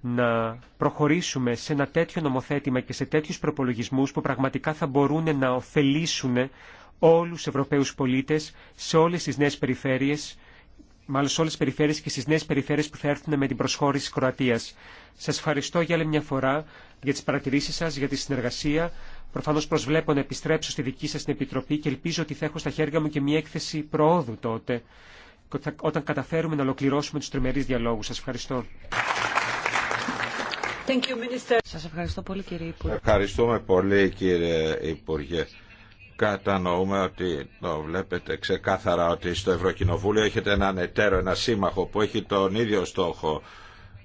[SPEAKER 1] να προχωρήσουμε σε ένα τέτοιο νομοθέτημα και σε τέτοιους προπολογισμούς που πραγματικά θα μπορούν να ωφελήσουν όλους τους Ευρωπαίους πολίτες σε όλες τις νέες περιφέρειες μάλλον σε όλε τι περιφέρειες και στι νέε περιφέρειες που θα έρθουν με την προσχώρηση τη Κροατία. Σα ευχαριστώ για άλλη μια φορά για τι παρατηρήσει σα για τη συνεργασία. Προφανώ προσβλέπω να επιστρέψω στη δική σα την Επιτροπή και ελπίζω ότι θα έχω στα χέρια μου και μια έκθεση προόδου τότε, όταν καταφέρουμε να ολοκληρώσουμε του τριμερεί διαλόγου. Σα ευχαριστώ.
[SPEAKER 3] Σα ευχαριστώ πολύ κύριε Υπουργέ.
[SPEAKER 2] Ευχαριστούμε πολύ κύριε Υπουργέ κατανοούμε ότι το βλέπετε ξεκάθαρα ότι στο Ευρωκοινοβούλιο έχετε έναν εταίρο, ένα σύμμαχο που έχει τον ίδιο στόχο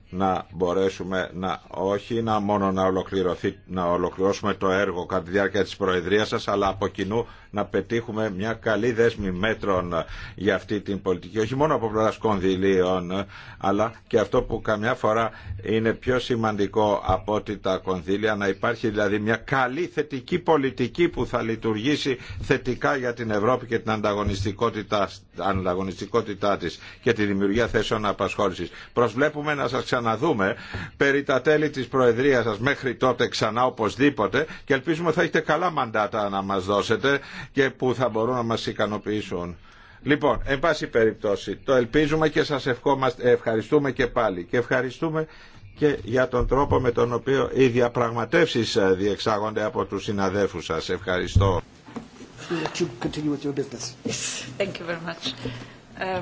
[SPEAKER 2] να μπορέσουμε να όχι να μόνο να, ολοκληρωθεί, να ολοκληρώσουμε το έργο κατά τη διάρκεια της Προεδρίας σας αλλά από κοινού να πετύχουμε μια καλή δέσμη μέτρων για αυτή την πολιτική. Όχι μόνο από πλευρά κονδυλίων, αλλά και αυτό που καμιά φορά είναι πιο σημαντικό από ότι τα κονδύλια, να υπάρχει δηλαδή μια καλή θετική πολιτική που θα λειτουργήσει θετικά για την Ευρώπη και την ανταγωνιστικότητά, ανταγωνιστικότητά της και τη δημιουργία θέσεων απασχόλησης. Προσβλέπουμε να σας ξαναδούμε περί τα τέλη της Προεδρίας σας μέχρι τότε ξανά οπωσδήποτε και ελπίζουμε θα έχετε καλά μαντάτα να μας δώσετε και που θα μπορούν να μας ικανοποιήσουν. Λοιπόν, εν πάση περιπτώσει, το ελπίζουμε και σας ευχαριστούμε και πάλι και ευχαριστούμε και για τον τρόπο με τον οποίο οι διαπραγματεύσεις ε, διεξάγονται από τους συναδέλφους σας. Ευχαριστώ. Um,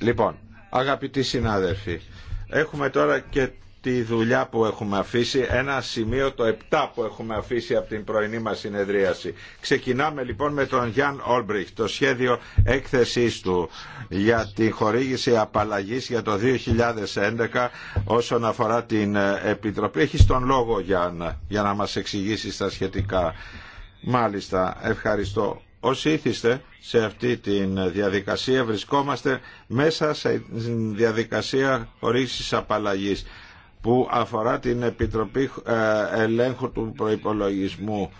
[SPEAKER 2] λοιπόν, αγαπητοί συνάδελφοι, έχουμε τώρα και η δουλειά που έχουμε αφήσει, ένα σημείο το 7 που έχουμε αφήσει από την πρωινή μας συνεδρίαση. Ξεκινάμε λοιπόν με τον Γιάν Όλμπριχ, το σχέδιο έκθεσής του για τη χορήγηση απαλλαγής για το 2011 όσον αφορά την ε, Επιτροπή. Έχεις τον λόγο Γιάν για να μας εξηγήσει τα σχετικά. Μάλιστα, ευχαριστώ. Όσοι ήθιστε σε αυτή τη διαδικασία βρισκόμαστε μέσα σε διαδικασία χορηγήση απαλλαγής που αφορά την Επιτροπή ε, Ελέγχου του Προϋπολογισμού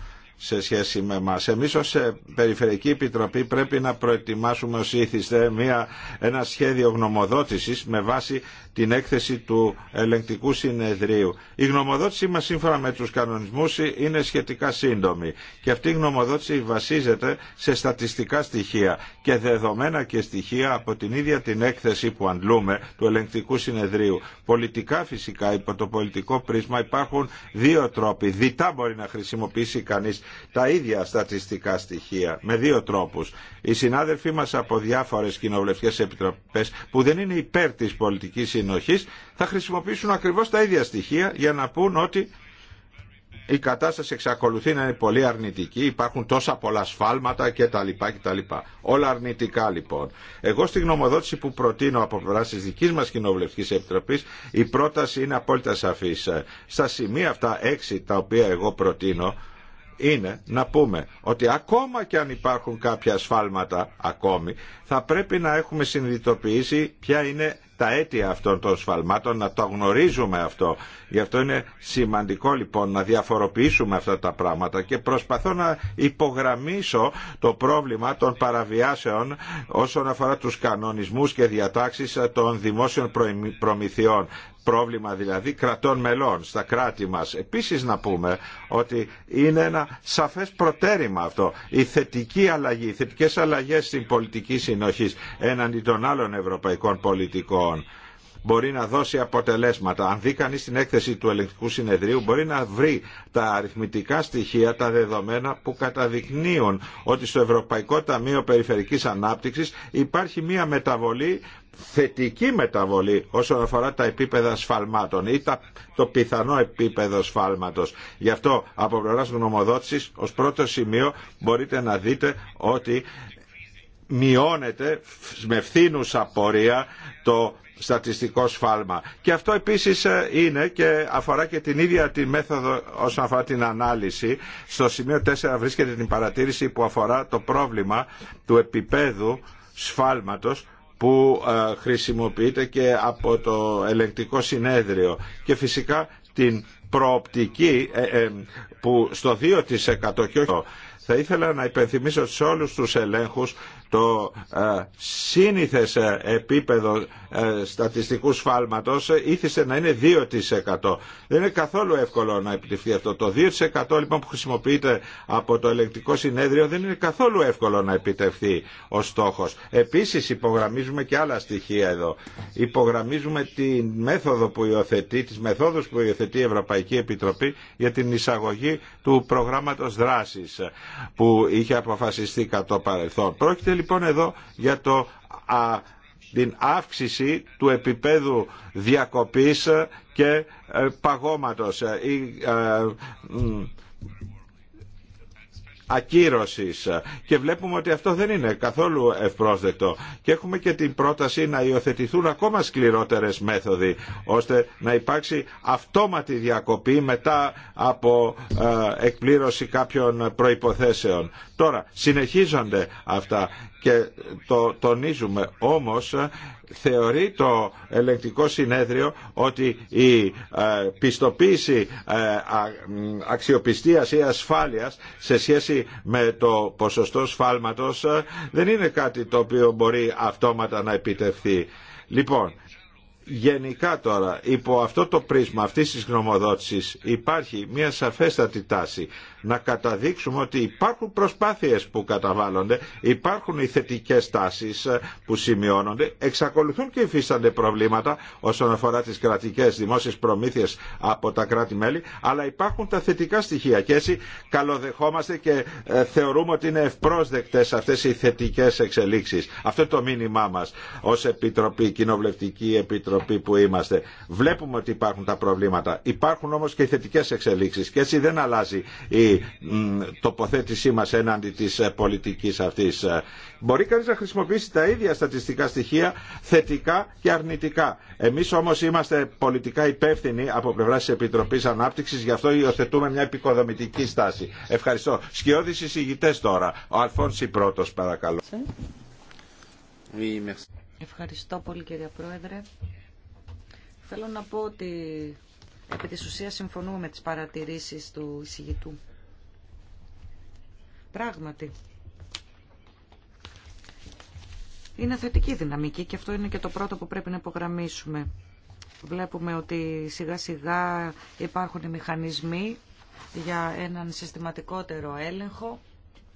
[SPEAKER 2] σε σχέση με εμά. Εμείς ως ε, Περιφερειακή Επιτροπή πρέπει να προετοιμάσουμε ως ήθιστε μια, ένα σχέδιο γνωμοδότησης με βάση την έκθεση του ελεγκτικού συνεδρίου. Η γνωμοδότησή μας σύμφωνα με τους κανονισμούς είναι σχετικά σύντομη και αυτή η γνωμοδότηση βασίζεται σε στατιστικά στοιχεία και δεδομένα και στοιχεία από την ίδια την έκθεση που αντλούμε του ελεγκτικού συνεδρίου. Πολιτικά φυσικά υπό το πολιτικό πρίσμα υπάρχουν δύο τρόποι. Διτά μπορεί να χρησιμοποιήσει κανεί τα ίδια στατιστικά στοιχεία με δύο τρόπους. Οι συνάδελφοί μας από διάφορες κοινοβουλευτικές επιτροπές που δεν είναι υπέρ της πολιτικής συνοχής θα χρησιμοποιήσουν ακριβώς τα ίδια στοιχεία για να πούν ότι η κατάσταση εξακολουθεί να είναι πολύ αρνητική, υπάρχουν τόσα πολλά σφάλματα κτλ. κτλ. Όλα αρνητικά λοιπόν. Εγώ στην γνωμοδότηση που προτείνω από πλευρά τη δική μα Κοινοβουλευτική Επιτροπή, η πρόταση είναι απόλυτα σαφή. Στα σημεία αυτά έξι τα οποία εγώ προτείνω, είναι να πούμε ότι ακόμα και αν υπάρχουν κάποια σφάλματα ακόμη, θα πρέπει να έχουμε συνειδητοποιήσει ποια είναι τα αίτια αυτών των σφαλμάτων, να το γνωρίζουμε αυτό. Γι' αυτό είναι σημαντικό λοιπόν να διαφοροποιήσουμε αυτά τα πράγματα και προσπαθώ να υπογραμμίσω το πρόβλημα των παραβιάσεων όσον αφορά τους κανονισμούς και διατάξεις των δημόσιων προμηθειών πρόβλημα δηλαδή κρατών μελών στα κράτη μας. Επίσης να πούμε ότι είναι ένα σαφές προτέρημα αυτό. Η θετική αλλαγή, οι θετικές αλλαγές στην πολιτική συνοχή έναντι των άλλων ευρωπαϊκών πολιτικών μπορεί να δώσει αποτελέσματα. Αν δει κανεί την έκθεση του ελεγκτικού συνεδρίου, μπορεί να βρει τα αριθμητικά στοιχεία, τα δεδομένα που καταδεικνύουν ότι στο Ευρωπαϊκό Ταμείο Περιφερική Ανάπτυξης υπάρχει μια μεταβολή θετική μεταβολή όσον αφορά τα επίπεδα σφαλμάτων ή τα, το πιθανό επίπεδο σφάλματος. Γι' αυτό από πλευρά γνωμοδότησης ως πρώτο σημείο μπορείτε να δείτε ότι μειώνεται με φθήνουσα πορεία το στατιστικό σφάλμα. Και αυτό επίσης ε, είναι και αφορά και την ίδια τη μέθοδο όσον αφορά την ανάλυση. Στο σημείο 4 βρίσκεται την παρατήρηση που αφορά το πρόβλημα του επίπεδου σφάλματος που ε, χρησιμοποιείται και από το ελεγκτικό συνέδριο και φυσικά την προοπτική ε, που στο 2% και όχι θα ήθελα να υπενθυμίσω σε όλους τους ελέγχους το ε, σύνηθες ε, επίπεδο ε, στατιστικού σφάλματος ήθισε να είναι 2%. Δεν είναι καθόλου εύκολο να επιτευχθεί αυτό. Το 2% λοιπόν που χρησιμοποιείται από το ελεγκτικό συνέδριο δεν είναι καθόλου εύκολο να επιτευχθεί ο στόχος. Επίσης υπογραμμίζουμε και άλλα στοιχεία εδώ. Υπογραμμίζουμε τη μέθοδο που υιοθετεί, τις μεθόδους που υιοθετεί η Ευρωπαϊκή Επιτροπή για την εισαγωγή του προγράμματος δράσης που είχε αποφασιστεί κατ' παρελθόν. Πρόκειται λοιπόν εδώ για το, α, την αύξηση του επίπεδου διακοπής και ε, παγώματος ε, ε, ακύρωσης και βλέπουμε ότι αυτό δεν είναι καθόλου ευπρόσδεκτο και έχουμε και την πρόταση να υιοθετηθούν ακόμα σκληρότερες μέθοδοι ώστε να υπάρξει αυτόματη διακοπή μετά από ε, εκπλήρωση κάποιων προϋποθέσεων. Τώρα συνεχίζονται αυτά και το τονίζουμε όμως θεωρεί το ελεγκτικό συνέδριο ότι η ε, πιστοποίηση ε, αξιοπιστίας ή ασφάλειας σε σχέση με το ποσοστό σφάλματος ε, δεν είναι κάτι το οποίο μπορεί αυτόματα να επιτευχθεί. Λοιπόν, γενικά τώρα υπό αυτό το πρίσμα αυτής της γνωμοδότησης υπάρχει μια σαφέστατη τάση να καταδείξουμε ότι υπάρχουν προσπάθειες που καταβάλλονται, υπάρχουν οι θετικές τάσεις ε, που σημειώνονται, εξακολουθούν και υφίστανται προβλήματα όσον αφορά τις κρατικές δημόσιες προμήθειες από τα κράτη-μέλη, αλλά υπάρχουν τα θετικά στοιχεία και έτσι καλοδεχόμαστε και ε, θεωρούμε ότι είναι ευπρόσδεκτες αυτές οι θετικές εξελίξεις. Αυτό το μήνυμά μας ως Επιτροπή, Κοινοβουλευτική Επιτροπή άνθρωποι που είμαστε. Βλέπουμε ότι υπάρχουν τα προβλήματα. Υπάρχουν όμως και οι θετικέ εξελίξεις και έτσι δεν αλλάζει η τοποθέτησή μας έναντι της ε, πολιτικής αυτής. Ε, μπορεί κανείς να χρησιμοποιήσει τα ίδια στατιστικά στοιχεία θετικά και αρνητικά. Εμείς όμως είμαστε πολιτικά υπεύθυνοι από πλευρά τη Επιτροπής ανάπτυξη γι' αυτό υιοθετούμε μια επικοδομητική στάση. Ευχαριστώ. Σκιώδης εισηγητές τώρα. Ο Αλφόνση πρώτο παρακαλώ.
[SPEAKER 3] Ευχαριστώ πολύ κύριε Πρόεδρε. Θέλω να πω ότι επί της ουσίας συμφωνούμε με τις παρατηρήσεις του εισηγητού. Πράγματι. Είναι θετική δυναμική και αυτό είναι και το πρώτο που πρέπει να υπογραμμίσουμε. Βλέπουμε ότι σιγά σιγά υπάρχουν οι μηχανισμοί για έναν συστηματικότερο έλεγχο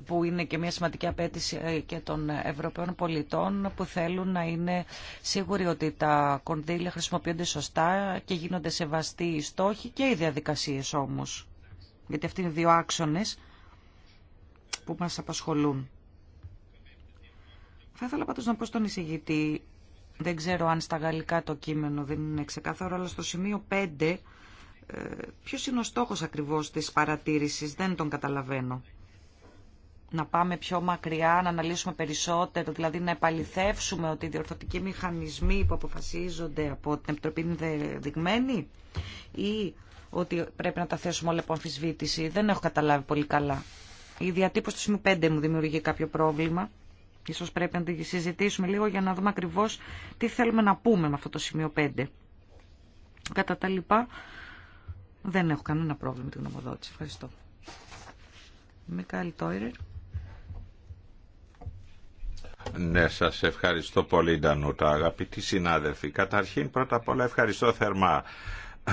[SPEAKER 3] που είναι και μια σημαντική απέτηση ε, και των Ευρωπαίων πολιτών που θέλουν να είναι σίγουροι ότι τα κονδύλια χρησιμοποιούνται σωστά και γίνονται σεβαστοί οι στόχοι και οι διαδικασίες όμως. Γιατί αυτοί είναι οι δύο άξονες που μας απασχολούν. Θα ήθελα πάντως να πω στον εισηγητή, δεν ξέρω αν στα γαλλικά το κείμενο δεν είναι ξεκάθαρο, αλλά στο σημείο 5 ε, ποιος είναι ο στόχος ακριβώς της παρατήρησης, δεν τον καταλαβαίνω να πάμε πιο μακριά, να αναλύσουμε περισσότερο, δηλαδή να επαληθεύσουμε ότι οι διορθωτικοί μηχανισμοί που αποφασίζονται από την Επιτροπή είναι δεδειγμένοι ή ότι πρέπει να τα θέσουμε όλα από αμφισβήτηση. Δεν έχω καταλάβει πολύ καλά. Η διατύπωση του σημείου 5 μου δημιουργεί κάποιο πρόβλημα. Ίσως πρέπει να τη συζητήσουμε λίγο για να δούμε ακριβώς τι θέλουμε να πούμε με αυτό το σημείο 5. Κατά τα λοιπά, δεν έχω κανένα πρόβλημα με την γνωμοδότηση. Ευχαριστώ.
[SPEAKER 1] Μικάλη Τόιρερ.
[SPEAKER 2] Ναι, σα ευχαριστώ πολύ Ντανούτα, αγαπητοί συνάδελφοι. Καταρχήν, πρώτα απ' όλα ευχαριστώ θερμά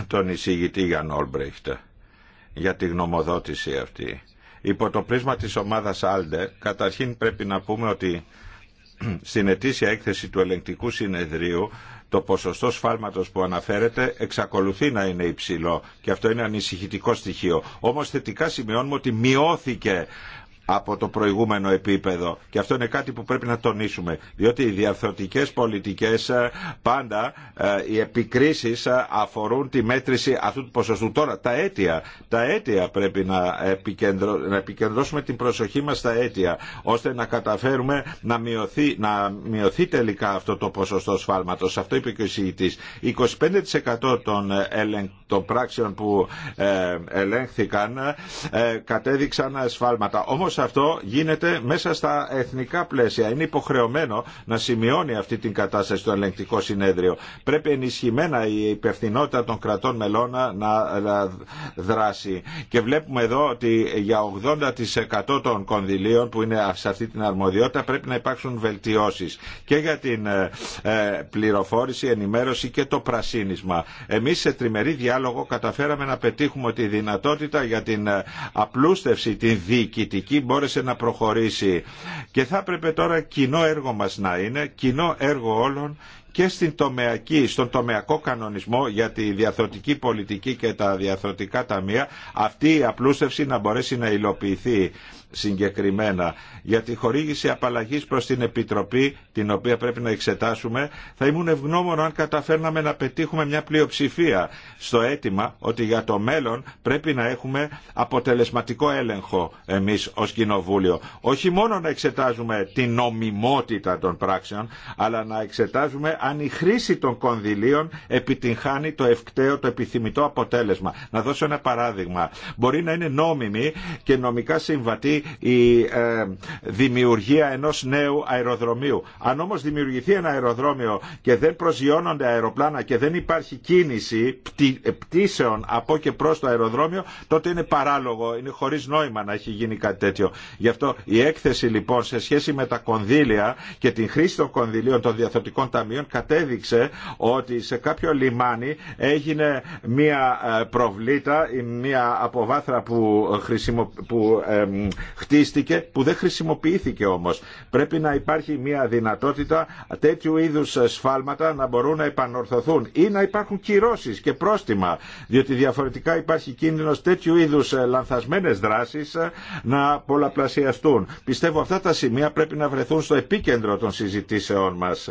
[SPEAKER 2] τον εισηγητή Γιάνν Όλμπρεχτ για τη γνωμοδότηση αυτή. Υπό το πρίσμα της ομάδας Άλντε, καταρχήν πρέπει να πούμε ότι στην ετήσια έκθεση του ελεγκτικού συνεδρίου το ποσοστό σφάλματος που αναφέρεται εξακολουθεί να είναι υψηλό και αυτό είναι ανησυχητικό στοιχείο. Όμως θετικά σημειώνουμε ότι μειώθηκε από το προηγούμενο επίπεδο. Και αυτό είναι κάτι που πρέπει να τονίσουμε. Διότι οι διαρθρωτικές πολιτικές ε, πάντα ε, οι επικρίσεις ε, αφορούν τη μέτρηση αυτού του ποσοστού. Τώρα τα αίτια. Τα αίτια πρέπει να, επικεντρω... επικεντρώσουμε την προσοχή μας στα αίτια ώστε να καταφέρουμε να μειωθεί, να μειωθεί τελικά αυτό το ποσοστό σφάλματος. Αυτό είπε και ο εισηγητής. 25% των, των πράξεων που ελέγχθηκαν κατέδειξαν σφάλματα. Όμως αυτό γίνεται μέσα στα εθνικά πλαίσια. Είναι υποχρεωμένο να σημειώνει αυτή την κατάσταση στο ελεγκτικό συνέδριο. Πρέπει ενισχυμένα η υπευθυνότητα των κρατών μελών να δράσει. Και βλέπουμε εδώ ότι για 80% των κονδυλίων που είναι σε αυτή την αρμοδιότητα πρέπει να υπάρξουν βελτιώσεις και για την ε, ε, πληροφόρηση, ενημέρωση και το πρασίνισμα. Εμείς σε τριμερή διάλογο καταφέραμε να πετύχουμε τη δυνατότητα για την ε, απλούστευση, την διοικητική μπόρεσε να προχωρήσει. Και θα έπρεπε τώρα κοινό έργο μας να είναι, κοινό έργο όλων και στην τομεακή, στον τομεακό κανονισμό για τη διαθωτική πολιτική και τα διαθωτικά ταμεία αυτή η απλούστευση να μπορέσει να υλοποιηθεί συγκεκριμένα για τη χορήγηση απαλλαγής προς την Επιτροπή την οποία πρέπει να εξετάσουμε θα ήμουν ευγνώμων αν καταφέρναμε να πετύχουμε μια πλειοψηφία στο αίτημα ότι για το μέλλον πρέπει να έχουμε αποτελεσματικό έλεγχο εμείς ως Κοινοβούλιο. Όχι μόνο να εξετάζουμε την νομιμότητα των πράξεων αλλά να εξετάζουμε αν η χρήση των κονδυλίων επιτυγχάνει το ευκταίο, το επιθυμητό αποτέλεσμα. Να δώσω ένα παράδειγμα. Μπορεί να είναι νόμιμη και νομικά συμβατή η ε, δημιουργία ενός νέου αεροδρομίου. Αν όμως δημιουργηθεί ένα αεροδρόμιο και δεν προσγειώνονται αεροπλάνα και δεν υπάρχει κίνηση πτήσεων από και προς το αεροδρόμιο, τότε είναι παράλογο, είναι χωρίς νόημα να έχει γίνει κάτι τέτοιο. Γι' αυτό η έκθεση λοιπόν σε σχέση με τα κονδύλια και την χρήση των κονδυλίων των διαθωτικών ταμείων κατέδειξε ότι σε κάποιο λιμάνι έγινε μία ε, προβλήτα, ή μία αποβάθρα που, χρησιμο... που χτίστηκε που δεν χρησιμοποιήθηκε όμως. Πρέπει να υπάρχει μια δυνατότητα τέτοιου είδους σφάλματα να μπορούν να επανορθωθούν ή να υπάρχουν κυρώσεις και πρόστιμα διότι διαφορετικά υπάρχει κίνδυνος τέτοιου είδους λανθασμένες δράσεις να πολλαπλασιαστούν. Πιστεύω αυτά τα σημεία πρέπει να βρεθούν στο επίκεντρο των συζητήσεών μας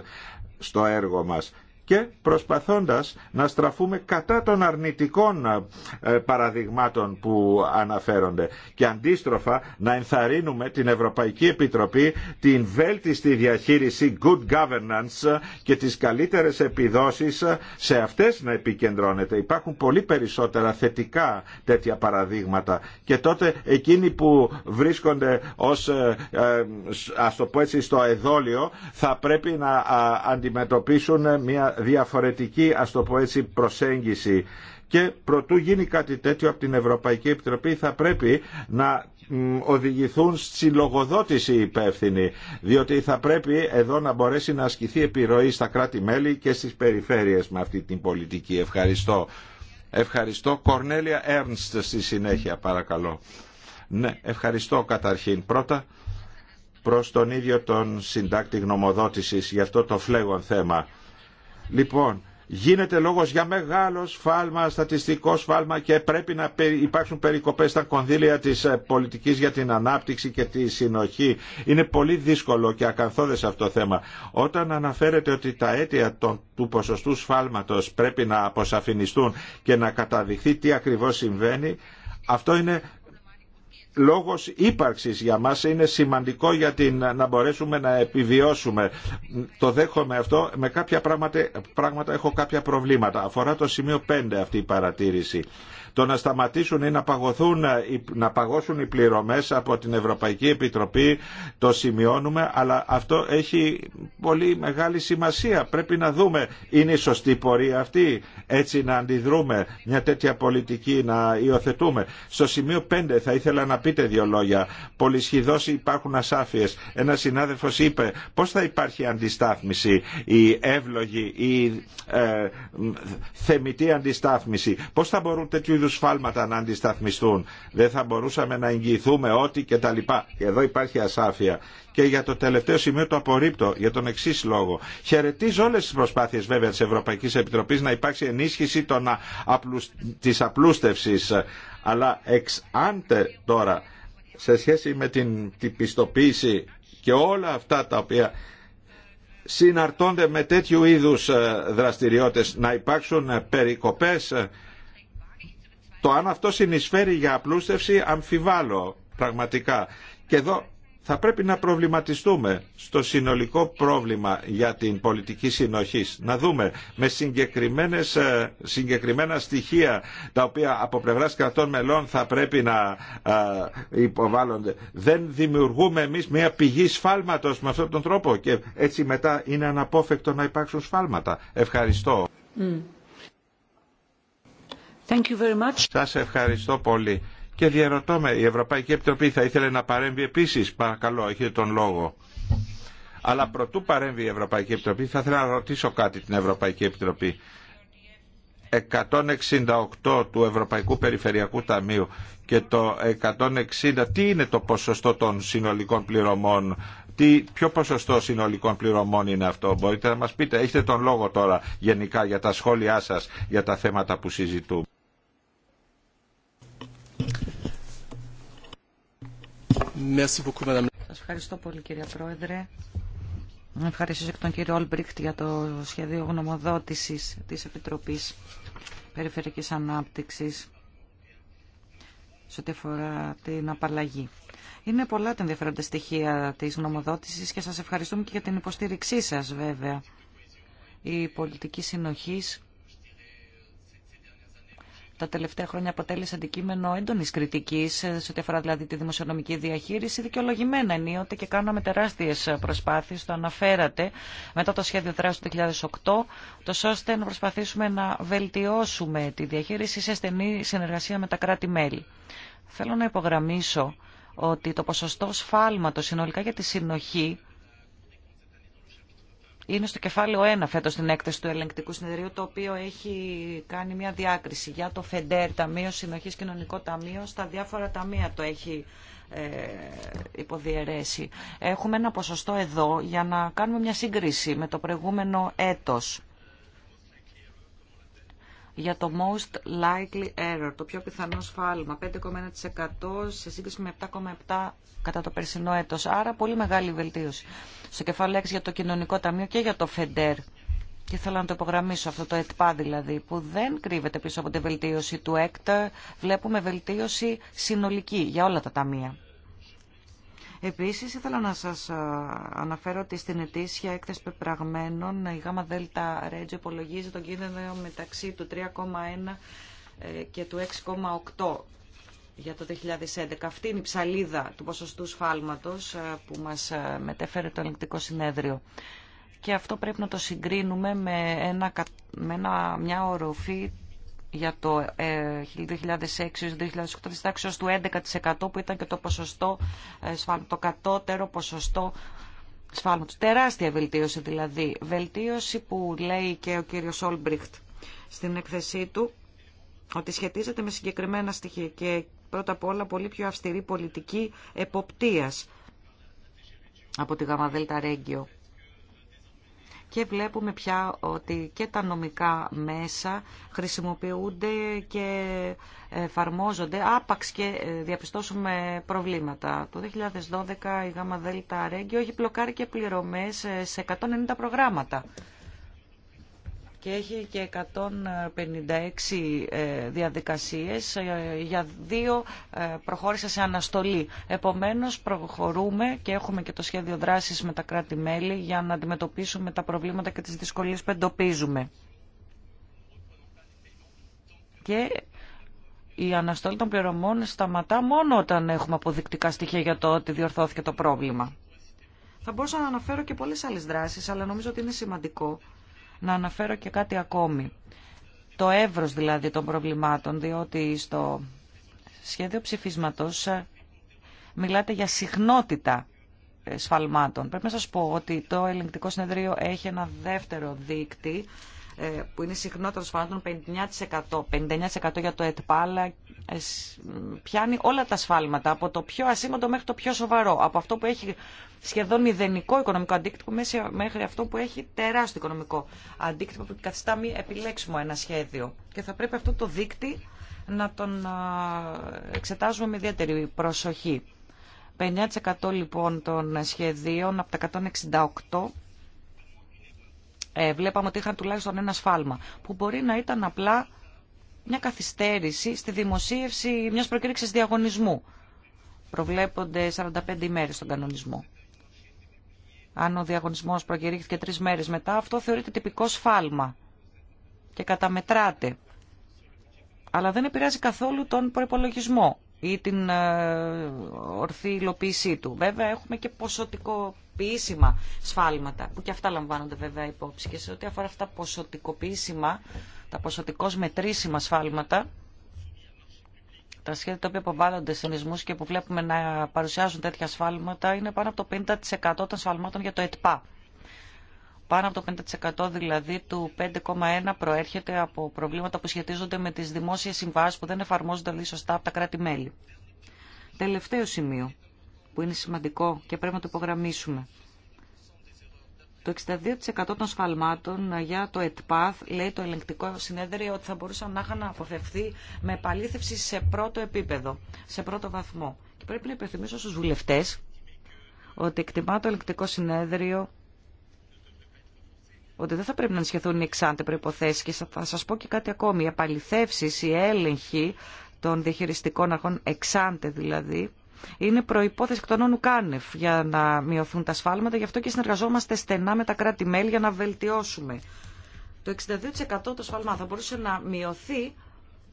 [SPEAKER 2] στο έργο μας και προσπαθώντας να στραφούμε κατά των αρνητικών ε, παραδειγμάτων που αναφέρονται και αντίστροφα να ενθαρρύνουμε την Ευρωπαϊκή Επιτροπή την βέλτιστη διαχείριση good governance και τις καλύτερες επιδόσεις σε αυτές να επικεντρώνεται. Υπάρχουν πολύ περισσότερα θετικά τέτοια παραδείγματα και τότε εκείνοι που βρίσκονται ως ε, ε, το στο εδόλιο θα πρέπει να αντιμετωπίσουν μια διαφορετική ας το πω προσέγγιση και προτού γίνει κάτι τέτοιο από την Ευρωπαϊκή Επιτροπή θα πρέπει να οδηγηθούν στη λογοδότηση υπεύθυνη, διότι θα πρέπει εδώ να μπορέσει να ασκηθεί επιρροή στα κράτη-μέλη και στις περιφέρειες με αυτή την πολιτική. Ευχαριστώ. Ευχαριστώ. Κορνέλια Έρνστ στη συνέχεια παρακαλώ. Ναι, ευχαριστώ καταρχήν. Πρώτα προς τον ίδιο τον συντάκτη γνωμοδότησης για αυτό το φλέγον θέμα Λοιπόν, γίνεται λόγος για μεγάλο σφάλμα, στατιστικό σφάλμα και πρέπει να υπάρξουν περικοπές στα κονδύλια της ε, πολιτικής για την ανάπτυξη και τη συνοχή. Είναι πολύ δύσκολο και ακαθόδε αυτό το θέμα. Όταν αναφέρεται ότι τα αίτια του ποσοστού σφάλματος πρέπει να αποσαφινιστούν και να καταδειχθεί τι ακριβώς συμβαίνει, αυτό είναι λόγος ύπαρξης για μας είναι σημαντικό για να μπορέσουμε να επιβιώσουμε. Το δέχομαι αυτό, με κάποια πράγματα, πράγματα έχω κάποια προβλήματα. Αφορά το σημείο 5 αυτή η παρατήρηση το να σταματήσουν ή να, παγωθούν, ε, να παγώσουν οι πληρωμές από την Ευρωπαϊκή Επιτροπή το σημειώνουμε αλλά αυτό έχει πολύ μεγάλη σημασία. Πρέπει να δούμε είναι η σωστή πορεία αυτή έτσι να αντιδρούμε μια τέτοια πολιτική να υιοθετούμε. Στο σημείο 5 θα ήθελα να πείτε δύο λόγια. Πολυσχηδώ υπάρχουν ασάφειες. Ένα συνάδελφος είπε πώς θα υπάρχει αντιστάθμιση η εύλογη, η ε, θεμητή αντιστάθμιση. Πώς θα μπορούν τέτοιου είδου φάλματα να αντισταθμιστούν. Δεν θα μπορούσαμε να εγγυηθούμε ότι κτλ. Εδώ υπάρχει ασάφεια. Και για το τελευταίο σημείο το απορρίπτω, για τον εξή λόγο. Χαιρετίζω όλε τι προσπάθειε βέβαια τη Ευρωπαϊκή Επιτροπή να υπάρξει ενίσχυση τη απλούστευση. Αλλά εξ άντε τώρα, σε σχέση με την, την πιστοποίηση και όλα αυτά τα οποία συναρτώνται με τέτοιου είδους ε, δραστηριότητες να υπάρξουν ε, περικοπές ε, το αν αυτό συνεισφέρει για απλούστευση αμφιβάλλω πραγματικά. Και εδώ θα πρέπει να προβληματιστούμε στο συνολικό πρόβλημα για την πολιτική συνοχή. Να δούμε με συγκεκριμένες, ε, συγκεκριμένα στοιχεία τα οποία από πλευρά κρατών μελών θα πρέπει να ε, υποβάλλονται. Δεν δημιουργούμε εμείς μια πηγή σφάλματος με αυτόν τον τρόπο και έτσι μετά είναι αναπόφευκτο να υπάρξουν σφάλματα. Ευχαριστώ. Mm. Thank Σας ευχαριστώ πολύ. Και διαρωτώ με, η Ευρωπαϊκή Επιτροπή θα ήθελε να παρέμβει επίσης. Παρακαλώ, έχετε τον λόγο. Αλλά προτού παρέμβει η Ευρωπαϊκή Επιτροπή, θα ήθελα να ρωτήσω κάτι την Ευρωπαϊκή Επιτροπή. 168 του Ευρωπαϊκού Περιφερειακού Ταμείου και το 160, τι είναι το ποσοστό των συνολικών πληρωμών, τι, ποιο ποσοστό συνολικών πληρωμών είναι αυτό, μπορείτε να μας πείτε, έχετε τον λόγο τώρα γενικά για τα σχόλιά σας, για τα θέματα που συζητούμε.
[SPEAKER 1] Σας
[SPEAKER 3] ευχαριστώ πολύ κύριε Πρόεδρε. Ευχαριστήσω και τον κύριο Ολμπρίχτ για το σχέδιο γνωμοδότησης της Επιτροπής Περιφερειακής Ανάπτυξης σε ό,τι αφορά την απαλλαγή. Είναι πολλά τα ενδιαφέροντα στοιχεία της γνωμοδότησης και σας ευχαριστούμε και για την υποστήριξή σας βέβαια. Η πολιτική συνοχής τα τελευταία χρόνια αποτέλεσε αντικείμενο έντονη κριτική σε ό,τι αφορά δηλαδή τη δημοσιονομική διαχείριση, δικαιολογημένα ενίοτε και κάναμε τεράστιε προσπάθειε, το αναφέρατε, μετά το σχέδιο δράση του 2008, τόσο ώστε να προσπαθήσουμε να βελτιώσουμε τη διαχείριση σε στενή συνεργασία με τα κράτη-μέλη. Θέλω να υπογραμμίσω ότι το ποσοστό σφάλματος συνολικά για τη συνοχή είναι στο κεφάλαιο 1 φέτος στην έκθεση του ελεγκτικού συνεδρίου, το οποίο έχει κάνει μια διάκριση για το ΦΕΝΤΕΡ, Ταμείο Συνοχής Κοινωνικό Ταμείο, στα διάφορα ταμεία το έχει ε, υποδιαιρέσει. Έχουμε ένα ποσοστό εδώ για να κάνουμε μια σύγκριση με το προηγούμενο έτος για το most likely error, το πιο πιθανό σφάλμα, 5,1% σε σύγκριση με 7,7% κατά το περσινό έτος. Άρα πολύ μεγάλη βελτίωση. Στο κεφάλαιο 6 για το κοινωνικό ταμείο και για το ΦΕΝΤΕΡ. Και θέλω να το υπογραμμίσω αυτό το ΕΤΠΑ δηλαδή, που δεν κρύβεται πίσω από τη βελτίωση του έκτα, Βλέπουμε βελτίωση συνολική για όλα τα ταμεία. Επίσης, ήθελα να σας ε, αναφέρω ότι στην ετήσια έκθεση πεπραγμένων η ΓΑΜΑ ΔΕΛΤΑ ΡΕΤΖΟ υπολογίζει τον κίνδυνο μεταξύ του 3,1 ε, και του 6,8 για το 2011. Αυτή είναι η ψαλίδα του ποσοστού σφάλματος ε, που μας μετέφερε το ελληνικό συνέδριο. Και αυτό πρέπει να το συγκρίνουμε με, ένα, μια οροφή για το 2006-2008 ε, της τάξης του 11% που ήταν και το ποσοστό ε, το κατώτερο ποσοστό σφάλματος. Τεράστια βελτίωση δηλαδή. Βελτίωση που λέει και ο κύριος Όλμπριχτ στην έκθεσή του ότι σχετίζεται με συγκεκριμένα στοιχεία και πρώτα απ' όλα πολύ πιο αυστηρή πολιτική εποπτείας από τη ΓΔ και βλέπουμε πια ότι και τα νομικά μέσα χρησιμοποιούνται και εφαρμόζονται άπαξ και ε, διαπιστώσουμε προβλήματα. Το 2012 η ΓΔ έχει μπλοκάρει και πληρωμές ε, σε 190 προγράμματα και έχει και 156 ε, διαδικασίες. Ε, για δύο ε, προχώρησε σε αναστολή. Επομένως προχωρούμε και έχουμε και το σχέδιο δράσης με τα κράτη-μέλη για να αντιμετωπίσουμε τα προβλήματα και τις δυσκολίες που εντοπίζουμε. Και η αναστολή των πληρωμών σταματά μόνο όταν έχουμε αποδεικτικά στοιχεία για το ότι διορθώθηκε το πρόβλημα. Θα μπορούσα να αναφέρω και πολλές άλλες δράσεις, αλλά νομίζω ότι είναι σημαντικό να αναφέρω και κάτι ακόμη. Το εύρος δηλαδή των προβλημάτων, διότι στο σχέδιο ψηφίσματος ε, μιλάτε για συχνότητα ε, σφαλμάτων. Πρέπει να σας πω ότι το ελεγκτικό συνεδρίο έχει ένα δεύτερο δίκτυ ε, που είναι συχνότητα των σφαλμάτων 59%, 59 για το ΕΤΠΑΛΑ πιάνει όλα τα σφάλματα, από το πιο ασήμαντο μέχρι το πιο σοβαρό, από αυτό που έχει σχεδόν μηδενικό οικονομικό αντίκτυπο μέχρι αυτό που έχει τεράστιο οικονομικό αντίκτυπο που καθιστά μη επιλέξιμο ένα σχέδιο. Και θα πρέπει αυτό το δίκτυ να τον εξετάζουμε με ιδιαίτερη προσοχή. 59% λοιπόν των σχεδίων από τα 168 ε, βλέπαμε ότι είχαν τουλάχιστον ένα σφάλμα που μπορεί να ήταν απλά μια καθυστέρηση στη δημοσίευση μιας προκήρυξης διαγωνισμού. Προβλέπονται 45 ημέρες στον κανονισμό. Αν ο διαγωνισμός προκηρύχθηκε τρεις μέρες μετά, αυτό θεωρείται τυπικό σφάλμα και καταμετράται. Αλλά δεν επηρεάζει καθόλου τον προπολογισμό ή την ε, ορθή υλοποίησή του. Βέβαια έχουμε και ποσοτικοποιήσιμα σφάλματα, που και αυτά λαμβάνονται βέβαια υπόψη. Και σε ό,τι αφορά αυτά ποσοτικοποιήσιμα, τα ποσοτικώ μετρήσιμα σφάλματα, τα σχέδια τα οποία αποβάλλονται σε νησμούς και που βλέπουμε να παρουσιάζουν τέτοια σφάλματα είναι πάνω από το 50% των σφαλμάτων για το ΕΤΠΑ. Πάνω από το 50% δηλαδή του 5,1 προέρχεται από προβλήματα που σχετίζονται με τις δημόσιες συμβάσεις που δεν εφαρμόζονται δηλαδή σωστά από τα κράτη-μέλη. Τελευταίο σημείο που είναι σημαντικό και πρέπει να το υπογραμμίσουμε το 62% των σφαλμάτων για το ΕΤΠΑΘ λέει το ελεγκτικό συνέδριο ότι θα μπορούσαν να είχαν αποφευθεί με επαλήθευση σε πρώτο επίπεδο, σε πρώτο βαθμό. Και πρέπει να υπενθυμίσω στους βουλευτές ότι εκτιμά το ελεγκτικό συνέδριο ότι δεν θα πρέπει να ενισχυθούν οι εξάντε προποθέσει και θα σα πω και κάτι ακόμη. Οι επαληθεύσει, οι έλεγχοι των διαχειριστικών αρχών εξάντε δηλαδή, είναι προπόθεση εκ των όνων κάνευ για να μειωθούν τα σφάλματα. Γι' αυτό και συνεργαζόμαστε στενά με τα κράτη-μέλη για να βελτιώσουμε. Το 62% των σφάλμα θα μπορούσε να μειωθεί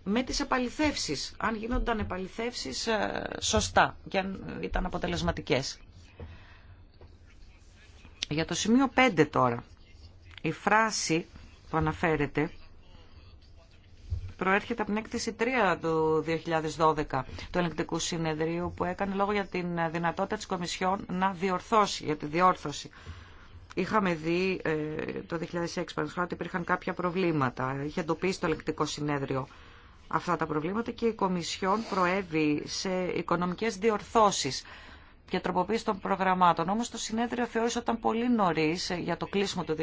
[SPEAKER 3] με τις επαληθεύσεις, αν γίνονταν επαληθεύσεις ε, σωστά και αν ήταν αποτελεσματικές. Για το σημείο 5 τώρα, η φράση που αναφέρεται προέρχεται από την έκθεση 3 του 2012 του Ελεγκτικού Συνεδρίου που έκανε λόγο για την δυνατότητα της Κομισιόν να διορθώσει, για τη διόρθωση. Είχαμε δει ε, το 2006 πάνω, ότι υπήρχαν κάποια προβλήματα. Είχε εντοπίσει το Ελεγκτικό Συνέδριο αυτά τα προβλήματα και η Κομισιόν προέβη σε οικονομικές διορθώσεις και τροποποίηση των προγραμμάτων. Όμως το συνέδριο θεώρησε πολύ νωρίς για το κλείσιμο του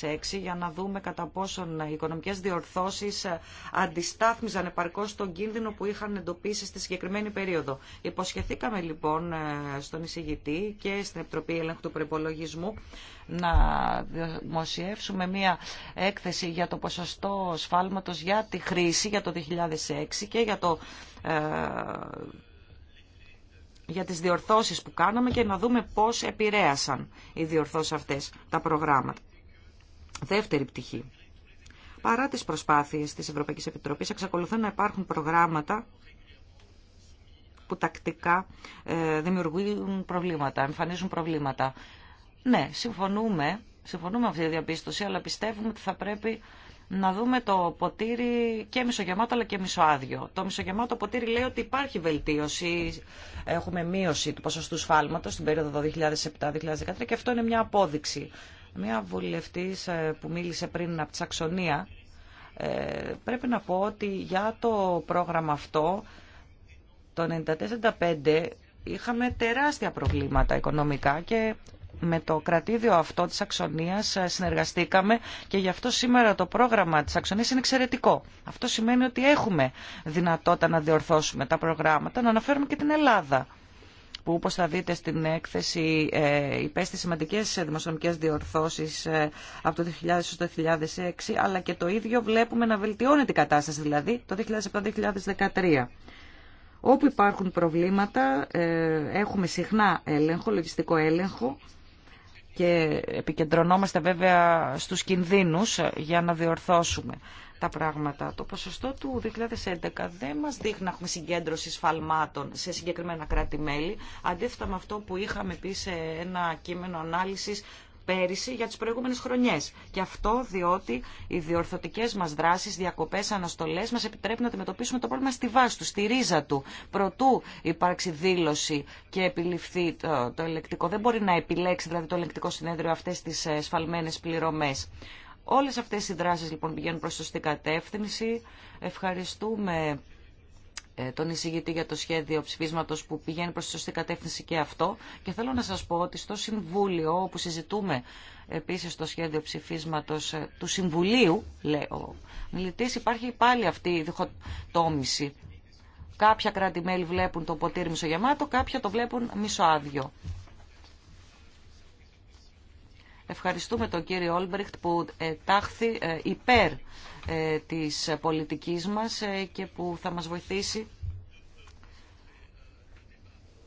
[SPEAKER 3] 2006 για να δούμε κατά πόσον οι οικονομικές διορθώσεις αντιστάθμιζαν επαρκώς τον κίνδυνο που είχαν εντοπίσει στη συγκεκριμένη περίοδο. Υποσχεθήκαμε λοιπόν ε, στον εισηγητή και στην Επιτροπή Έλεγχου του Προπολογισμού να δημοσιεύσουμε μία έκθεση για το ποσοστό σφάλματος για τη χρήση για το 2006 και για το ε, για τις διορθώσεις που κάναμε και να δούμε πώς επηρέασαν οι διορθώσεις αυτές τα προγράμματα. Δεύτερη πτυχή. Παρά τις προσπάθειες της Ευρωπαϊκής Επιτροπής, εξακολουθούν να υπάρχουν προγράμματα που τακτικά ε, δημιουργούν προβλήματα, εμφανίζουν προβλήματα. Ναι, συμφωνούμε, συμφωνούμε αυτή τη διαπίστωση, αλλά πιστεύουμε ότι θα πρέπει να δούμε το ποτήρι και μισογεμάτο αλλά και μισοάδιο. Το μισογεμάτο ποτήρι λέει ότι υπάρχει βελτίωση, έχουμε μείωση του ποσοστού σφάλματος στην περίοδο 2007-2013 και αυτό είναι μια απόδειξη. Μια βουλευτής ε, που μίλησε πριν από τη Σαξονία ε, πρέπει να πω ότι για το πρόγραμμα αυτό το 94-95 είχαμε τεράστια προβλήματα οικονομικά και με το κρατήδιο αυτό της Αξονίας ε, συνεργαστήκαμε και γι' αυτό σήμερα το πρόγραμμα της Αξονίας είναι εξαιρετικό. Αυτό σημαίνει ότι έχουμε δυνατότητα να διορθώσουμε τα προγράμματα, να αναφέρουμε και την Ελλάδα που όπως θα δείτε στην έκθεση ε, υπέστη σημαντικές δημοσιονομικές διορθώσεις ε, από το 2000 στο 2006 αλλά και το ίδιο βλέπουμε να βελτιώνεται η κατάσταση δηλαδή το 2007-2013. Όπου υπάρχουν προβλήματα έχουμε συχνά έλεγχο, λογιστικό έλεγχο και επικεντρωνόμαστε βέβαια στους κινδύνους για να διορθώσουμε τα πράγματα. Το ποσοστό του 2011 δεν μας δείχνει να έχουμε συγκέντρωση σφαλμάτων σε συγκεκριμένα κράτη-μέλη. Αντίθετα με αυτό που είχαμε πει σε ένα κείμενο ανάλυσης πέρυσι για τις προηγούμενες χρονιές. Και αυτό διότι οι διορθωτικές μας δράσεις, διακοπές, αναστολές μας επιτρέπουν να αντιμετωπίσουμε το πρόβλημα στη βάση του, στη ρίζα του. Προτού υπάρξει δήλωση και επιληφθεί το, το ελεκτικό. Δεν μπορεί να επιλέξει δηλαδή το ελεκτικό συνέδριο αυτές τις ε, σφαλμένες πληρωμές. Όλες αυτές οι δράσεις λοιπόν πηγαίνουν προς σωστή κατεύθυνση. Ευχαριστούμε ε, τον εισηγητή για το σχέδιο ψηφίσματος που πηγαίνει προς τη σωστή κατεύθυνση και αυτό. Και θέλω να σας πω ότι στο Συμβούλιο, όπου συζητούμε επίση το σχέδιο ψηφίσματος ε, του Συμβουλίου, λέει ο μιλητής, υπάρχει πάλι αυτή η διχοτόμηση. Κάποια κράτη-μέλη βλέπουν το ποτήρι μισογεμάτο, κάποια το βλέπουν μισοάδιο. Ευχαριστούμε τον κύριο Όλμπριχτ που ε, τάχθη υπέρ ε, της πολιτικής μας ε, και που θα μας βοηθήσει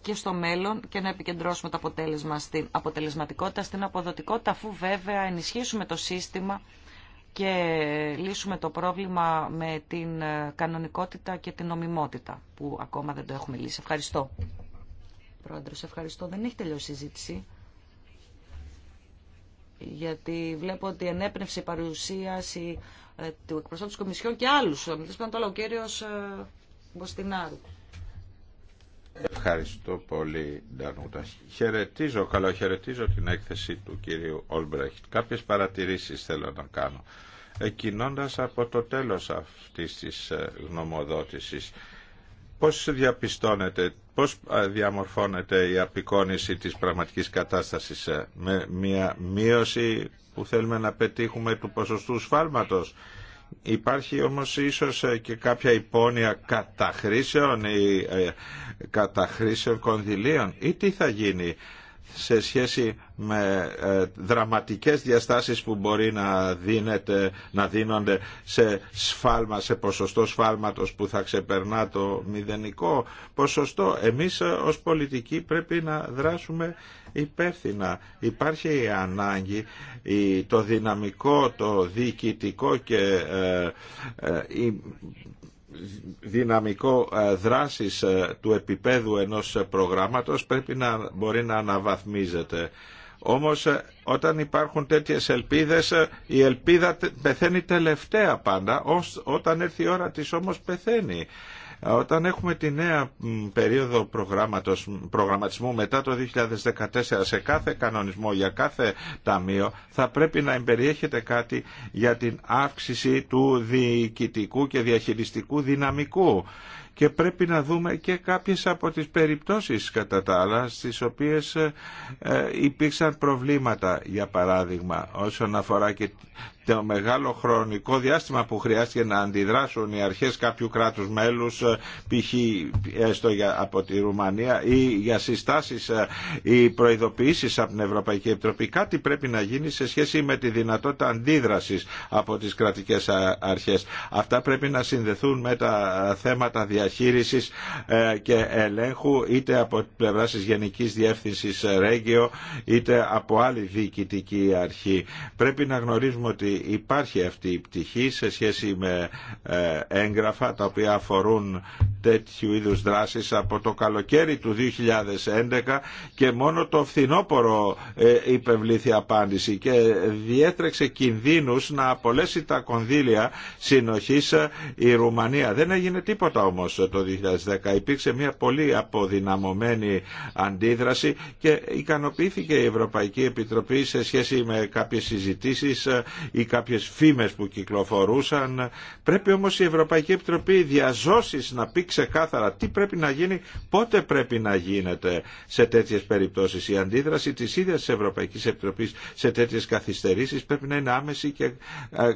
[SPEAKER 3] και στο μέλλον και να επικεντρώσουμε το αποτέλεσμα στην αποτελεσματικότητα, στην αποδοτικότητα, αφού βέβαια ενισχύσουμε το σύστημα και λύσουμε το πρόβλημα με την ε, κανονικότητα και την νομιμότητα, που ακόμα δεν το έχουμε λύσει. Ευχαριστώ. Πρόεδρος, ευχαριστώ. Δεν έχει τελειώσει η συζήτηση γιατί βλέπω ότι ενέπνευσε η παρουσίαση του εκπροσώπου της Κομισιόν και άλλους ομιλητές ε, ο κύριος ε, Μποστινάρου.
[SPEAKER 2] Ευχαριστώ πολύ, Ντανούτα. Χαιρετίζω, χαιρετίζω την έκθεση του κύριου Όλμπρεχτ. Κάποιες παρατηρήσεις θέλω να κάνω. Εκκινώντας από το τέλος αυτής της ε, γνωμοδότησης, πώς διαπιστώνετε πώς διαμορφώνεται η απεικόνηση της πραγματικής κατάστασης ε, με μια μείωση που θέλουμε να πετύχουμε του ποσοστού σφάλματος. Υπάρχει όμως ίσως ε, και κάποια υπόνοια καταχρήσεων ή ε, καταχρήσεων κονδυλίων ή τι θα γίνει σε σχέση με ε, δραματικές διαστάσεις που μπορεί να, δίνεται, να δίνονται σε σφάλμα, σε ποσοστό σφάλματος που θα ξεπερνά το μηδενικό ποσοστό. Εμείς ε, ως πολιτικοί πρέπει να δράσουμε υπεύθυνα. Υπάρχει η ανάγκη, το δυναμικό, το διοικητικό και ε, δυναμικό ε, δράσης ε, του επίπεδου ενός προγράμματος πρέπει να μπορεί να αναβαθμίζεται. Όμως ε, όταν υπάρχουν τέτοιες ελπίδες η ελπίδα πεθαίνει τελευταία πάντα, όταν έρθει η ώρα της όμως πεθαίνει. Όταν έχουμε τη νέα περίοδο προγράμματος, προγραμματισμού μετά το 2014 σε κάθε κανονισμό για κάθε ταμείο θα πρέπει να εμπεριέχεται κάτι για την αύξηση του διοικητικού και διαχειριστικού δυναμικού και πρέπει να δούμε και κάποιες από τις περιπτώσεις κατά τα άλλα στις οποίες ε, ε, υπήρξαν προβλήματα για παράδειγμα όσον αφορά και το μεγάλο χρονικό διάστημα που χρειάστηκε να αντιδράσουν οι αρχές κάποιου κράτους μέλους ε, π.χ. έστω από τη Ρουμανία ή για συστάσεις ε, ή προειδοποιήσεις από την Ευρωπαϊκή Επιτροπή κάτι πρέπει να γίνει σε σχέση με τη δυνατότητα αντίδρασης από τις κρατικές αρχές. Αυτά πρέπει να συνδεθούν με τα θέματα διαχείρισης ε, και ελέγχου είτε από πλευρά της Γενικής Διεύθυνσης Ρέγγιο είτε από άλλη διοικητική αρχή. Πρέπει να γνωρίζουμε ότι υπάρχει αυτή η πτυχή σε σχέση με ε, έγγραφα τα οποία αφορούν τέτοιου είδους δράσεις από το καλοκαίρι του 2011 και μόνο το φθινόπωρο ε, υπευλήθη απάντηση και διέτρεξε κινδύνους να απολέσει τα κονδύλια συνοχής ε, η Ρουμανία. Δεν έγινε τίποτα όμως το 2010. Υπήρξε μια πολύ αποδυναμωμένη αντίδραση και ικανοποιήθηκε η Ευρωπαϊκή Επιτροπή σε σχέση με κάποιες συζητήσεις κάποιες φήμες που κυκλοφορούσαν. Πρέπει όμως η Ευρωπαϊκή Επιτροπή διαζώσεις να πει ξεκάθαρα τι πρέπει να γίνει, πότε πρέπει να γίνεται σε τέτοιες περιπτώσεις. Η αντίδραση της ίδιας της Ευρωπαϊκής Επιτροπής σε τέτοιες καθυστερήσεις πρέπει να είναι άμεση και ε,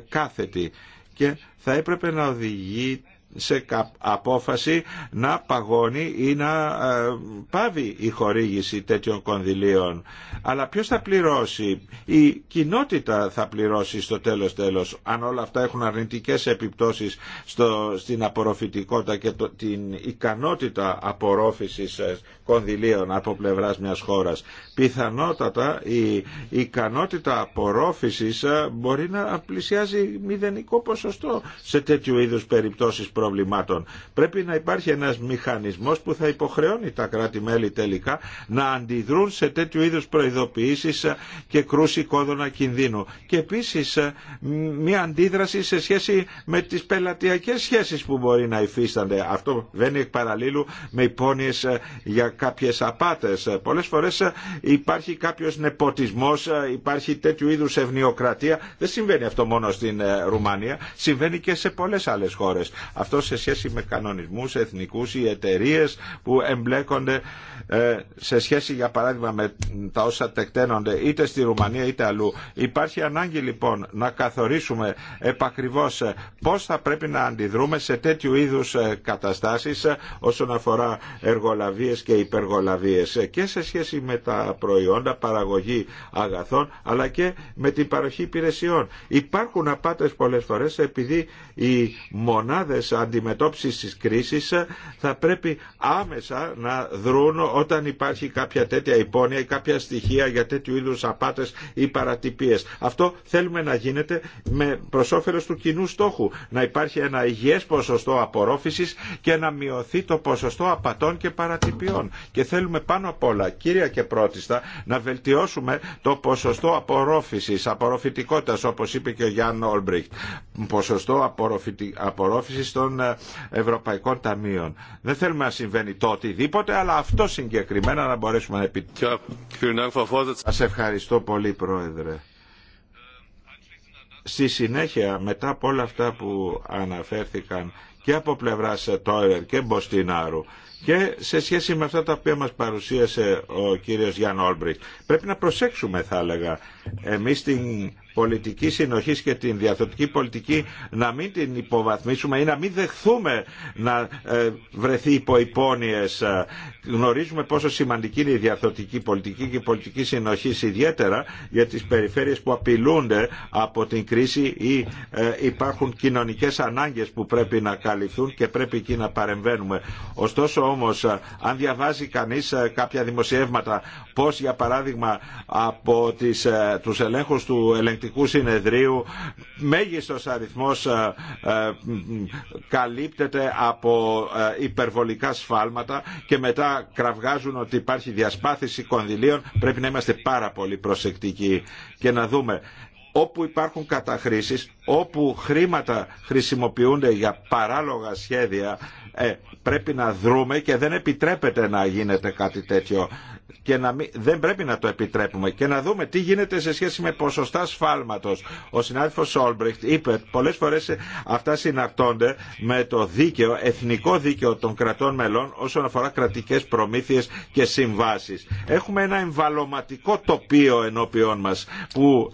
[SPEAKER 2] κάθετη και θα έπρεπε να οδηγεί σε απόφαση να παγώνει ή να ε, πάβει η χορήγηση τέτοιων κονδυλίων. Αλλά ποιος θα πληρώσει. Η κοινότητα θα πληρώσει στο τέλος τέλος αν όλα αυτά έχουν αρνητικές επιπτώσεις στο, στην απορροφητικότητα και την ικανότητα απορρόφησης ε, κονδυλίων από πλευράς μιας χώρας. Πιθανότατα η ικανότητα απορρόφησης ε, μπορεί να πλησιάζει μηδενικό ποσοστό σε τέτοιου είδους περιπτώσεις προβλημάτων. Πρέπει να υπάρχει ένας μηχανισμός που θα υποχρεώνει τα κράτη-μέλη τελικά να αντιδρούν σε τέτοιου είδους προειδοποιήσεις και κρούση κόδωνα κινδύνου. Και επίσης ε, μια αντίδραση σε σχέση με τις πελατειακές σχέσεις που μπορεί να υφίστανται. Αυτό βαίνει εκ παραλίλου με υπόνοιες ε, για κάποιες απάτες. Πολλές φορές ε, υπάρχει κάποιος νεποτισμός, υπάρχει τέτοιου είδους ευνοιοκρατία. Δεν συμβαίνει αυτό μόνο στην Ρουμανία, συμβαίνει και σε πολλές άλλες χώρες σε σχέση με κανονισμούς εθνικούς ή εταιρείε που εμπλέκονται ε, σε σχέση για παράδειγμα με τα όσα τεκταίνονται είτε στη Ρουμανία είτε αλλού. Υπάρχει ανάγκη λοιπόν να καθορίσουμε επακριβώς ε, πώς θα πρέπει να αντιδρούμε σε τέτοιου είδους ε, καταστάσεις όσον αφορά εργολαβίες και υπεργολαβίες και σε σχέση με τα προϊόντα παραγωγή αγαθών αλλά και με την παροχή υπηρεσιών. Υπάρχουν απάτες πολλές φορές επειδή οι μονάδες αντιμετώπισης της κρίσης θα πρέπει άμεσα να δρούν όταν υπάρχει κάποια τέτοια υπόνοια ή κάποια στοιχεία για τέτοιου είδους απάτες ή παρατυπίες. Αυτό θέλουμε να γίνεται με προσόφερος του κοινού στόχου. Να υπάρχει ένα υγιές ποσοστό απορρόφησης και να μειωθεί το ποσοστό απατών και παρατυπιών. Και θέλουμε πάνω απ' όλα, κύρια και πρότιστα, να βελτιώσουμε το ποσοστό απορρόφησης, απορροφητικότητας, όπως είπε και ο Γιάννη Όλμπριχτ. Ποσοστό απορροφησης των των ε, Ευρωπαϊκών Ταμείων. Δεν θέλουμε να συμβαίνει το οτιδήποτε, αλλά αυτό συγκεκριμένα να μπορέσουμε να επιτύχουμε. Σας ευχαριστώ πολύ, Πρόεδρε. Στη συνέχεια, μετά από όλα αυτά που αναφέρθηκαν και από πλευράς ε, Τόιρερ και Μποστινάρου, και σε σχέση με αυτά τα οποία μας παρουσίασε ο κύριος Γιάνν Όλμπριχτ. Πρέπει να προσέξουμε θα έλεγα εμείς την πολιτική συνοχή και την διαθοτική πολιτική να μην την υποβαθμίσουμε ή να μην δεχθούμε να ε, βρεθεί υπό υπόνοιες. Ε, γνωρίζουμε πόσο σημαντική είναι η διαθοτική πολιτική και η πολιτική συνοχή ιδιαίτερα για τις περιφέρειες που απειλούνται από την κρίση ή ε, υπάρχουν κοινωνικές ανάγκες που πρέπει να καλυφθούν και πρέπει εκεί να παρεμβαίνουμε. Ωστόσο όμως αν διαβάζει κανείς κάποια δημοσιεύματα πως για παράδειγμα από τις τους ελέγχους του ελεγκτικού συνεδρίου μέγιστος αριθμός ε, ε, καλύπτεται από ε, υπερβολικά σφάλματα και μετά κραυγάζουν ότι υπάρχει διασπάθηση κονδυλίων πρέπει να είμαστε πάρα πολύ προσεκτικοί και να δούμε όπου υπάρχουν καταχρήσεις, όπου χρήματα χρησιμοποιούνται για παράλογα σχέδια, ε, πρέπει να δρούμε και δεν επιτρέπεται να γίνεται κάτι τέτοιο και να δεν πρέπει να το επιτρέπουμε και να δούμε τι γίνεται σε σχέση με ποσοστά σφάλματος. Ο συνάδελφος Σόλμπριχτ είπε πολλές φορές αυτά συναρτώνται με το δίκαιο, εθνικό δίκαιο των κρατών μελών όσον αφορά κρατικές προμήθειες και συμβάσεις. Έχουμε ένα εμβαλωματικό τοπίο ενώπιόν μας που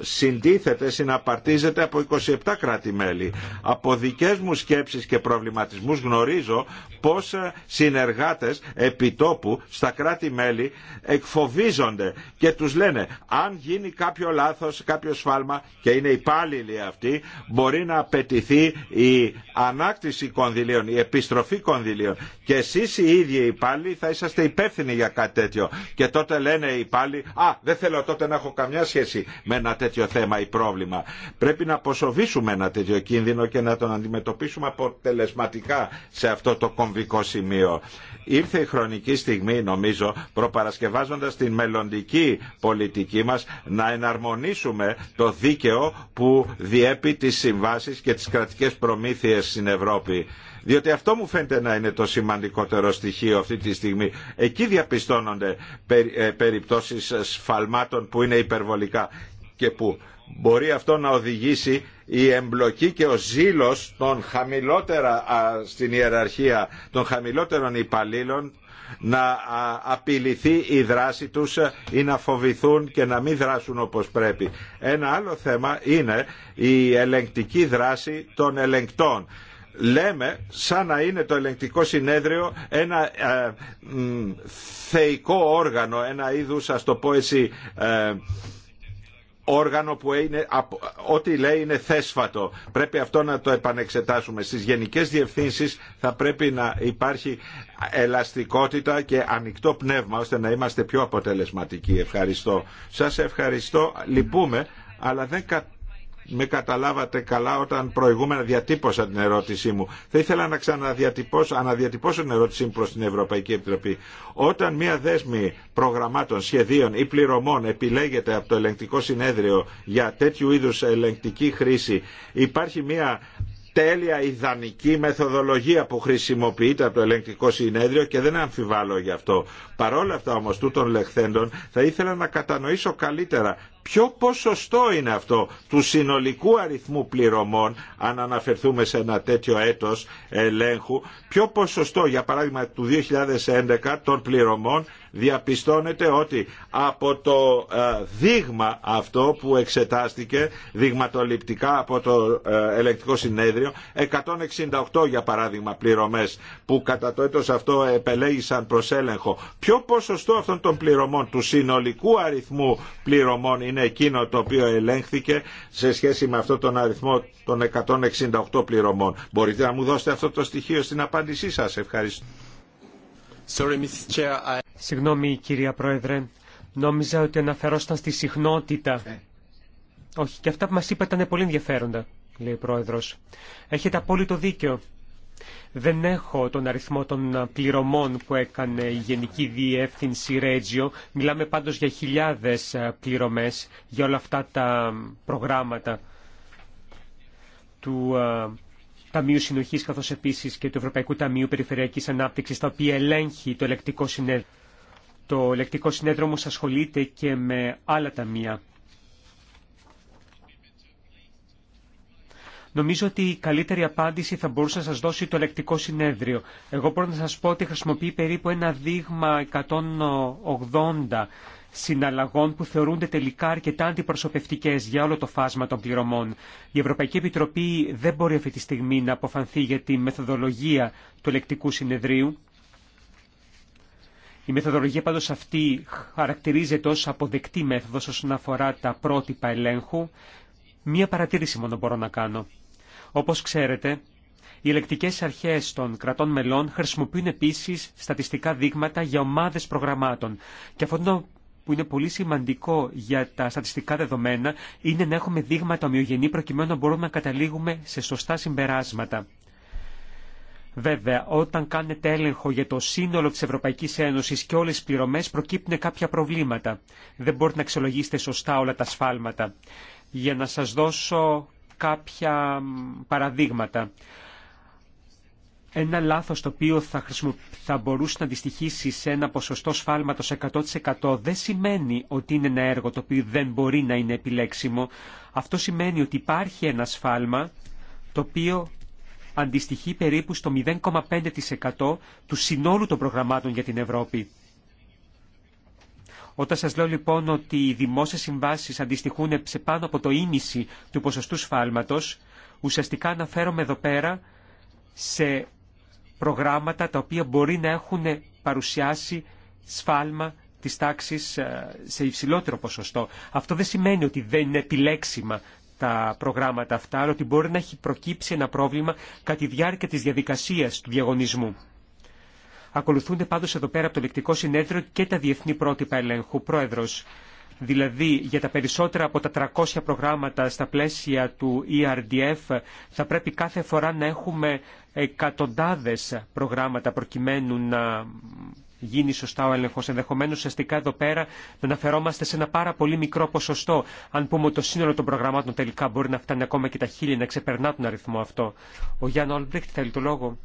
[SPEAKER 2] συναπαρτίζεται από 27 κράτη-μέλη. Από δικές μου σκέψεις και προβληματισμούς γνωρίζω πώς ε, συνεργάτες επιτόπου στα κράτη-μέλη εκφοβίζονται και τους λένε αν γίνει κάποιο λάθος, κάποιο σφάλμα και είναι υπάλληλοι αυτοί μπορεί να απαιτηθεί η ανάκτηση κονδυλίων, η επιστροφή κονδυλίων και εσείς οι ίδιοι υπάλληλοι θα είσαστε υπεύθυνοι για κάτι τέτοιο και τότε λένε οι υπάλληλοι α δεν θέλω τότε να έχω καμιά σχέση με ένα τέτοιο θέμα. Η πρόβλημα. Πρέπει να αποσοβήσουμε ένα τέτοιο κίνδυνο και να τον αντιμετωπίσουμε αποτελεσματικά σε αυτό το κομβικό σημείο. Ήρθε η χρονική στιγμή, νομίζω, προπαρασκευάζοντας την μελλοντική πολιτική μας, να εναρμονίσουμε το δίκαιο που διέπει τις συμβάσεις και τις κρατικές προμήθειες στην Ευρώπη. Διότι αυτό μου φαίνεται να είναι το σημαντικότερο στοιχείο αυτή τη στιγμή. Εκεί διαπιστώνονται ε, περιπτώσεις σφαλμάτων που είναι υπερβολικά και που μπορεί αυτό να οδηγήσει η εμπλοκή και ο ζήλος των χαμηλότερα στην ιεραρχία των χαμηλότερων υπαλλήλων να απειληθεί η δράση τους ε, ή να φοβηθούν και να μην δράσουν όπως πρέπει. Ένα άλλο θέμα είναι η ελεγκτική δράση των ελεγκτών. Λέμε σαν να είναι το ελεγκτικό συνέδριο ένα ε, θεϊκό όργανο, ένα είδους ας το πω έτσι ε, όργανο που είναι, ό,τι λέει είναι θέσφατο. Πρέπει αυτό να το επανεξετάσουμε. Στις γενικές διευθύνσεις θα πρέπει να υπάρχει ελαστικότητα και ανοιχτό πνεύμα ώστε να είμαστε πιο αποτελεσματικοί. Ευχαριστώ. Σας ευχαριστώ. Λυπούμε, αλλά δεν κατάλαβα με καταλάβατε καλά όταν προηγούμενα διατύπωσα την ερώτησή μου. Θα ήθελα να ξαναδιατυπώσω αναδιατυπώσω την ερώτησή μου προς την Ευρωπαϊκή Επιτροπή. Όταν μία δέσμη προγραμμάτων, σχεδίων ή πληρωμών επιλέγεται από το ελεγκτικό συνέδριο για τέτοιου είδους ελεγκτική χρήση, υπάρχει μία τέλεια ιδανική μεθοδολογία που χρησιμοποιείται από το ελεγκτικό συνέδριο και δεν αμφιβάλλω γι' αυτό. Παρόλα αυτά όμως τούτων λεχθέντων θα ήθελα να κατανοήσω καλύτερα ποιο ποσοστό είναι αυτό του συνολικού αριθμού πληρωμών αν αναφερθούμε σε ένα τέτοιο έτος ελέγχου ποιο ποσοστό για παράδειγμα του 2011 των πληρωμών διαπιστώνεται ότι από το ε, δείγμα αυτό που εξετάστηκε δειγματοληπτικά από το ε, ελεγκτικό συνέδριο 168 για παράδειγμα πληρωμές που κατά το έτος αυτό επελέγησαν προς έλεγχο. Ποιο ποσοστό αυτών των πληρωμών του συνολικού αριθμού πληρωμών είναι εκείνο το οποίο ελέγχθηκε σε σχέση με αυτόν τον αριθμό των 168 πληρωμών. Μπορείτε να μου δώσετε αυτό το στοιχείο στην απάντησή σας. Ευχαριστώ.
[SPEAKER 1] Συγγνώμη, κυρία Πρόεδρε. Νόμιζα ότι αναφερόσταν στη συχνότητα. Ε. Όχι, και αυτά που μας είπατε ήταν πολύ ενδιαφέροντα, λέει ο Πρόεδρος. Έχετε απόλυτο δίκιο. Δεν έχω τον αριθμό των πληρωμών που έκανε η Γενική Διεύθυνση Ρέτζιο. Μιλάμε πάντως για χιλιάδες ε, πληρωμές για όλα αυτά τα προγράμματα του ε, Ταμείου συνοχή καθώ επίση και του Ευρωπαϊκού Ταμείου Περιφερειακής ανάπτυξη, τα οποία ελέγχει το ελεκτικό συνέδριο. Το ελεκτικό συνέδριο όμω ασχολείται και με άλλα ταμεία. Νομίζω ότι η καλύτερη απάντηση θα μπορούσε να σας δώσει το ελεκτικό συνέδριο. Εγώ μπορώ να σας πω ότι χρησιμοποιεί περίπου ένα δείγμα 180 συναλλαγών που θεωρούνται τελικά αρκετά αντιπροσωπευτικέ για όλο το φάσμα των πληρωμών. Η Ευρωπαϊκή Επιτροπή δεν μπορεί αυτή τη στιγμή να αποφανθεί για τη μεθοδολογία του ελεκτικού συνεδρίου. Η μεθοδολογία πάντω αυτή χαρακτηρίζεται ω αποδεκτή μέθοδο όσον αφορά τα πρότυπα ελέγχου. Μία παρατήρηση μόνο μπορώ να κάνω. Όπω ξέρετε, οι ελεκτικέ αρχέ των κρατών μελών χρησιμοποιούν επίση στατιστικά δείγματα για ομάδε προγραμμάτων. Και αυτό που είναι πολύ σημαντικό για τα στατιστικά δεδομένα είναι να έχουμε δείγματα ομοιογενή προκειμένου να μπορούμε να καταλήγουμε σε σωστά συμπεράσματα. Βέβαια, όταν κάνετε έλεγχο για το σύνολο της Ευρωπαϊκής Ένωσης και όλες τις πληρωμές προκύπτουν κάποια προβλήματα. Δεν μπορείτε να αξιολογήσετε σωστά όλα τα σφάλματα. Για να σας δώσω κάποια παραδείγματα ένα λάθος το οποίο θα, θα μπορούσε να αντιστοιχίσει σε ένα ποσοστό σφάλματος 100% δεν σημαίνει ότι είναι ένα έργο το οποίο δεν μπορεί να είναι επιλέξιμο. Αυτό σημαίνει ότι υπάρχει ένα σφάλμα το οποίο αντιστοιχεί περίπου στο 0,5% του συνόλου των προγραμμάτων για την Ευρώπη. Όταν σας λέω λοιπόν ότι οι δημόσιες συμβάσεις αντιστοιχούν σε πάνω από το ίμιση του ποσοστού σφάλματος, ουσιαστικά αναφέρομαι εδώ πέρα σε προγράμματα τα οποία μπορεί να έχουν παρουσιάσει σφάλμα της τάξης ε, σε υψηλότερο ποσοστό. Αυτό δεν σημαίνει ότι δεν είναι επιλέξιμα τα προγράμματα αυτά, αλλά ότι μπορεί να έχει προκύψει ένα πρόβλημα κατά τη διάρκεια της διαδικασίας του διαγωνισμού. Ακολουθούνται πάντως εδώ πέρα από το λεκτικό συνέδριο και τα διεθνή πρότυπα ελέγχου. Πρόεδρος, Δηλαδή για τα περισσότερα από τα 300 προγράμματα στα πλαίσια του ERDF θα πρέπει κάθε φορά να έχουμε εκατοντάδες προγράμματα προκειμένου να γίνει σωστά ο έλεγχο. Ενδεχομένω, ουσιαστικά εδώ πέρα να αναφερόμαστε σε ένα πάρα πολύ μικρό ποσοστό. Αν πούμε ότι το σύνολο των προγραμμάτων τελικά μπορεί να φτάνει ακόμα και τα χίλια, να ξεπερνά τον αριθμό αυτό. Ο Γιάννη Όλμπριχτ θέλει το λόγο.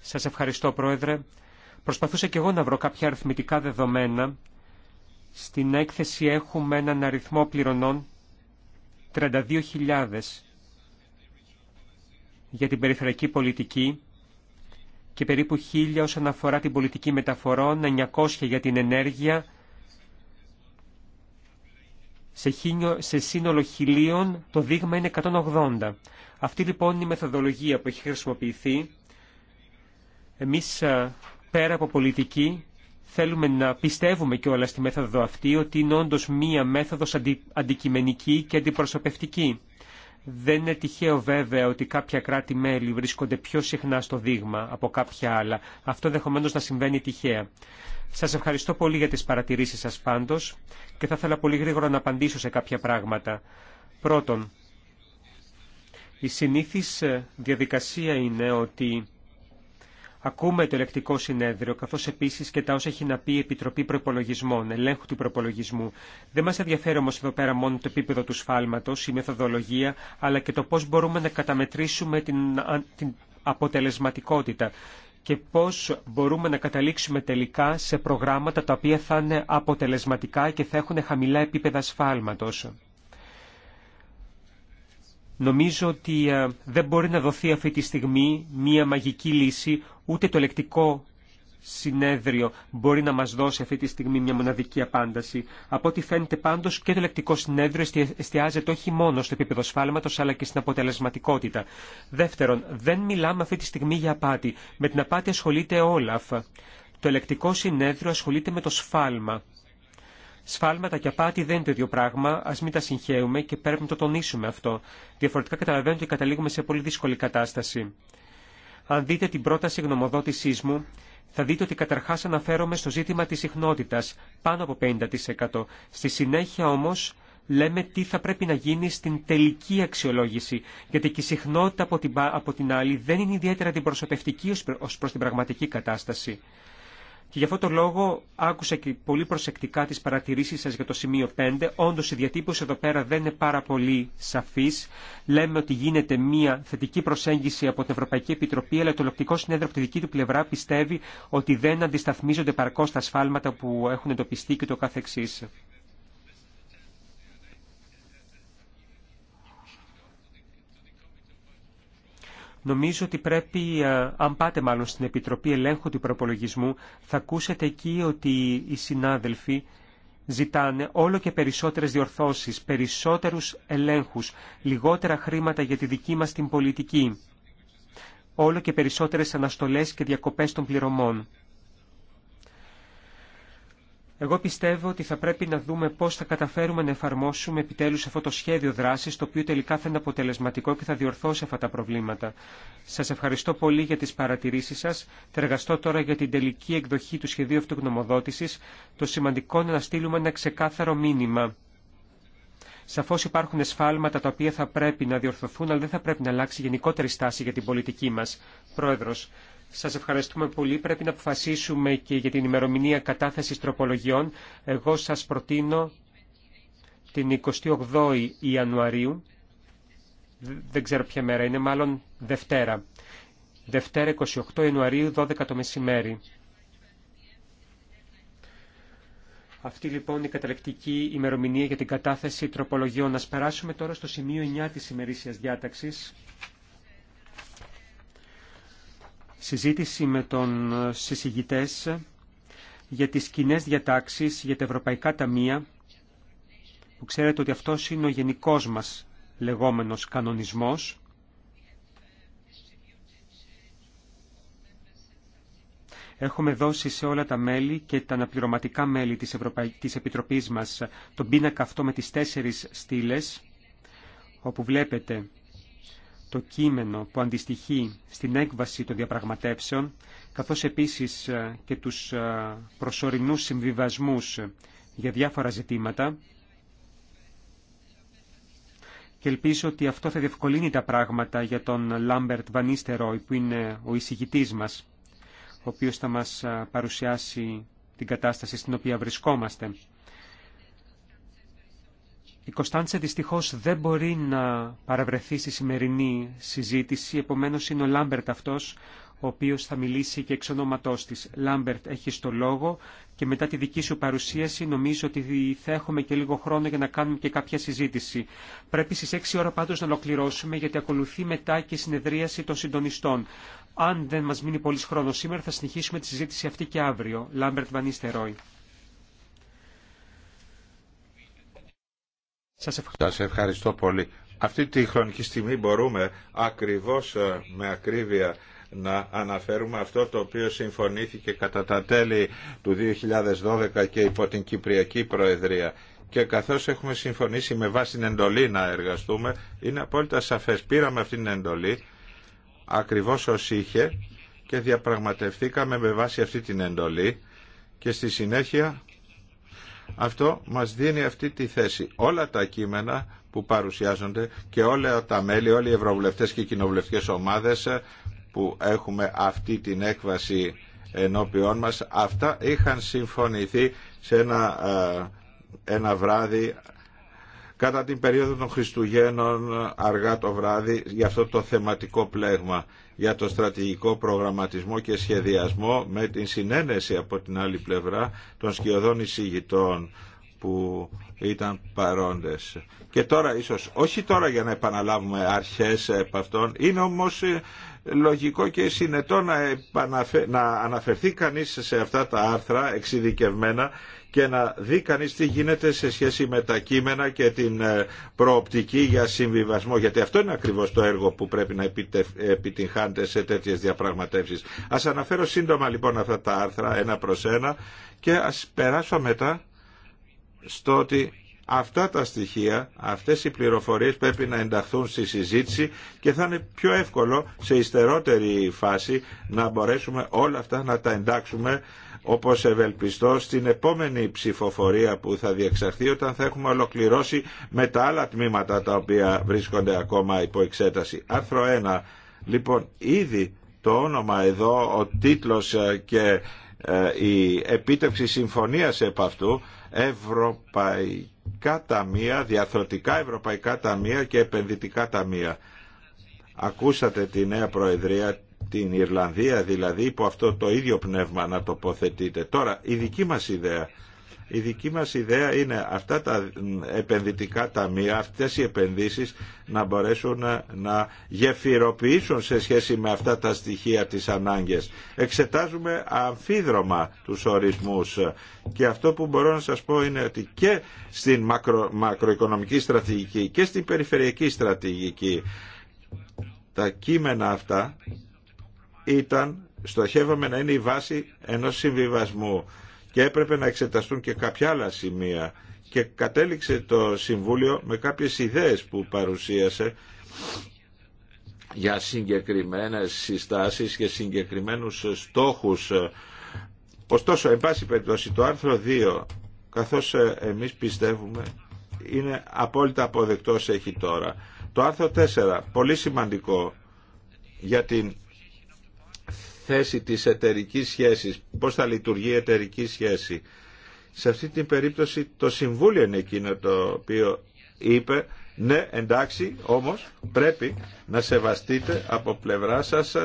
[SPEAKER 1] Σα ευχαριστώ, Πρόεδρε. Προσπαθούσα και εγώ να βρω κάποια αριθμητικά δεδομένα στην έκθεση έχουμε έναν αριθμό πληρωνών 32.000 για την περιφερειακή πολιτική και περίπου 1.000 όσον αφορά την πολιτική μεταφορών, 900 για την ενέργεια, σε σύνολο χιλίων το δείγμα είναι 180. Αυτή λοιπόν είναι η μεθοδολογία που έχει χρησιμοποιηθεί. Εμείς ε, πέρα από πολιτική Θέλουμε να πιστεύουμε όλα στη μέθοδο αυτή ότι είναι όντως μία μέθοδος αντι, αντικειμενική και αντιπροσωπευτική. Δεν είναι τυχαίο βέβαια ότι κάποια κράτη-μέλη βρίσκονται πιο συχνά στο δείγμα από κάποια άλλα. Αυτό δεχομένως να συμβαίνει τυχαία. Σας ευχαριστώ πολύ για τις παρατηρήσεις σας πάντως και θα ήθελα πολύ γρήγορα να απαντήσω σε κάποια πράγματα. Πρώτον, η συνήθις διαδικασία είναι ότι Ακούμε το ελεκτικό συνέδριο, καθώς επίσης και τα όσα έχει να πει η Επιτροπή Προπολογισμών, ελέγχου του προπολογισμού. Δεν μας ενδιαφέρει όμως εδώ πέρα μόνο το επίπεδο του σφάλματος, η μεθοδολογία, αλλά και το πώς μπορούμε να καταμετρήσουμε την, την αποτελεσματικότητα και πώς μπορούμε να καταλήξουμε τελικά σε προγράμματα τα οποία θα είναι αποτελεσματικά και θα έχουν χαμηλά επίπεδα σφάλματος. Νομίζω ότι ε, δεν μπορεί να δοθεί αυτή τη στιγμή μία μαγική λύση, ούτε το λεκτικό συνέδριο μπορεί να μας δώσει αυτή τη στιγμή μια μοναδική απάνταση. Από ό,τι φαίνεται πάντως και το λεκτικό συνέδριο εστιάζεται όχι μόνο στο επίπεδο σφάλματος αλλά και στην αποτελεσματικότητα. Δεύτερον, δεν μιλάμε αυτή τη στιγμή για απάτη. Με την απάτη ασχολείται Όλαφ. Το ελεκτικό συνέδριο ασχολείται με το σφάλμα. Σφάλματα και απάτη δεν είναι το ίδιο πράγμα, α μην τα συγχαίουμε και πρέπει να το τονίσουμε αυτό. Διαφορετικά καταλαβαίνω ότι καταλήγουμε σε πολύ δύσκολη κατάσταση. Αν δείτε την πρόταση γνωμοδότησή μου, θα δείτε ότι καταρχά αναφέρομαι στο ζήτημα τη συχνότητα, πάνω από 50%. Στη συνέχεια όμω λέμε τι θα πρέπει να γίνει στην τελική αξιολόγηση, γιατί και η συχνότητα από την, από την άλλη δεν είναι ιδιαίτερα την προσωπευτική ω προ την πραγματική κατάσταση. Και γι' αυτό το λόγο άκουσα και πολύ προσεκτικά τις παρατηρήσεις σας για το σημείο 5. Όντως η διατύπωση εδώ πέρα δεν είναι πάρα πολύ σαφής. Λέμε ότι γίνεται μια θετική προσέγγιση από την Ευρωπαϊκή Επιτροπή, αλλά το Λοπτικό Συνέδριο από τη δική του πλευρά πιστεύει ότι δεν αντισταθμίζονται παρκώς τα σφάλματα που έχουν εντοπιστεί και το καθεξής. Νομίζω ότι πρέπει, ε, αν πάτε μάλλον στην Επιτροπή Ελέγχου του Προπολογισμού, θα ακούσετε εκεί ότι οι συνάδελφοι ζητάνε όλο και περισσότερες διορθώσεις, περισσότερους ελέγχους, λιγότερα χρήματα για τη δική μας την πολιτική, όλο και περισσότερες αναστολές και διακοπές των πληρωμών. Εγώ πιστεύω ότι θα πρέπει να δούμε πώς θα καταφέρουμε να εφαρμόσουμε επιτέλους αυτό το σχέδιο δράσης, το οποίο τελικά θα είναι αποτελεσματικό και θα διορθώσει αυτά τα προβλήματα. Σας ευχαριστώ πολύ για τις παρατηρήσεις σας. Θα τώρα για την τελική εκδοχή του σχεδίου αυτογνωμοδότησης. Το σημαντικό είναι να στείλουμε ένα ξεκάθαρο μήνυμα. Σαφώ υπάρχουν εσφάλματα τα οποία θα πρέπει να διορθωθούν, αλλά δεν θα πρέπει να αλλάξει γενικότερη στάση για την πολιτική μα. Πρόεδρο, σας ευχαριστούμε πολύ. Πρέπει να αποφασίσουμε και για την ημερομηνία κατάθεσης τροπολογιών. Εγώ σας προτείνω την 28η Ιανουαρίου. Δεν ξέρω ποια μέρα είναι, μάλλον Δευτέρα. Δευτέρα 28 Ιανουαρίου, 12 το μεσημέρι. Αυτή λοιπόν η καταλεκτική ημερομηνία για την κατάθεση τροπολογιών. Να περάσουμε τώρα στο σημείο 9 της ημερήσιας διάταξης συζήτηση με τον συζητητές για τις κοινέ διατάξεις για τα ευρωπαϊκά ταμεία που ξέρετε ότι αυτός είναι ο γενικός μας λεγόμενος κανονισμός Έχουμε δώσει σε όλα τα μέλη και τα αναπληρωματικά μέλη της, Ευρωπαϊ... της Επιτροπής μας τον πίνακα αυτό με τις τέσσερις στήλες, όπου βλέπετε το κείμενο που αντιστοιχεί στην έκβαση των διαπραγματεύσεων, καθώς επίσης ε, και τους ε, προσωρινούς συμβιβασμούς για διάφορα ζητήματα. Και ελπίζω ότι αυτό θα διευκολύνει τα πράγματα για τον Λάμπερτ Βανίστερόι, που είναι ο εισηγητής μας, ο οποίος θα μας ε, παρουσιάσει την κατάσταση στην οποία βρισκόμαστε. Η Κωνσταντσα δυστυχώς δεν μπορεί να παραβρεθεί στη σημερινή συζήτηση, επομένως είναι ο Λάμπερτ αυτός ο οποίος θα μιλήσει και εξ ονόματός της. Λάμπερτ, έχει το λόγο και μετά τη δική σου παρουσίαση νομίζω ότι θα έχουμε και λίγο χρόνο για να κάνουμε και κάποια συζήτηση. Πρέπει στις 6 ώρα πάντως να ολοκληρώσουμε γιατί ακολουθεί μετά και η συνεδρίαση των συντονιστών. Αν δεν μας μείνει πολύς χρόνο σήμερα θα συνεχίσουμε τη συζήτηση αυτή και αύριο. Λάμπερτ Βανίστερόι.
[SPEAKER 2] Σας ευχαριστώ. πολύ. Αυτή τη χρονική στιγμή μπορούμε ακριβώς ε, με ακρίβεια να αναφέρουμε αυτό το οποίο συμφωνήθηκε κατά τα τέλη του 2012 και υπό την Κυπριακή Προεδρία. Και καθώς έχουμε συμφωνήσει με βάση την εντολή να εργαστούμε, είναι απόλυτα σαφές. Πήραμε αυτή την εντολή ακριβώς ως είχε και διαπραγματευθήκαμε με βάση αυτή την εντολή και στη συνέχεια αυτό μας δίνει αυτή τη θέση. Όλα τα κείμενα που παρουσιάζονται και όλα τα μέλη, όλοι οι ευρωβουλευτές και οι κοινοβουλευτικές ομάδες που έχουμε αυτή την έκβαση ενώπιόν μας, αυτά είχαν συμφωνηθεί σε ένα, ε, ένα βράδυ κατά την περίοδο των Χριστουγέννων αργά το βράδυ για αυτό το θεματικό πλέγμα για το στρατηγικό προγραμματισμό και σχεδιασμό με την συνένεση από την άλλη πλευρά των σκιωδών εισηγητών που ήταν παρόντες. Και τώρα ίσως, όχι τώρα για να επαναλάβουμε αρχές από αυτών, είναι όμως ε, λογικό και συνετό να, αναφερθεί κανείς σε αυτά τα άρθρα εξειδικευμένα και να δει κανείς τι γίνεται σε σχέση με τα κείμενα και την ε, προοπτική για συμβιβασμό. Γιατί αυτό είναι ακριβώς το έργο που πρέπει να επιτυγχάνεται σε τέτοιες διαπραγματεύσεις. Ας αναφέρω σύντομα λοιπόν αυτά τα άρθρα ένα προς ένα και ας περάσω μετά στο ότι Αυτά τα στοιχεία, αυτές οι πληροφορίες πρέπει να ενταχθούν στη συζήτηση και θα είναι πιο εύκολο σε υστερότερη φάση να μπορέσουμε όλα αυτά να τα εντάξουμε όπως ευελπιστώ στην επόμενη ψηφοφορία που θα διεξαχθεί όταν θα έχουμε ολοκληρώσει με τα άλλα τμήματα τα οποία βρίσκονται ακόμα υπό εξέταση. Άρθρο 1. Λοιπόν, ήδη το όνομα εδώ, ο τίτλος ε, και ε, η επίτευξη συμφωνίας επ' αυτού ευρωπαϊκά ταμεία, διαθροτικά ευρωπαϊκά ταμεία και επενδυτικά ταμεία. Ακούσατε τη νέα Προεδρία την Ιρλανδία δηλαδή υπό αυτό το ίδιο πνεύμα να τοποθετείτε. Τώρα η δική μας ιδέα η δική μας ιδέα είναι αυτά τα επενδυτικά ταμεία, αυτές οι επενδύσεις να μπορέσουν να, ε, να γεφυροποιήσουν σε σχέση με αυτά τα στοιχεία της ανάγκες. Εξετάζουμε αμφίδρομα τους ορισμούς και αυτό που μπορώ να σας πω είναι ότι και στην μακρο, μακροοικονομική στρατηγική και στην περιφερειακή στρατηγική τα κείμενα αυτά ήταν, στοχεύαμε να είναι η βάση ενός συμβιβασμού και έπρεπε να εξεταστούν και κάποια άλλα σημεία και κατέληξε το Συμβούλιο με κάποιες ιδέες που παρουσίασε για συγκεκριμένες συστάσεις και συγκεκριμένους στόχους. Ωστόσο, εν πάση περιπτώσει, το άρθρο 2, καθώς ε, εμείς πιστεύουμε, είναι απόλυτα αποδεκτός έχει τώρα. Το άρθρο 4, πολύ σημαντικό για την θέση της εταιρική σχέσης, πώς θα λειτουργεί η εταιρική σχέση. Σε αυτή την περίπτωση το Συμβούλιο είναι εκείνο το οποίο είπε ναι εντάξει όμως πρέπει να σεβαστείτε από πλευρά σας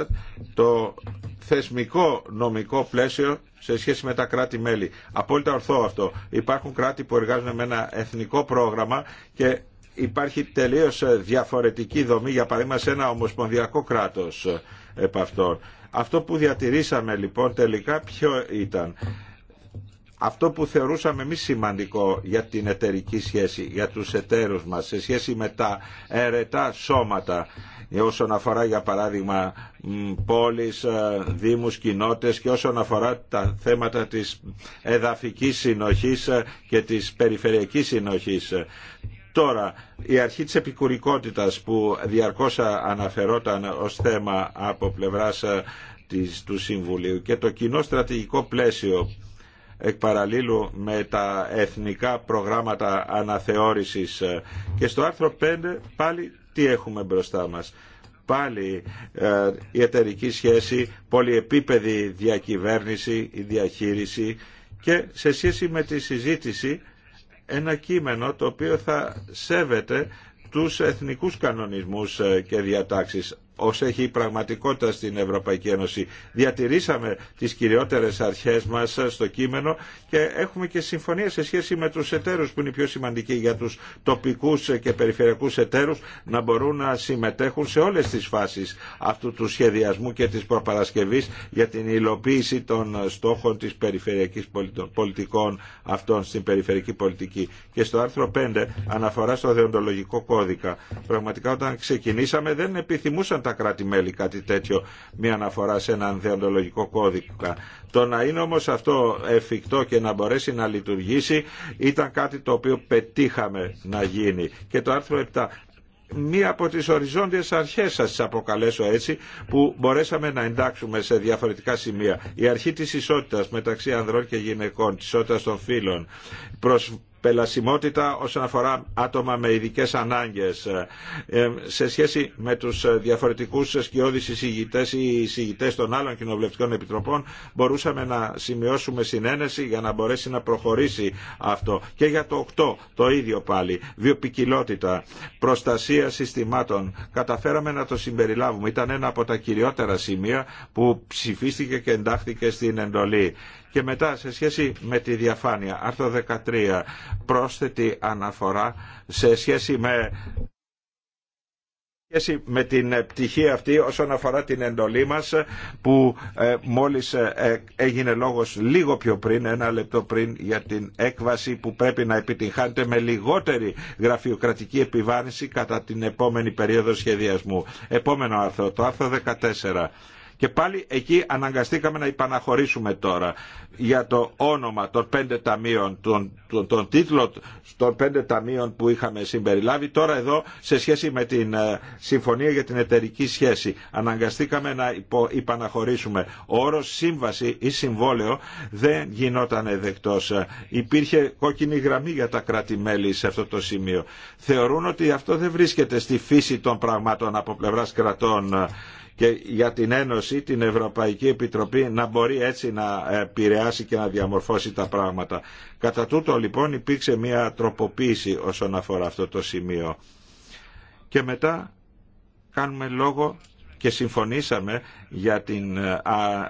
[SPEAKER 2] το θεσμικό νομικό πλαίσιο σε σχέση με τα κράτη-μέλη. Απόλυτα ορθό αυτό. Υπάρχουν κράτη που εργάζονται με ένα εθνικό πρόγραμμα και υπάρχει τελείως διαφορετική δομή για παράδειγμα σε ένα ομοσπονδιακό κράτος επ' αυτών. Αυτό που διατηρήσαμε λοιπόν τελικά ποιο ήταν. Αυτό που θεωρούσαμε εμεί σημαντικό για την εταιρική σχέση, για τους εταίρους μας, σε σχέση με τα αιρετά σώματα, όσον αφορά για παράδειγμα πόλεις, ε, δήμους, κοινότητες και όσον αφορά τα θέματα της εδαφικής συνοχής ε, και της περιφερειακής συνοχής Τώρα, η αρχή της επικουρικότητας που διαρκώς αναφερόταν ως θέμα από πλευράς ε, της, του Συμβουλίου και το κοινό στρατηγικό πλαίσιο εκ με τα εθνικά προγράμματα αναθεώρησης ε, και στο άρθρο 5 πάλι τι έχουμε μπροστά μας. Πάλι ε, η εταιρική σχέση, πολυεπίπεδη διακυβέρνηση, η διαχείριση και σε σχέση με τη συζήτηση ένα κείμενο το οποίο θα σέβεται τους εθνικούς κανονισμούς και διατάξεις ως έχει η πραγματικότητα στην Ευρωπαϊκή Ένωση. Διατηρήσαμε τις κυριότερες αρχές μας στο κείμενο και έχουμε και συμφωνία σε σχέση με τους εταίρους που είναι πιο σημαντικοί για τους τοπικούς και περιφερειακούς εταίρους να μπορούν να συμμετέχουν σε όλες τις φάσεις αυτού του σχεδιασμού και της προπαρασκευής για την υλοποίηση των στόχων της περιφερειακής πολιτικών αυτών στην περιφερειακή πολιτική. Και στο άρθρο 5 αναφορά στο δεοντολογικό κώδικα. Πραγματικά όταν ξεκινήσαμε δεν επιθυμούσαν τα κράτη-μέλη κάτι τέτοιο, μια αναφορά σε έναν δεοντολογικό κώδικα. Το να είναι όμως αυτό εφικτό και να μπορέσει να λειτουργήσει ήταν κάτι το οποίο πετύχαμε να γίνει. Και το άρθρο 7 μία από τις οριζόντιες αρχές σας τις αποκαλέσω έτσι που μπορέσαμε να εντάξουμε σε διαφορετικά σημεία. Η αρχή της ισότητας μεταξύ ανδρών και γυναικών, της ισότητας των φίλων. προς πελασιμότητα όσον αφορά άτομα με ειδικέ ανάγκε. Ε, ε, σε σχέση με τους διαφορετικού σκιώδη εισηγητές ή εισηγητές των άλλων κοινοβουλευτικών επιτροπών μπορούσαμε να σημειώσουμε συνένεση για να μπορέσει να προχωρήσει αυτό και για το 8 το ίδιο πάλι βιοπικιλότητα, προστασία συστημάτων καταφέραμε να το συμπεριλάβουμε ήταν ένα από τα κυριότερα σημεία που ψηφίστηκε και εντάχθηκε στην εντολή και μετά σε σχέση με τη διαφάνεια, άρθρο 13, πρόσθετη αναφορά σε σχέση με με την ε, πτυχή αυτή όσον αφορά την εντολή μας που ε, μόλις ε, έγινε λόγος λίγο πιο πριν, ένα λεπτό πριν για την έκβαση που πρέπει να επιτυγχάνεται με λιγότερη γραφειοκρατική επιβάρυνση κατά την επόμενη περίοδο σχεδιασμού. Επόμενο άρθρο, το άρθρο 14 και πάλι εκεί αναγκαστήκαμε να υπαναχωρήσουμε τώρα για το όνομα των πέντε ταμείων, τον, τον, τον τίτλο των πέντε ταμείων που είχαμε συμπεριλάβει. Τώρα εδώ σε σχέση με την ε, Συμφωνία για την Εταιρική Σχέση αναγκαστήκαμε να υπο, υπαναχωρήσουμε. Ο όρος σύμβαση ή συμβόλαιο δεν γινόταν δεκτός. Υπήρχε κόκκινη γραμμή για τα κράτη-μέλη σε αυτό το σημείο. Θεωρούν ότι αυτό δεν βρίσκεται στη φύση των πραγμάτων από πλευράς κρατών και για την Ένωση, την Ευρωπαϊκή Επιτροπή να μπορεί έτσι να επηρεάσει και να διαμορφώσει τα πράγματα. Κατά τούτο λοιπόν υπήρξε μια τροποποίηση όσον αφορά αυτό το σημείο. Και μετά κάνουμε λόγο και συμφωνήσαμε για την ε,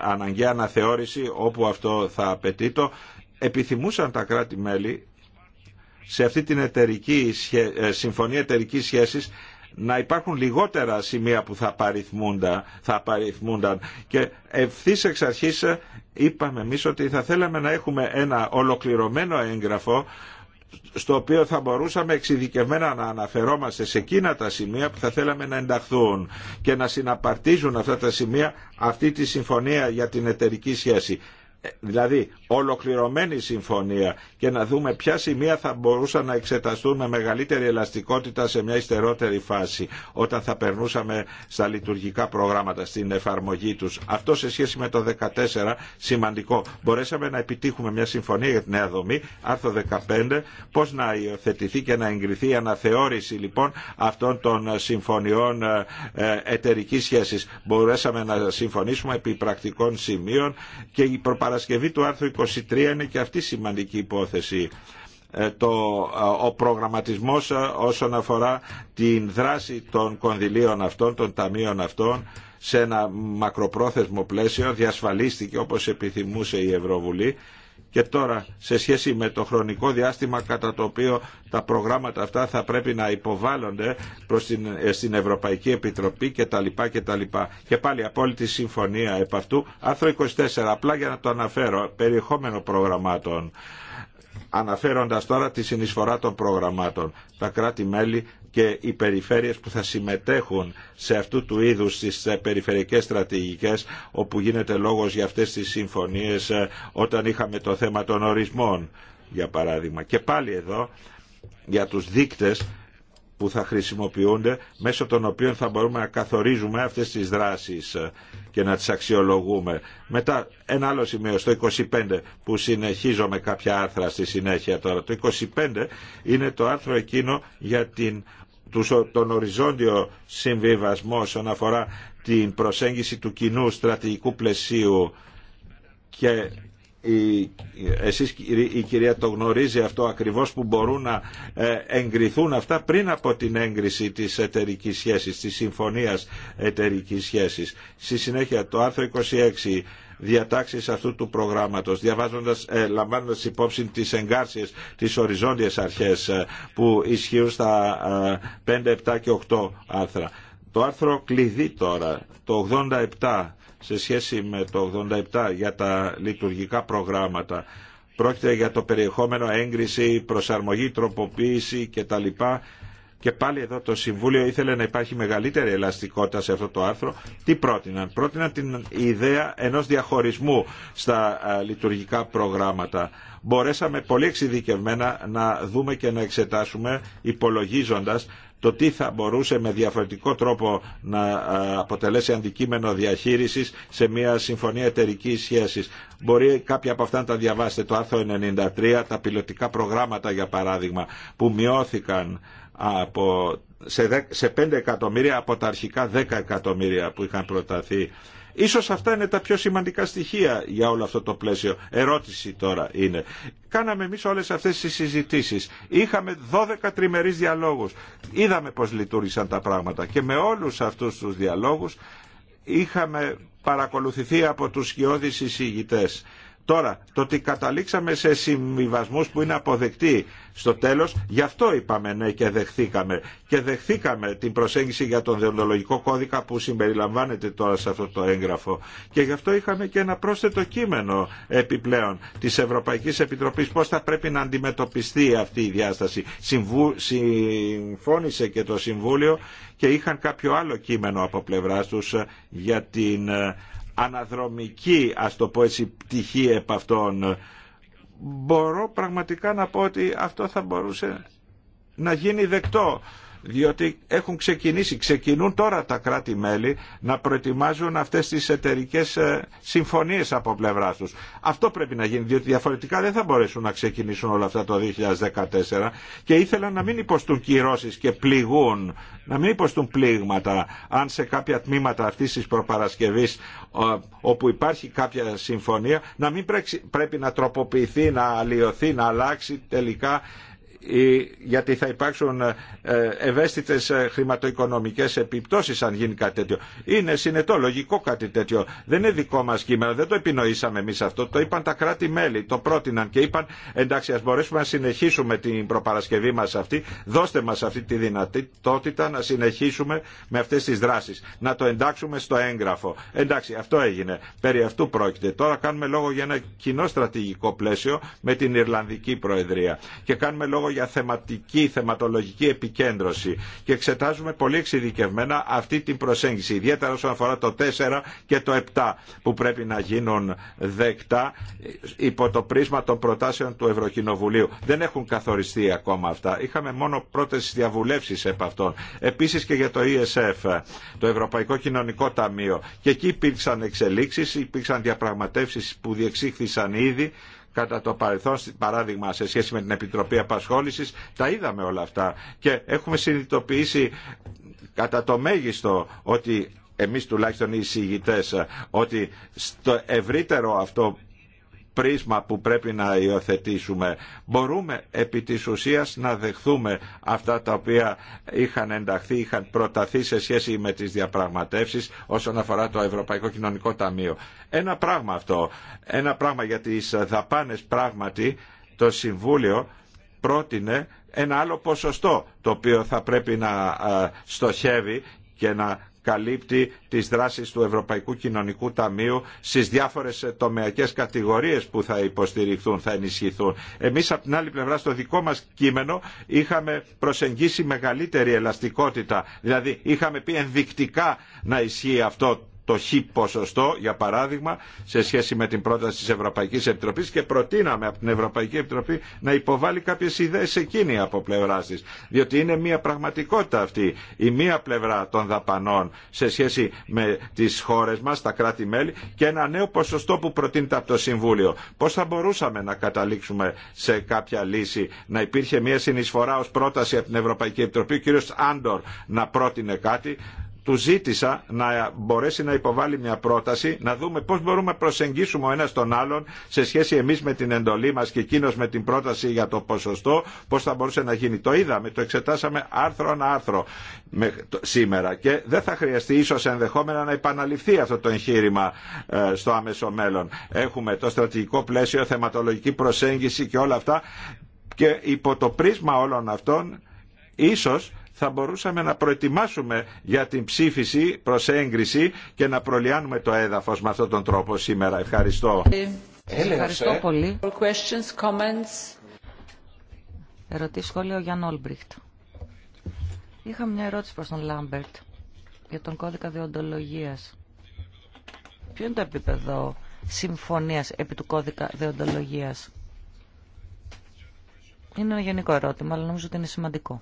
[SPEAKER 2] αναγκαία αναθεώρηση όπου αυτό θα απαιτεί το. Επιθυμούσαν τα κράτη-μέλη σε αυτή την εταιρική, ε, συμφωνία εταιρική σχέσης να υπάρχουν λιγότερα σημεία που θα παριθμούνταν, θα παριθμούνταν. και ευθύ εξ αρχή ε, είπαμε εμεί ότι θα θέλαμε να έχουμε ένα ολοκληρωμένο έγγραφο στο οποίο θα μπορούσαμε εξειδικευμένα να αναφερόμαστε σε εκείνα τα σημεία που θα θέλαμε να ενταχθούν και να συναπαρτίζουν αυτά τα σημεία αυτή τη συμφωνία για την εταιρική σχέση. Ε, δηλαδή ολοκληρωμένη συμφωνία και να δούμε ποια σημεία θα μπορούσαν να εξεταστούν με μεγαλύτερη ελαστικότητα σε μια υστερότερη φάση όταν θα περνούσαμε στα λειτουργικά προγράμματα, στην εφαρμογή τους. Αυτό σε σχέση με το 14, σημαντικό. Μπορέσαμε να επιτύχουμε μια συμφωνία για την νέα δομή, άρθρο 15, πώς να υιοθετηθεί και να εγκριθεί η αναθεώρηση λοιπόν αυτών των συμφωνιών ε, ε, εταιρική σχέση. Μπορέσαμε να συμφωνήσουμε επί πρακτικών σημείων και η παρασκευή του άρθρου 23 είναι και αυτή σημαντική υπόθεση ε, το, ε, ο προγραμματισμός ε, όσον αφορά την δράση των κονδυλίων αυτών, των ταμείων αυτών σε ένα μακροπρόθεσμο πλαίσιο διασφαλίστηκε όπως επιθυμούσε η Ευρωβουλή και τώρα σε σχέση με το χρονικό διάστημα κατά το οποίο τα προγράμματα αυτά θα πρέπει να υποβάλλονται προς την, ε, στην Ευρωπαϊκή Επιτροπή κτλ. Και πάλι απόλυτη συμφωνία επ' αυτού. Άρθρο 24, απλά για να το αναφέρω, περιεχόμενο προγραμμάτων αναφέροντας τώρα τη συνεισφορά των προγραμμάτων. Τα κράτη-μέλη και οι περιφέρειες που θα συμμετέχουν σε αυτού του είδους τις ε, περιφερειακές στρατηγικές όπου γίνεται λόγος για αυτές τις συμφωνίες ε, όταν είχαμε το θέμα των ορισμών για παράδειγμα. Και πάλι εδώ για τους δείκτες που θα χρησιμοποιούνται μέσω των οποίων θα μπορούμε να καθορίζουμε αυτές τις δράσεις και να τις αξιολογούμε. Μετά ένα άλλο σημείο στο 25 που συνεχίζω με κάποια άρθρα στη συνέχεια τώρα. Το 25 είναι το άρθρο εκείνο για την τον οριζόντιο συμβιβασμό όσον αφορά την προσέγγιση του κοινού στρατηγικού πλαισίου και η, εσείς η κυρία το γνωρίζει αυτό ακριβώς που μπορούν να ε, εγκριθούν αυτά πριν από την έγκριση της εταιρικής σχέσης, της συμφωνίας εταιρικής σχέσης. Στη συνέχεια το άρθρο 26 διατάξεις αυτού του προγράμματος, διαβάζοντας, ε, λαμβάνοντας υπόψη τις εγκάρσιες, τις οριζόντιες αρχές ε, που ισχύουν στα 5, 7 και 8 άρθρα. Το άρθρο κλειδί τώρα, το 87 σε σχέση με το 87 για τα λειτουργικά προγράμματα. Πρόκειται για το περιεχόμενο έγκριση, προσαρμογή, τροποποίηση κτλ. Και πάλι εδώ το Συμβούλιο ήθελε να υπάρχει μεγαλύτερη ελαστικότητα σε αυτό το άρθρο. Τι πρότειναν. Πρότειναν την ιδέα ενός διαχωρισμού στα λειτουργικά προγράμματα. Μπορέσαμε πολύ εξειδικευμένα να δούμε και να εξετάσουμε υπολογίζοντας το τι θα μπορούσε με διαφορετικό τρόπο να αποτελέσει αντικείμενο διαχείρισης σε μια συμφωνία εταιρική σχέσης. Μπορεί κάποια από αυτά να τα διαβάσετε. Το άρθρο 93, τα πιλωτικά προγράμματα για παράδειγμα, που μειώθηκαν από, σε 5 εκατομμύρια από τα αρχικά 10 εκατομμύρια που είχαν προταθεί Ίσως αυτά είναι τα πιο σημαντικά στοιχεία για όλο αυτό το πλαίσιο. Ερώτηση τώρα είναι. Κάναμε εμείς όλες αυτές τις συζητήσεις. Είχαμε 12 τριμερείς διαλόγους. Είδαμε πώς λειτουργήσαν τα πράγματα και με όλους αυτούς τους διαλόγους είχαμε παρακολουθηθεί από τους σκιώδεις εισηγητές Τώρα, το ότι καταλήξαμε σε συμβιβασμούς που είναι αποδεκτοί στο τέλος, γι' αυτό είπαμε ναι και δεχθήκαμε. Και δεχθήκαμε την προσέγγιση για τον δεοντολογικό κώδικα που συμπεριλαμβάνεται τώρα σε αυτό το έγγραφο. Και γι' αυτό είχαμε και ένα πρόσθετο κείμενο επιπλέον της Ευρωπαϊκής Επιτροπής πώς θα πρέπει να αντιμετωπιστεί αυτή η διάσταση. Συμφώνησε και το Συμβούλιο και είχαν κάποιο άλλο κείμενο από πλευρά τους ε, για την ε, αναδρομική ας το πω έτσι πτυχή επ' αυτών μπορώ πραγματικά να πω ότι αυτό θα μπορούσε να γίνει δεκτό διότι έχουν ξεκινήσει, ξεκινούν τώρα τα κράτη-μέλη να προετοιμάζουν αυτές τις εταιρικέ ε, συμφωνίες από πλευρά τους. Αυτό πρέπει να γίνει, διότι διαφορετικά δεν θα μπορέσουν να ξεκινήσουν όλα αυτά το 2014 και ήθελαν να μην υποστούν κυρώσεις και πληγούν, να μην υποστούν πλήγματα αν σε κάποια τμήματα αυτή της προπαρασκευής όπου υπάρχει κάποια συμφωνία να μην πρέπει να τροποποιηθεί, να αλλοιωθεί, να αλλάξει τελικά γιατί θα υπάρξουν ε, ευαίσθητες ε, χρηματοοικονομικές επιπτώσεις αν γίνει κάτι τέτοιο. Είναι συνετό, λογικό κάτι τέτοιο. Δεν είναι δικό μας κείμενο, δεν το επινοήσαμε εμείς αυτό. Το είπαν τα κράτη-μέλη, το πρότειναν και είπαν εντάξει ας μπορέσουμε να συνεχίσουμε την προπαρασκευή μας αυτή, δώστε μας αυτή τη δυνατότητα να συνεχίσουμε με αυτές τις δράσεις, να το εντάξουμε στο έγγραφο. Εντάξει, αυτό έγινε. Περί αυτού πρόκειται. Τώρα κάνουμε λόγο για ένα κοινό στρατηγικό πλαίσιο με την Ιρλανδική Προεδρία και κάνουμε λόγο για θεματική, θεματολογική επικέντρωση και εξετάζουμε πολύ εξειδικευμένα αυτή την προσέγγιση, ιδιαίτερα όσον αφορά το 4 και το 7 που πρέπει να γίνουν δεκτά υπό το πρίσμα των προτάσεων του Ευρωκοινοβουλίου. Δεν έχουν καθοριστεί ακόμα αυτά. Είχαμε μόνο πρώτε διαβουλεύσει επ' αυτών. Επίση και για το ESF, το Ευρωπαϊκό Κοινωνικό Ταμείο. Και εκεί υπήρξαν εξελίξει, υπήρξαν διαπραγματεύσει που διεξήχθησαν ήδη κατά το παρελθόν, παράδειγμα σε σχέση με την Επιτροπή Απασχόλησης, τα είδαμε όλα αυτά και έχουμε συνειδητοποιήσει κατά το μέγιστο ότι εμείς τουλάχιστον οι εισηγητές ότι στο ευρύτερο αυτό πρίσμα που πρέπει να υιοθετήσουμε. Μπορούμε επί της ουσίας να δεχθούμε αυτά τα οποία είχαν ενταχθεί, είχαν προταθεί σε σχέση με τις διαπραγματεύσεις όσον αφορά το Ευρωπαϊκό Κοινωνικό Ταμείο. Ένα πράγμα αυτό, ένα πράγμα για τις δαπάνες πράγματι το Συμβούλιο πρότεινε ένα άλλο ποσοστό το οποίο θα πρέπει να ε, στοχεύει και να καλύπτει τις δράσεις του Ευρωπαϊκού Κοινωνικού Ταμείου στις διάφορες τομεακές κατηγορίες που θα υποστηριχθούν, θα ενισχυθούν. Εμείς από την άλλη πλευρά στο δικό μας κείμενο είχαμε προσεγγίσει μεγαλύτερη ελαστικότητα. Δηλαδή είχαμε πει ενδεικτικά να ισχύει αυτό το χ ποσοστό, για παράδειγμα, σε σχέση με την πρόταση τη Ευρωπαϊκή Επιτροπή και προτείναμε από την Ευρωπαϊκή Επιτροπή να υποβάλει κάποιε ιδέε εκείνη από πλευρά τη. Διότι είναι μια πραγματικότητα αυτή η μία πλευρά των δαπανών σε σχέση με τι χώρε μα, τα κράτη-μέλη και ένα νέο ποσοστό που προτείνεται από το Συμβούλιο. Πώ θα μπορούσαμε να καταλήξουμε σε κάποια λύση, να υπήρχε μια συνεισφορά ω πρόταση από την Ευρωπαϊκή Επιτροπή, ο κύριος Άντορ να πρότεινε κάτι, του ζήτησα να μπορέσει να υποβάλει μια πρόταση, να δούμε πώ μπορούμε να προσεγγίσουμε ο ένας τον άλλον σε σχέση εμεί με την εντολή μα και εκείνο με την πρόταση για το ποσοστό, πώ θα μπορούσε να γίνει. Το είδαμε, το εξετάσαμε άρθρο ανά άρθρο σήμερα και δεν θα χρειαστεί ίσω ενδεχόμενα να επαναληφθεί αυτό το εγχείρημα ε, στο άμεσο μέλλον. Έχουμε το στρατηγικό πλαίσιο, θεματολογική προσέγγιση και όλα αυτά και υπό το πρίσμα όλων αυτών ίσως θα μπορούσαμε να προετοιμάσουμε για την ψήφιση προς έγκριση και να προλιάνουμε το έδαφος με αυτόν τον τρόπο σήμερα. Ευχαριστώ. Ευχαριστώ ε.
[SPEAKER 1] πολύ.
[SPEAKER 3] Ερωτή σχόλιο Γιάνν Όλμπριχτ. Είχα μια ερώτηση προς τον Λάμπερτ για τον κώδικα δεοντολογίας. Ποιο είναι το επίπεδο συμφωνίας επί του κώδικα δεοντολογίας. Είναι ένα γενικό ερώτημα, αλλά νομίζω ότι είναι σημαντικό.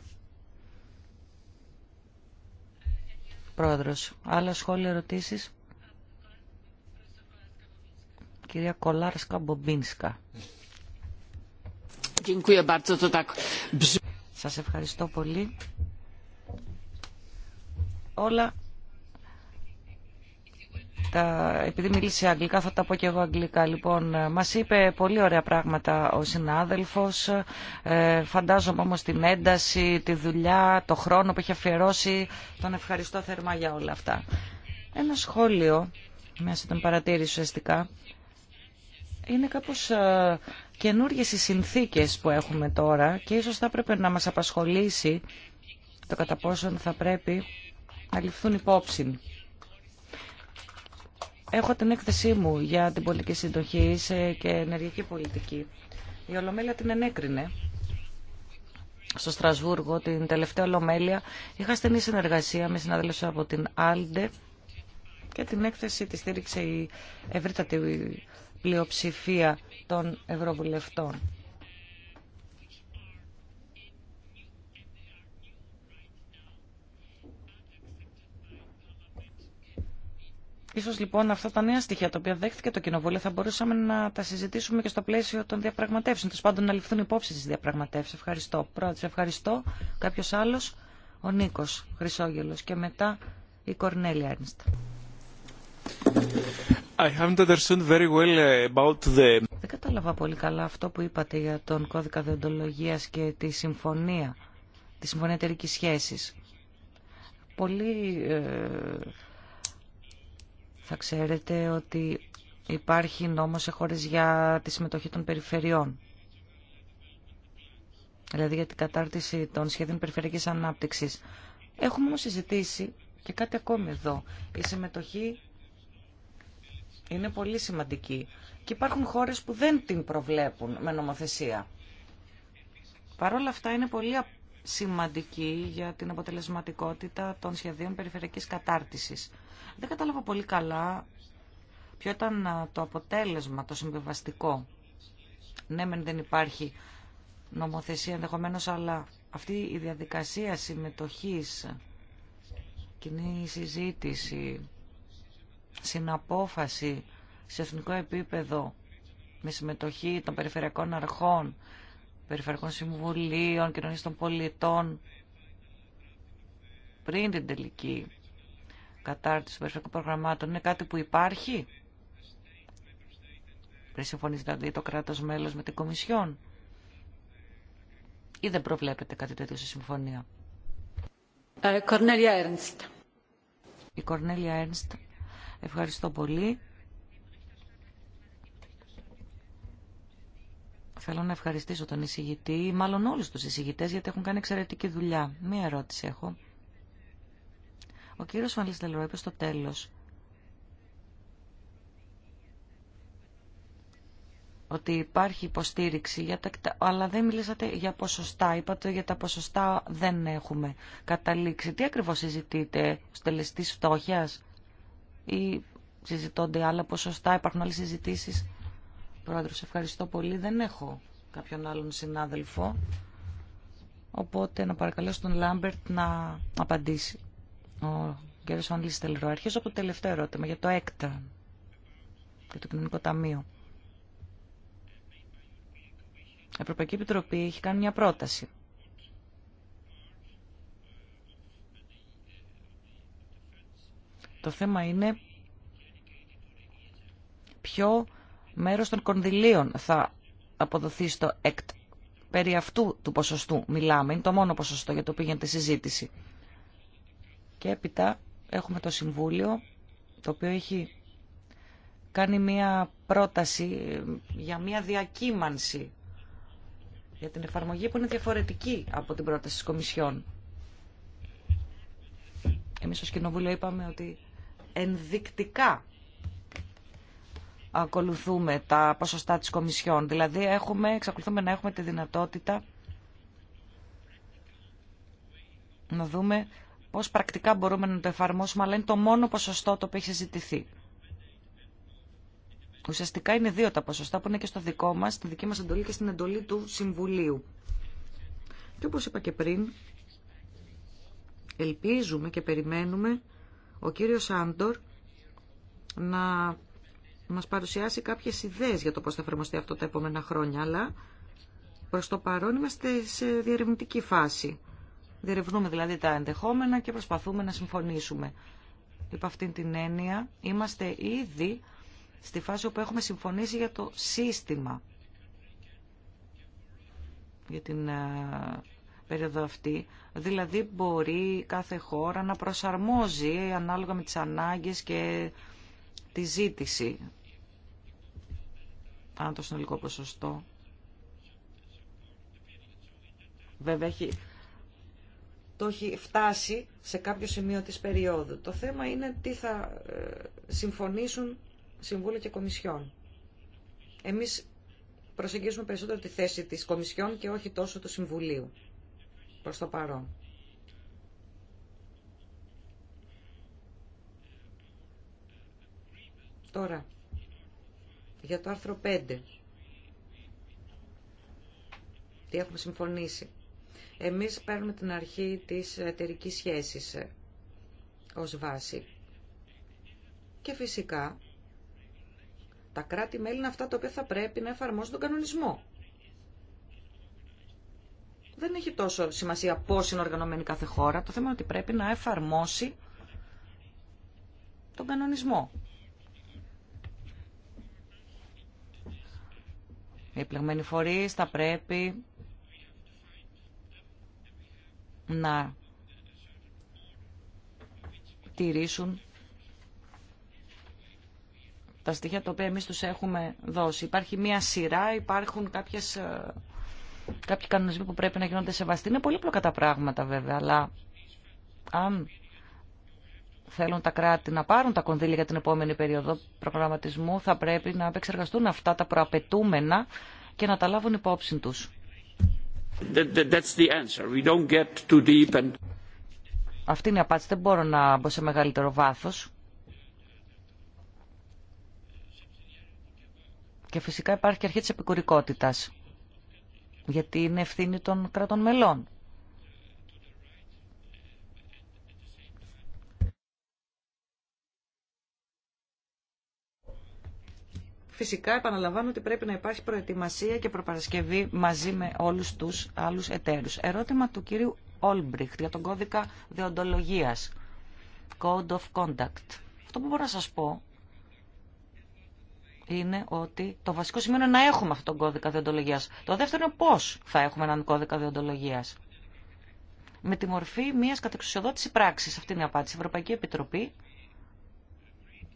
[SPEAKER 3] Πρόεδρος. Άλλα σχόλια, ερωτήσεις. Κυρία Κολάρσκα Μπομπίνσκα. Σας ευχαριστώ πολύ. Όλα τα, επειδή μίλησε αγγλικά θα τα πω και εγώ αγγλικά. Λοιπόν, ε, μας είπε πολύ ωραία πράγματα ο συνάδελφος. Ε, φαντάζομαι όμως την ένταση, τη δουλειά, το χρόνο που έχει αφιερώσει. Τον ευχαριστώ θερμά για όλα αυτά. Ένα σχόλιο, μέσα τον παρατήρηση ουσιαστικά, είναι κάπως ε, οι συνθήκες που έχουμε τώρα και ίσως θα έπρεπε να μας απασχολήσει το κατά πόσον θα πρέπει να ληφθούν υπόψη Έχω την έκθεσή μου για την πολιτική συντοχή και ενεργειακή πολιτική. Η Ολομέλεια την ενέκρινε στο Στρασβούργο, την τελευταία Ολομέλεια. Είχα στενή συνεργασία με συνάδελφους από την Άλντε και την έκθεση τη στήριξε η ευρύτατη πλειοψηφία των Ευρωβουλευτών. Ίσως λοιπόν αυτά τα νέα στοιχεία τα οποία δέχτηκε το Κοινοβούλιο θα μπορούσαμε να τα συζητήσουμε και στο πλαίσιο των διαπραγματεύσεων. Τους πάντων να ληφθούν υπόψη στις διαπραγματεύσεις. Ευχαριστώ. Πρώτος, ευχαριστώ. Κάποιος άλλος, ο Νίκος Χρυσόγελος και μετά η Κορνέλια Άρνιστα.
[SPEAKER 5] I haven't understood very well uh, about the... Δεν
[SPEAKER 3] κατάλαβα πολύ καλά αυτό που είπατε για τον κώδικα διοντολογίας και τη συμφωνία, τη συμφωνία εταιρικής Πολύ ε, θα ξέρετε ότι υπάρχει νόμος σε χώρες για τη συμμετοχή των περιφερειών. Δηλαδή για την κατάρτιση των σχεδίων περιφερειακής ανάπτυξης. Έχουμε όμως συζητήσει και κάτι ακόμη εδώ. Η συμμετοχή είναι πολύ σημαντική. Και υπάρχουν χώρες που δεν την προβλέπουν με νομοθεσία. Παρ' όλα αυτά είναι πολύ σημαντική για την αποτελεσματικότητα των σχεδίων περιφερειακής κατάρτισης. Δεν κατάλαβα πολύ καλά ποιο ήταν το αποτέλεσμα, το συμβιβαστικό. Ναι, μεν δεν υπάρχει νομοθεσία ενδεχομένω, αλλά αυτή η διαδικασία συμμετοχής, κοινή συζήτηση, συναπόφαση σε εθνικό επίπεδο με συμμετοχή των περιφερειακών αρχών, περιφερειακών συμβουλίων, κοινωνίε των πολιτών, πριν την τελική κατάρτιση περιφερειακών προγραμμάτων είναι κάτι που υπάρχει. Πριν συμφωνεί δηλαδή το κράτο μέλο με την Κομισιόν. Ή δεν προβλέπεται κάτι τέτοιο στη συμφωνία. Ε, Κορνέλια Έρνστ. Η Κορνέλια τετοιο σε συμφωνια Ευχαριστώ πολύ. Θέλω να ευχαριστήσω τον εισηγητή, μάλλον όλους τους εισηγητές, γιατί έχουν κάνει εξαιρετική δουλειά. Μία ερώτηση έχω. Ο κύριος Φανλιστελρό είπε στο τέλος ότι υπάρχει υποστήριξη, για τα, αλλά δεν μιλήσατε για ποσοστά. Είπατε για τα ποσοστά δεν έχουμε καταλήξει. Τι ακριβώς συζητείτε, στελεστής φτώχειας ή συζητώνται άλλα ποσοστά, υπάρχουν άλλες συζητήσεις. Πρόεδρος, ευχαριστώ πολύ. Δεν έχω κάποιον άλλον συνάδελφο. Οπότε να παρακαλώ τον Λάμπερτ να απαντήσει. Ο κ. Αντλής Τελρό, αρχίζω από το τελευταίο ερώτημα για το ΕΚΤΑ για το Κοινωνικό Ταμείο. Η Ευρωπαϊκή Επιτροπή έχει κάνει μια πρόταση. Το θέμα είναι ποιο μέρος των κονδυλίων θα αποδοθεί στο ΕΚΤ. Περί αυτού του ποσοστού μιλάμε, είναι το μόνο ποσοστό για το οποίο γίνεται συζήτηση. Και έπειτα έχουμε το Συμβούλιο, το οποίο έχει κάνει μία πρόταση για μία διακύμανση για την εφαρμογή που είναι διαφορετική από την πρόταση της Κομισιόν. Εμείς ως Κοινοβούλιο είπαμε ότι ενδεικτικά ακολουθούμε τα ποσοστά της Κομισιόν. Δηλαδή έχουμε, εξακολουθούμε να έχουμε τη δυνατότητα να δούμε πώς πρακτικά μπορούμε να το εφαρμόσουμε, αλλά είναι το μόνο ποσοστό το οποίο έχει συζητηθεί. Ουσιαστικά είναι δύο τα ποσοστά που είναι και στο δικό μας, στη δική μας εντολή και στην εντολή του Συμβουλίου. Και όπως είπα και πριν, ελπίζουμε και περιμένουμε ο κύριος Άντορ να μας παρουσιάσει κάποιες ιδέες για το πώς θα εφαρμοστεί αυτό τα επόμενα χρόνια, αλλά προς το παρόν είμαστε σε διαρευνητική φάση. Διερευνούμε δηλαδή τα ενδεχόμενα και προσπαθούμε να συμφωνήσουμε. Υπό αυτήν την έννοια είμαστε ήδη στη φάση όπου έχουμε συμφωνήσει για το σύστημα για την ε, περίοδο αυτή. Δηλαδή μπορεί κάθε χώρα να προσαρμόζει ανάλογα με τις ανάγκες και τη ζήτηση αν το συνολικό ποσοστό. Βέβαια έχει το έχει φτάσει σε κάποιο σημείο της περίοδου. Το θέμα είναι τι θα ε, συμφωνήσουν συμβούλοι και Κομισιόν. Εμείς προσεγγίζουμε περισσότερο τη θέση της Κομισιόν και όχι τόσο του Συμβουλίου προς το παρόν. Τώρα, για το άρθρο 5, τι έχουμε συμφωνήσει. Εμείς παίρνουμε την αρχή της εταιρικής σχέσης ε, ως βάση. Και φυσικά τα κράτη-μέλη είναι αυτά τα οποία θα πρέπει να εφαρμόσουν τον κανονισμό. Δεν έχει τόσο σημασία πώς είναι οργανωμένη κάθε χώρα. Το θέμα είναι ότι πρέπει να εφαρμόσει τον κανονισμό. Οι πλεγμένοι φορείς θα πρέπει να τηρήσουν τα στοιχεία τα οποία εμείς τους έχουμε δώσει. Υπάρχει μία σειρά, υπάρχουν κάποιες, ε, κάποιοι κανονισμοί που πρέπει να γίνονται σεβαστοί. Είναι πλοκά τα πράγματα βέβαια, αλλά αν θέλουν τα κράτη να πάρουν τα κονδύλια για την επόμενη περίοδο προγραμματισμού, θα πρέπει να επεξεργαστούν αυτά τα προαπαιτούμενα και να τα λάβουν υπόψη τους.
[SPEAKER 1] That's the answer.
[SPEAKER 3] Αυτή είναι η απάντηση. Δεν μπορώ να μπω σε μεγαλύτερο βάθο. Και φυσικά υπάρχει και αρχή τη επικουρικότητα, Γιατί είναι ευθύνη των κρατών μελών Φυσικά επαναλαμβάνω ότι πρέπει να υπάρχει προετοιμασία και προπαρασκευή μαζί με όλους τους άλλους εταίρους. Ερώτημα του κυρίου Όλμπριχτ για τον κώδικα δεοντολογίας. Code of Conduct. Αυτό που μπορώ να σας πω είναι ότι το βασικό σημείο είναι να έχουμε αυτόν τον κώδικα διοντολογίας. Το δεύτερο είναι πώς θα έχουμε έναν κώδικα διοντολογίας. Με τη μορφή μιας κατεξουσιοδότηση πράξης. Αυτή είναι η απάντηση. Η Ευρωπαϊκή Επιτροπή,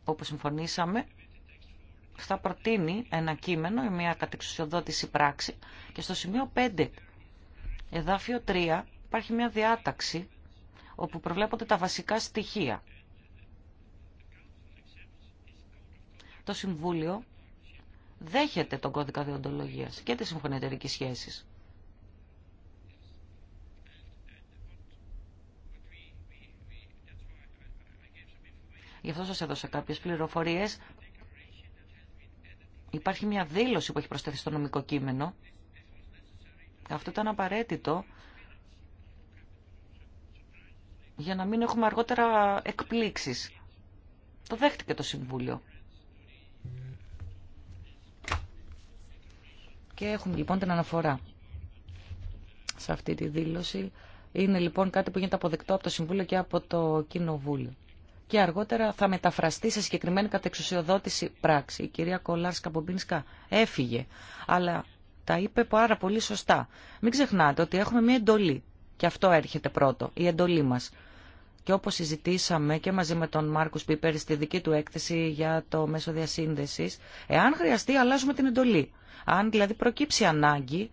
[SPEAKER 3] όπω συμφωνήσαμε, θα προτείνει ένα κείμενο, ή μια κατεξουσιοδότηση πράξη και στο σημείο 5, εδάφιο 3, υπάρχει μια διάταξη όπου προβλέπονται τα βασικά στοιχεία. Το Συμβούλιο δέχεται τον κώδικα διοντολογίας και τη συμφωνία εταιρικής Γι' αυτό σας έδωσα κάποιες πληροφορίες Υπάρχει μια δήλωση που έχει προσθεθεί στο νομικό κείμενο. Αυτό ήταν απαραίτητο για να μην έχουμε αργότερα εκπλήξεις. Το δέχτηκε το Συμβούλιο. Και έχουμε λοιπόν την αναφορά σε αυτή τη δήλωση. Είναι λοιπόν κάτι που γίνεται αποδεκτό από το Συμβούλιο και από το Κοινοβούλιο και αργότερα θα μεταφραστεί σε συγκεκριμένη κατεξουσιοδότηση πράξη. Η κυρία Κολάρσκα Σκαμπομπίνσκα έφυγε, αλλά τα είπε πάρα πολύ σωστά. Μην ξεχνάτε ότι έχουμε μια εντολή και αυτό έρχεται πρώτο, η εντολή μας. Και όπως συζητήσαμε και μαζί με τον Μάρκους Πίπερ στη δική του έκθεση για το μέσο διασύνδεση. εάν χρειαστεί αλλάζουμε την εντολή. Αν δηλαδή προκύψει ανάγκη,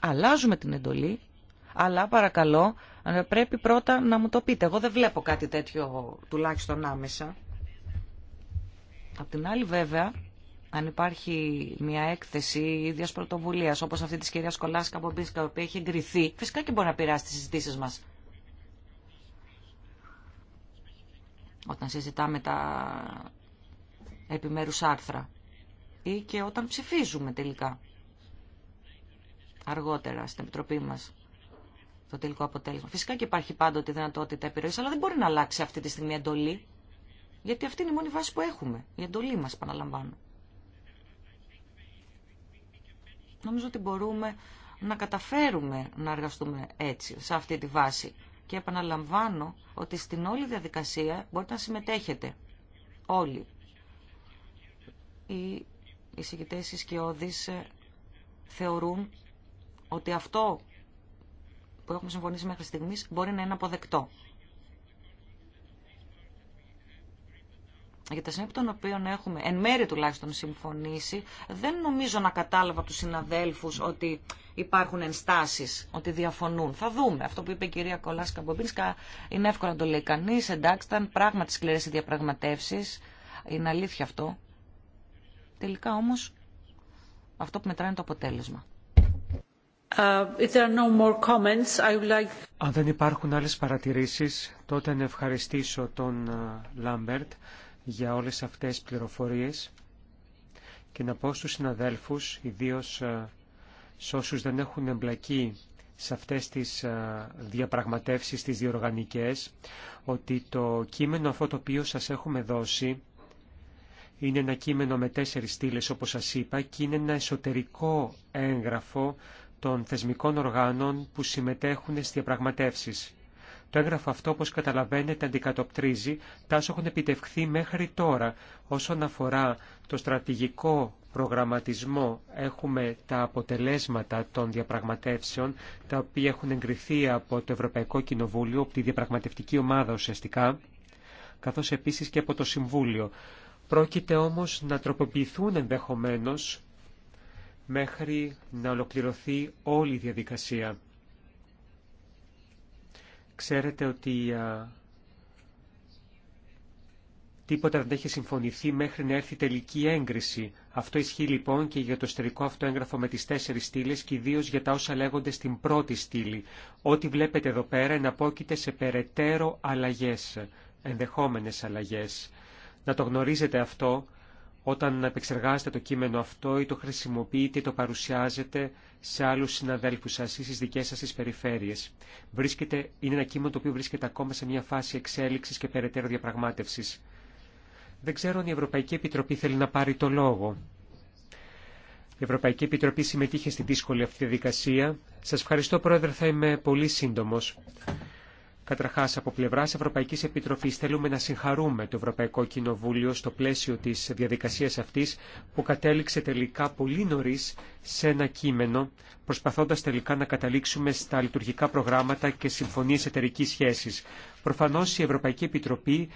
[SPEAKER 3] αλλάζουμε την εντολή, αλλά παρακαλώ ε, πρέπει πρώτα να μου το πείτε. Εγώ δεν βλέπω κάτι τέτοιο τουλάχιστον άμεσα. Απ' την άλλη βέβαια, αν υπάρχει μια έκθεση ίδια πρωτοβουλία, όπω αυτή τη κυρία Κολάσκα Μπομπίσκα, η οποία έχει εγκριθεί, φυσικά και μπορεί να πειράσει τι συζητήσει μα. Όταν συζητάμε τα επιμέρου άρθρα ή και όταν ψηφίζουμε τελικά αργότερα στην Επιτροπή μας το τελικό αποτέλεσμα. Φυσικά και υπάρχει πάντοτε δυνατότητα επιρροή, αλλά δεν μπορεί να αλλάξει αυτή τη στιγμή η εντολή. Γιατί αυτή είναι η μόνη βάση που έχουμε. Η εντολή μα, επαναλαμβάνω. Νομίζω ότι μπορούμε να καταφέρουμε να εργαστούμε έτσι, σε αυτή τη βάση. Και επαναλαμβάνω ότι στην όλη διαδικασία μπορείτε να συμμετέχετε. Όλοι. Οι εισηγητές, οι ε, θεωρούν ότι αυτό που έχουμε συμφωνήσει μέχρι στιγμή, μπορεί να είναι αποδεκτό. για τα σημεία των οποίων έχουμε εν μέρη τουλάχιστον συμφωνήσει, δεν νομίζω να κατάλαβα από τους συναδέλφους ότι υπάρχουν ενστάσεις, ότι διαφωνούν. Θα δούμε. Αυτό που είπε η κυρία κολασκα Κολάσκα-Μπομπίνσκα είναι εύκολο να το λέει κανεί. Εντάξει, ήταν πράγματι σκληρέ οι διαπραγματεύσει. Είναι αλήθεια αυτό. Τελικά όμω, αυτό που μετράει είναι το αποτέλεσμα. Αν
[SPEAKER 1] δεν υπάρχουν άλλες παρατηρήσεις, τότε να ευχαριστήσω τον uh, Λάμπερτ για όλες αυτές τις πληροφορίες και να πω στους συναδέλφους, ιδίως uh, σε όσους δεν έχουν εμπλακεί σε αυτές τις uh, διαπραγματεύσεις, τις διοργανικές, ότι το κείμενο αυτό το οποίο σας έχουμε δώσει είναι ένα κείμενο με τέσσερις στήλες όπως σας είπα και είναι ένα εσωτερικό έγγραφο των θεσμικών οργάνων που συμμετέχουν στις διαπραγματεύσεις. Το έγγραφο αυτό, όπως καταλαβαίνετε, αντικατοπτρίζει τα όσα έχουν επιτευχθεί μέχρι τώρα. Όσον αφορά το στρατηγικό προγραμματισμό, έχουμε τα αποτελέσματα των διαπραγματεύσεων, τα οποία έχουν εγκριθεί από το Ευρωπαϊκό Κοινοβούλιο, από τη διαπραγματευτική ομάδα ουσιαστικά, καθώς επίσης και από το Συμβούλιο. Πρόκειται όμως να τροποποιηθούν ενδεχομένως μέχρι να ολοκληρωθεί όλη η διαδικασία. Ξέρετε ότι α, τίποτα δεν έχει συμφωνηθεί μέχρι να έρθει τελική έγκριση. Αυτό ισχύει λοιπόν και για το εσωτερικό αυτό έγγραφο με τις τέσσερις στήλε και ιδίω για τα όσα λέγονται στην πρώτη στήλη. Ό,τι βλέπετε εδώ πέρα εναπόκειται σε περαιτέρω αλλαγές, ενδεχόμενες αλλαγές. Να το γνωρίζετε αυτό, όταν επεξεργάζετε το κείμενο αυτό ή το χρησιμοποιείτε ή το παρουσιάζετε σε άλλους συναδέλφους σας ή στις δικές σας τις περιφέρειες. Βρίσκεται, είναι ένα κείμενο το οποίο βρίσκεται ακόμα σε μια φάση εξέλιξης και περαιτέρω διαπραγμάτευσης. Δεν ξέρω αν η Ευρωπαϊκή Επιτροπή θέλει να πάρει το λόγο. Η Ευρωπαϊκή Επιτροπή συμμετείχε στη δύσκολη αυτή διαδικασία. Σας ευχαριστώ Πρόεδρε, θα είμαι πολύ σύντομος. Καταρχά, από πλευρά Ευρωπαϊκή Επιτροπή θέλουμε να συγχαρούμε το Ευρωπαϊκό Κοινοβούλιο στο πλαίσιο τη διαδικασία αυτή που κατέληξε τελικά πολύ νωρί σε ένα κείμενο, προσπαθώντα τελικά να καταλήξουμε στα λειτουργικά προγράμματα και συμφωνίε εταιρική σχέση. Προφανώ η Ευρωπαϊκή Επιτροπή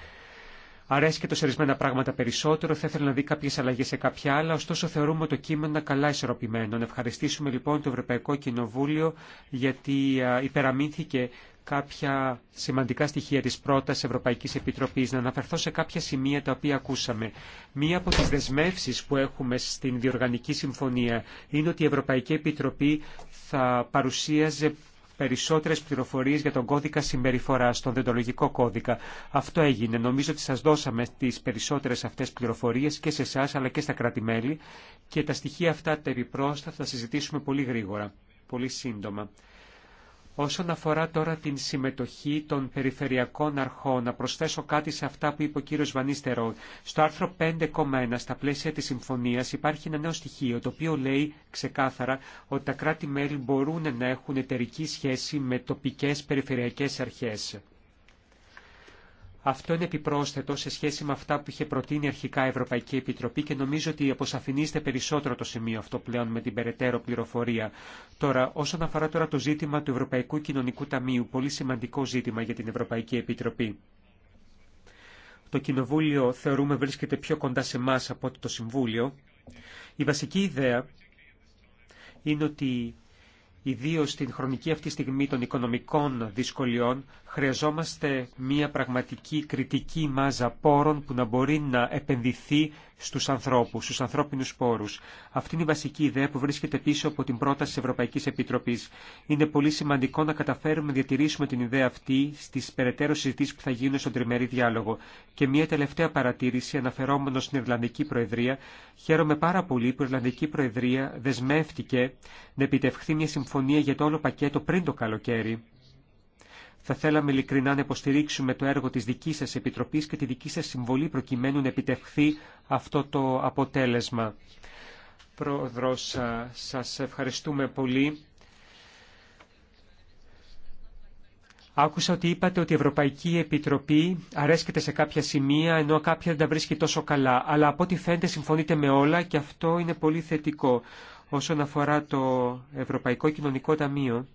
[SPEAKER 1] αρέσει και το σε ορισμένα πράγματα περισσότερο, θα ήθελα να δει κάποιε αλλαγέ σε κάποια άλλα, ωστόσο θεωρούμε το κείμενο καλά ισορροπημένο. ευχαριστήσουμε λοιπόν το Ευρωπαϊκό Κοινοβούλιο γιατί υπεραμήθηκε κάποια σημαντικά στοιχεία της πρώτας Ευρωπαϊκής Επιτροπής, να αναφερθώ σε κάποια σημεία τα οποία ακούσαμε. Μία από τις δεσμεύσεις που έχουμε στην Διοργανική Συμφωνία είναι ότι η Ευρωπαϊκή Επιτροπή θα παρουσίαζε περισσότερες πληροφορίες για τον κώδικα συμπεριφοράς, τον δεντολογικό κώδικα. Αυτό έγινε. Νομίζω ότι σας δώσαμε τις περισσότερες αυτές πληροφορίες και σε εσά αλλά και στα κράτη-μέλη και τα στοιχεία αυτά τα επιπρόσθετα θα συζητήσουμε πολύ γρήγορα, πολύ σύντομα. Όσον αφορά τώρα την συμμετοχή των περιφερειακών αρχών, να προσθέσω κάτι σε αυτά που είπε ο κύριος Βανίστερο. Στο άρθρο 5,1 στα πλαίσια της συμφωνίας υπάρχει ένα νέο στοιχείο το οποίο λέει ξεκάθαρα ότι τα κράτη-μέλη μπορούν να έχουν εταιρική σχέση με τοπικές περιφερειακές αρχές. Αυτό είναι επιπρόσθετο σε σχέση με αυτά που είχε προτείνει αρχικά η Ευρωπαϊκή Επιτροπή και νομίζω ότι αποσαφηνίζεται περισσότερο το σημείο αυτό πλέον με την περαιτέρω πληροφορία. Τώρα, όσον αφορά τώρα το ζήτημα του Ευρωπαϊκού Κοινωνικού Ταμείου, πολύ σημαντικό ζήτημα για την Ευρωπαϊκή Επιτροπή. Το Κοινοβούλιο θεωρούμε βρίσκεται πιο κοντά σε εμά από ότι το Συμβούλιο. Η βασική ιδέα είναι ότι ιδίως στην χρονική αυτή στιγμή των οικονομικών δυσκολιών Χρειαζόμαστε μια πραγματική κριτική μάζα πόρων που να μπορεί να επενδυθεί στους ανθρώπους, στους ανθρώπινους πόρους. Αυτή είναι η βασική ιδέα που βρίσκεται πίσω από την πρόταση της Ευρωπαϊκής Επιτροπής. Είναι πολύ σημαντικό να καταφέρουμε να διατηρήσουμε την ιδέα αυτή στις περαιτέρω συζητήσεις που θα γίνουν στον τριμερή διάλογο. Και μια τελευταία παρατήρηση αναφερόμενο στην Ιρλανδική Προεδρία. Χαίρομαι πάρα πολύ που η Ιρλανδική Προεδρία δεσμεύτηκε να επιτευχθεί μια συμφωνία για το όλο πακέτο πριν το καλοκαίρι. Θα θέλαμε ειλικρινά να υποστηρίξουμε το έργο της δικής σας Επιτροπής και τη δική σας συμβολή προκειμένου να επιτευχθεί αυτό το αποτέλεσμα. Πρόεδρος, σας ευχαριστούμε πολύ. Άκουσα ότι είπατε ότι η Ευρωπαϊκή Επιτροπή αρέσκεται σε κάποια σημεία ενώ κάποια δεν τα βρίσκει τόσο καλά. Αλλά από ό,τι φαίνεται συμφωνείτε με όλα και αυτό είναι πολύ θετικό. Όσον αφορά το Ευρωπαϊκό Κοινωνικό Ταμείο,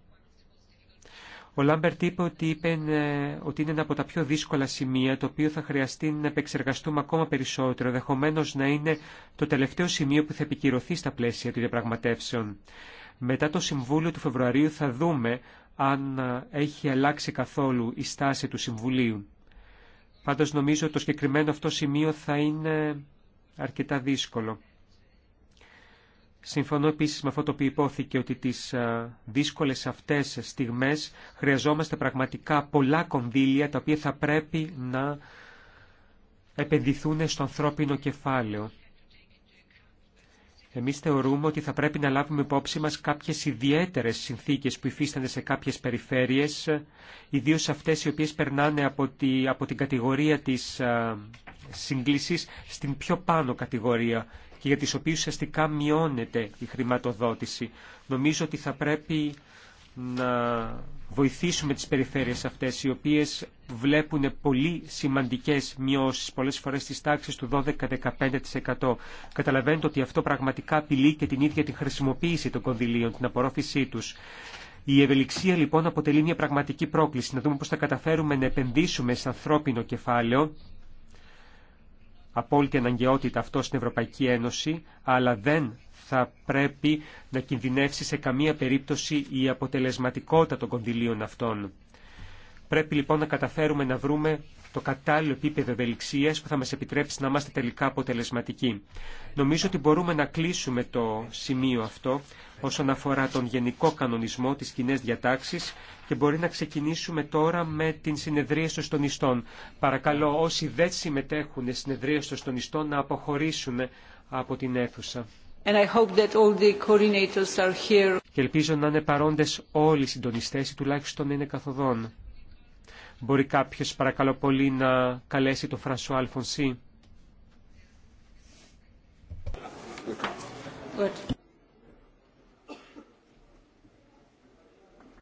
[SPEAKER 1] ο Λάμπερτ είπε ότι, είπε ε, ότι είναι ένα από τα πιο δύσκολα σημεία, το οποίο θα χρειαστεί να επεξεργαστούμε ακόμα περισσότερο, δεχομένω να είναι το τελευταίο σημείο που θα επικυρωθεί στα πλαίσια των διαπραγματεύσεων. Μετά το Συμβούλιο του Φεβρουαρίου θα δούμε αν ε, έχει αλλάξει καθόλου η στάση του Συμβουλίου. Πάντως νομίζω ότι το συγκεκριμένο αυτό σημείο θα είναι αρκετά δύσκολο. Συμφωνώ επίσης με αυτό το οποίο υπόθηκε ότι τις δύσκολες αυτές στιγμές χρειαζόμαστε πραγματικά πολλά κονδύλια τα οποία θα πρέπει να επενδυθούν στο ανθρώπινο κεφάλαιο. Εμείς θεωρούμε ότι θα πρέπει να λάβουμε υπόψη μας κάποιες ιδιαίτερες συνθήκες που υφίστανται σε κάποιες περιφέρειες, ιδίως αυτές οι οποίες περνάνε από, τη, από την κατηγορία της στην πιο πάνω κατηγορία και για τις οποίες ουσιαστικά μειώνεται η χρηματοδότηση. Νομίζω ότι θα πρέπει να βοηθήσουμε τις περιφέρειες αυτές, οι οποίες βλέπουν πολύ σημαντικές μειώσεις, πολλές φορές στις τάξεις του 12-15%. Καταλαβαίνετε ότι αυτό πραγματικά απειλεί και την ίδια τη χρησιμοποίηση των κονδυλίων, την απορρόφησή τους. Η ευελιξία λοιπόν αποτελεί μια πραγματική πρόκληση, να δούμε πώς θα καταφέρουμε να επενδύσουμε σε ανθρώπινο κεφάλαιο, απόλυτη αναγκαιότητα αυτό στην Ευρωπαϊκή Ένωση, αλλά δεν θα πρέπει να κινδυνεύσει σε καμία περίπτωση η αποτελεσματικότητα των κονδυλίων αυτών. Πρέπει λοιπόν να καταφέρουμε να βρούμε το κατάλληλο επίπεδο ευελιξία που θα μα επιτρέψει να είμαστε τελικά αποτελεσματικοί. Νομίζω ότι μπορούμε να κλείσουμε το σημείο αυτό όσον αφορά τον γενικό κανονισμό τη κοινέ διατάξει και μπορεί να ξεκινήσουμε τώρα με την συνεδρία των στονιστών. Παρακαλώ όσοι δεν συμμετέχουν στην συνεδρία των στονιστών να αποχωρήσουν από την αίθουσα. And I hope that all the are here. Και ελπίζω να είναι παρόντες όλοι οι συντονιστές ή τουλάχιστον να είναι καθοδόν. Μπορεί κάποιος παρακαλώ πολύ να καλέσει τον Φρασό Αλφονσί.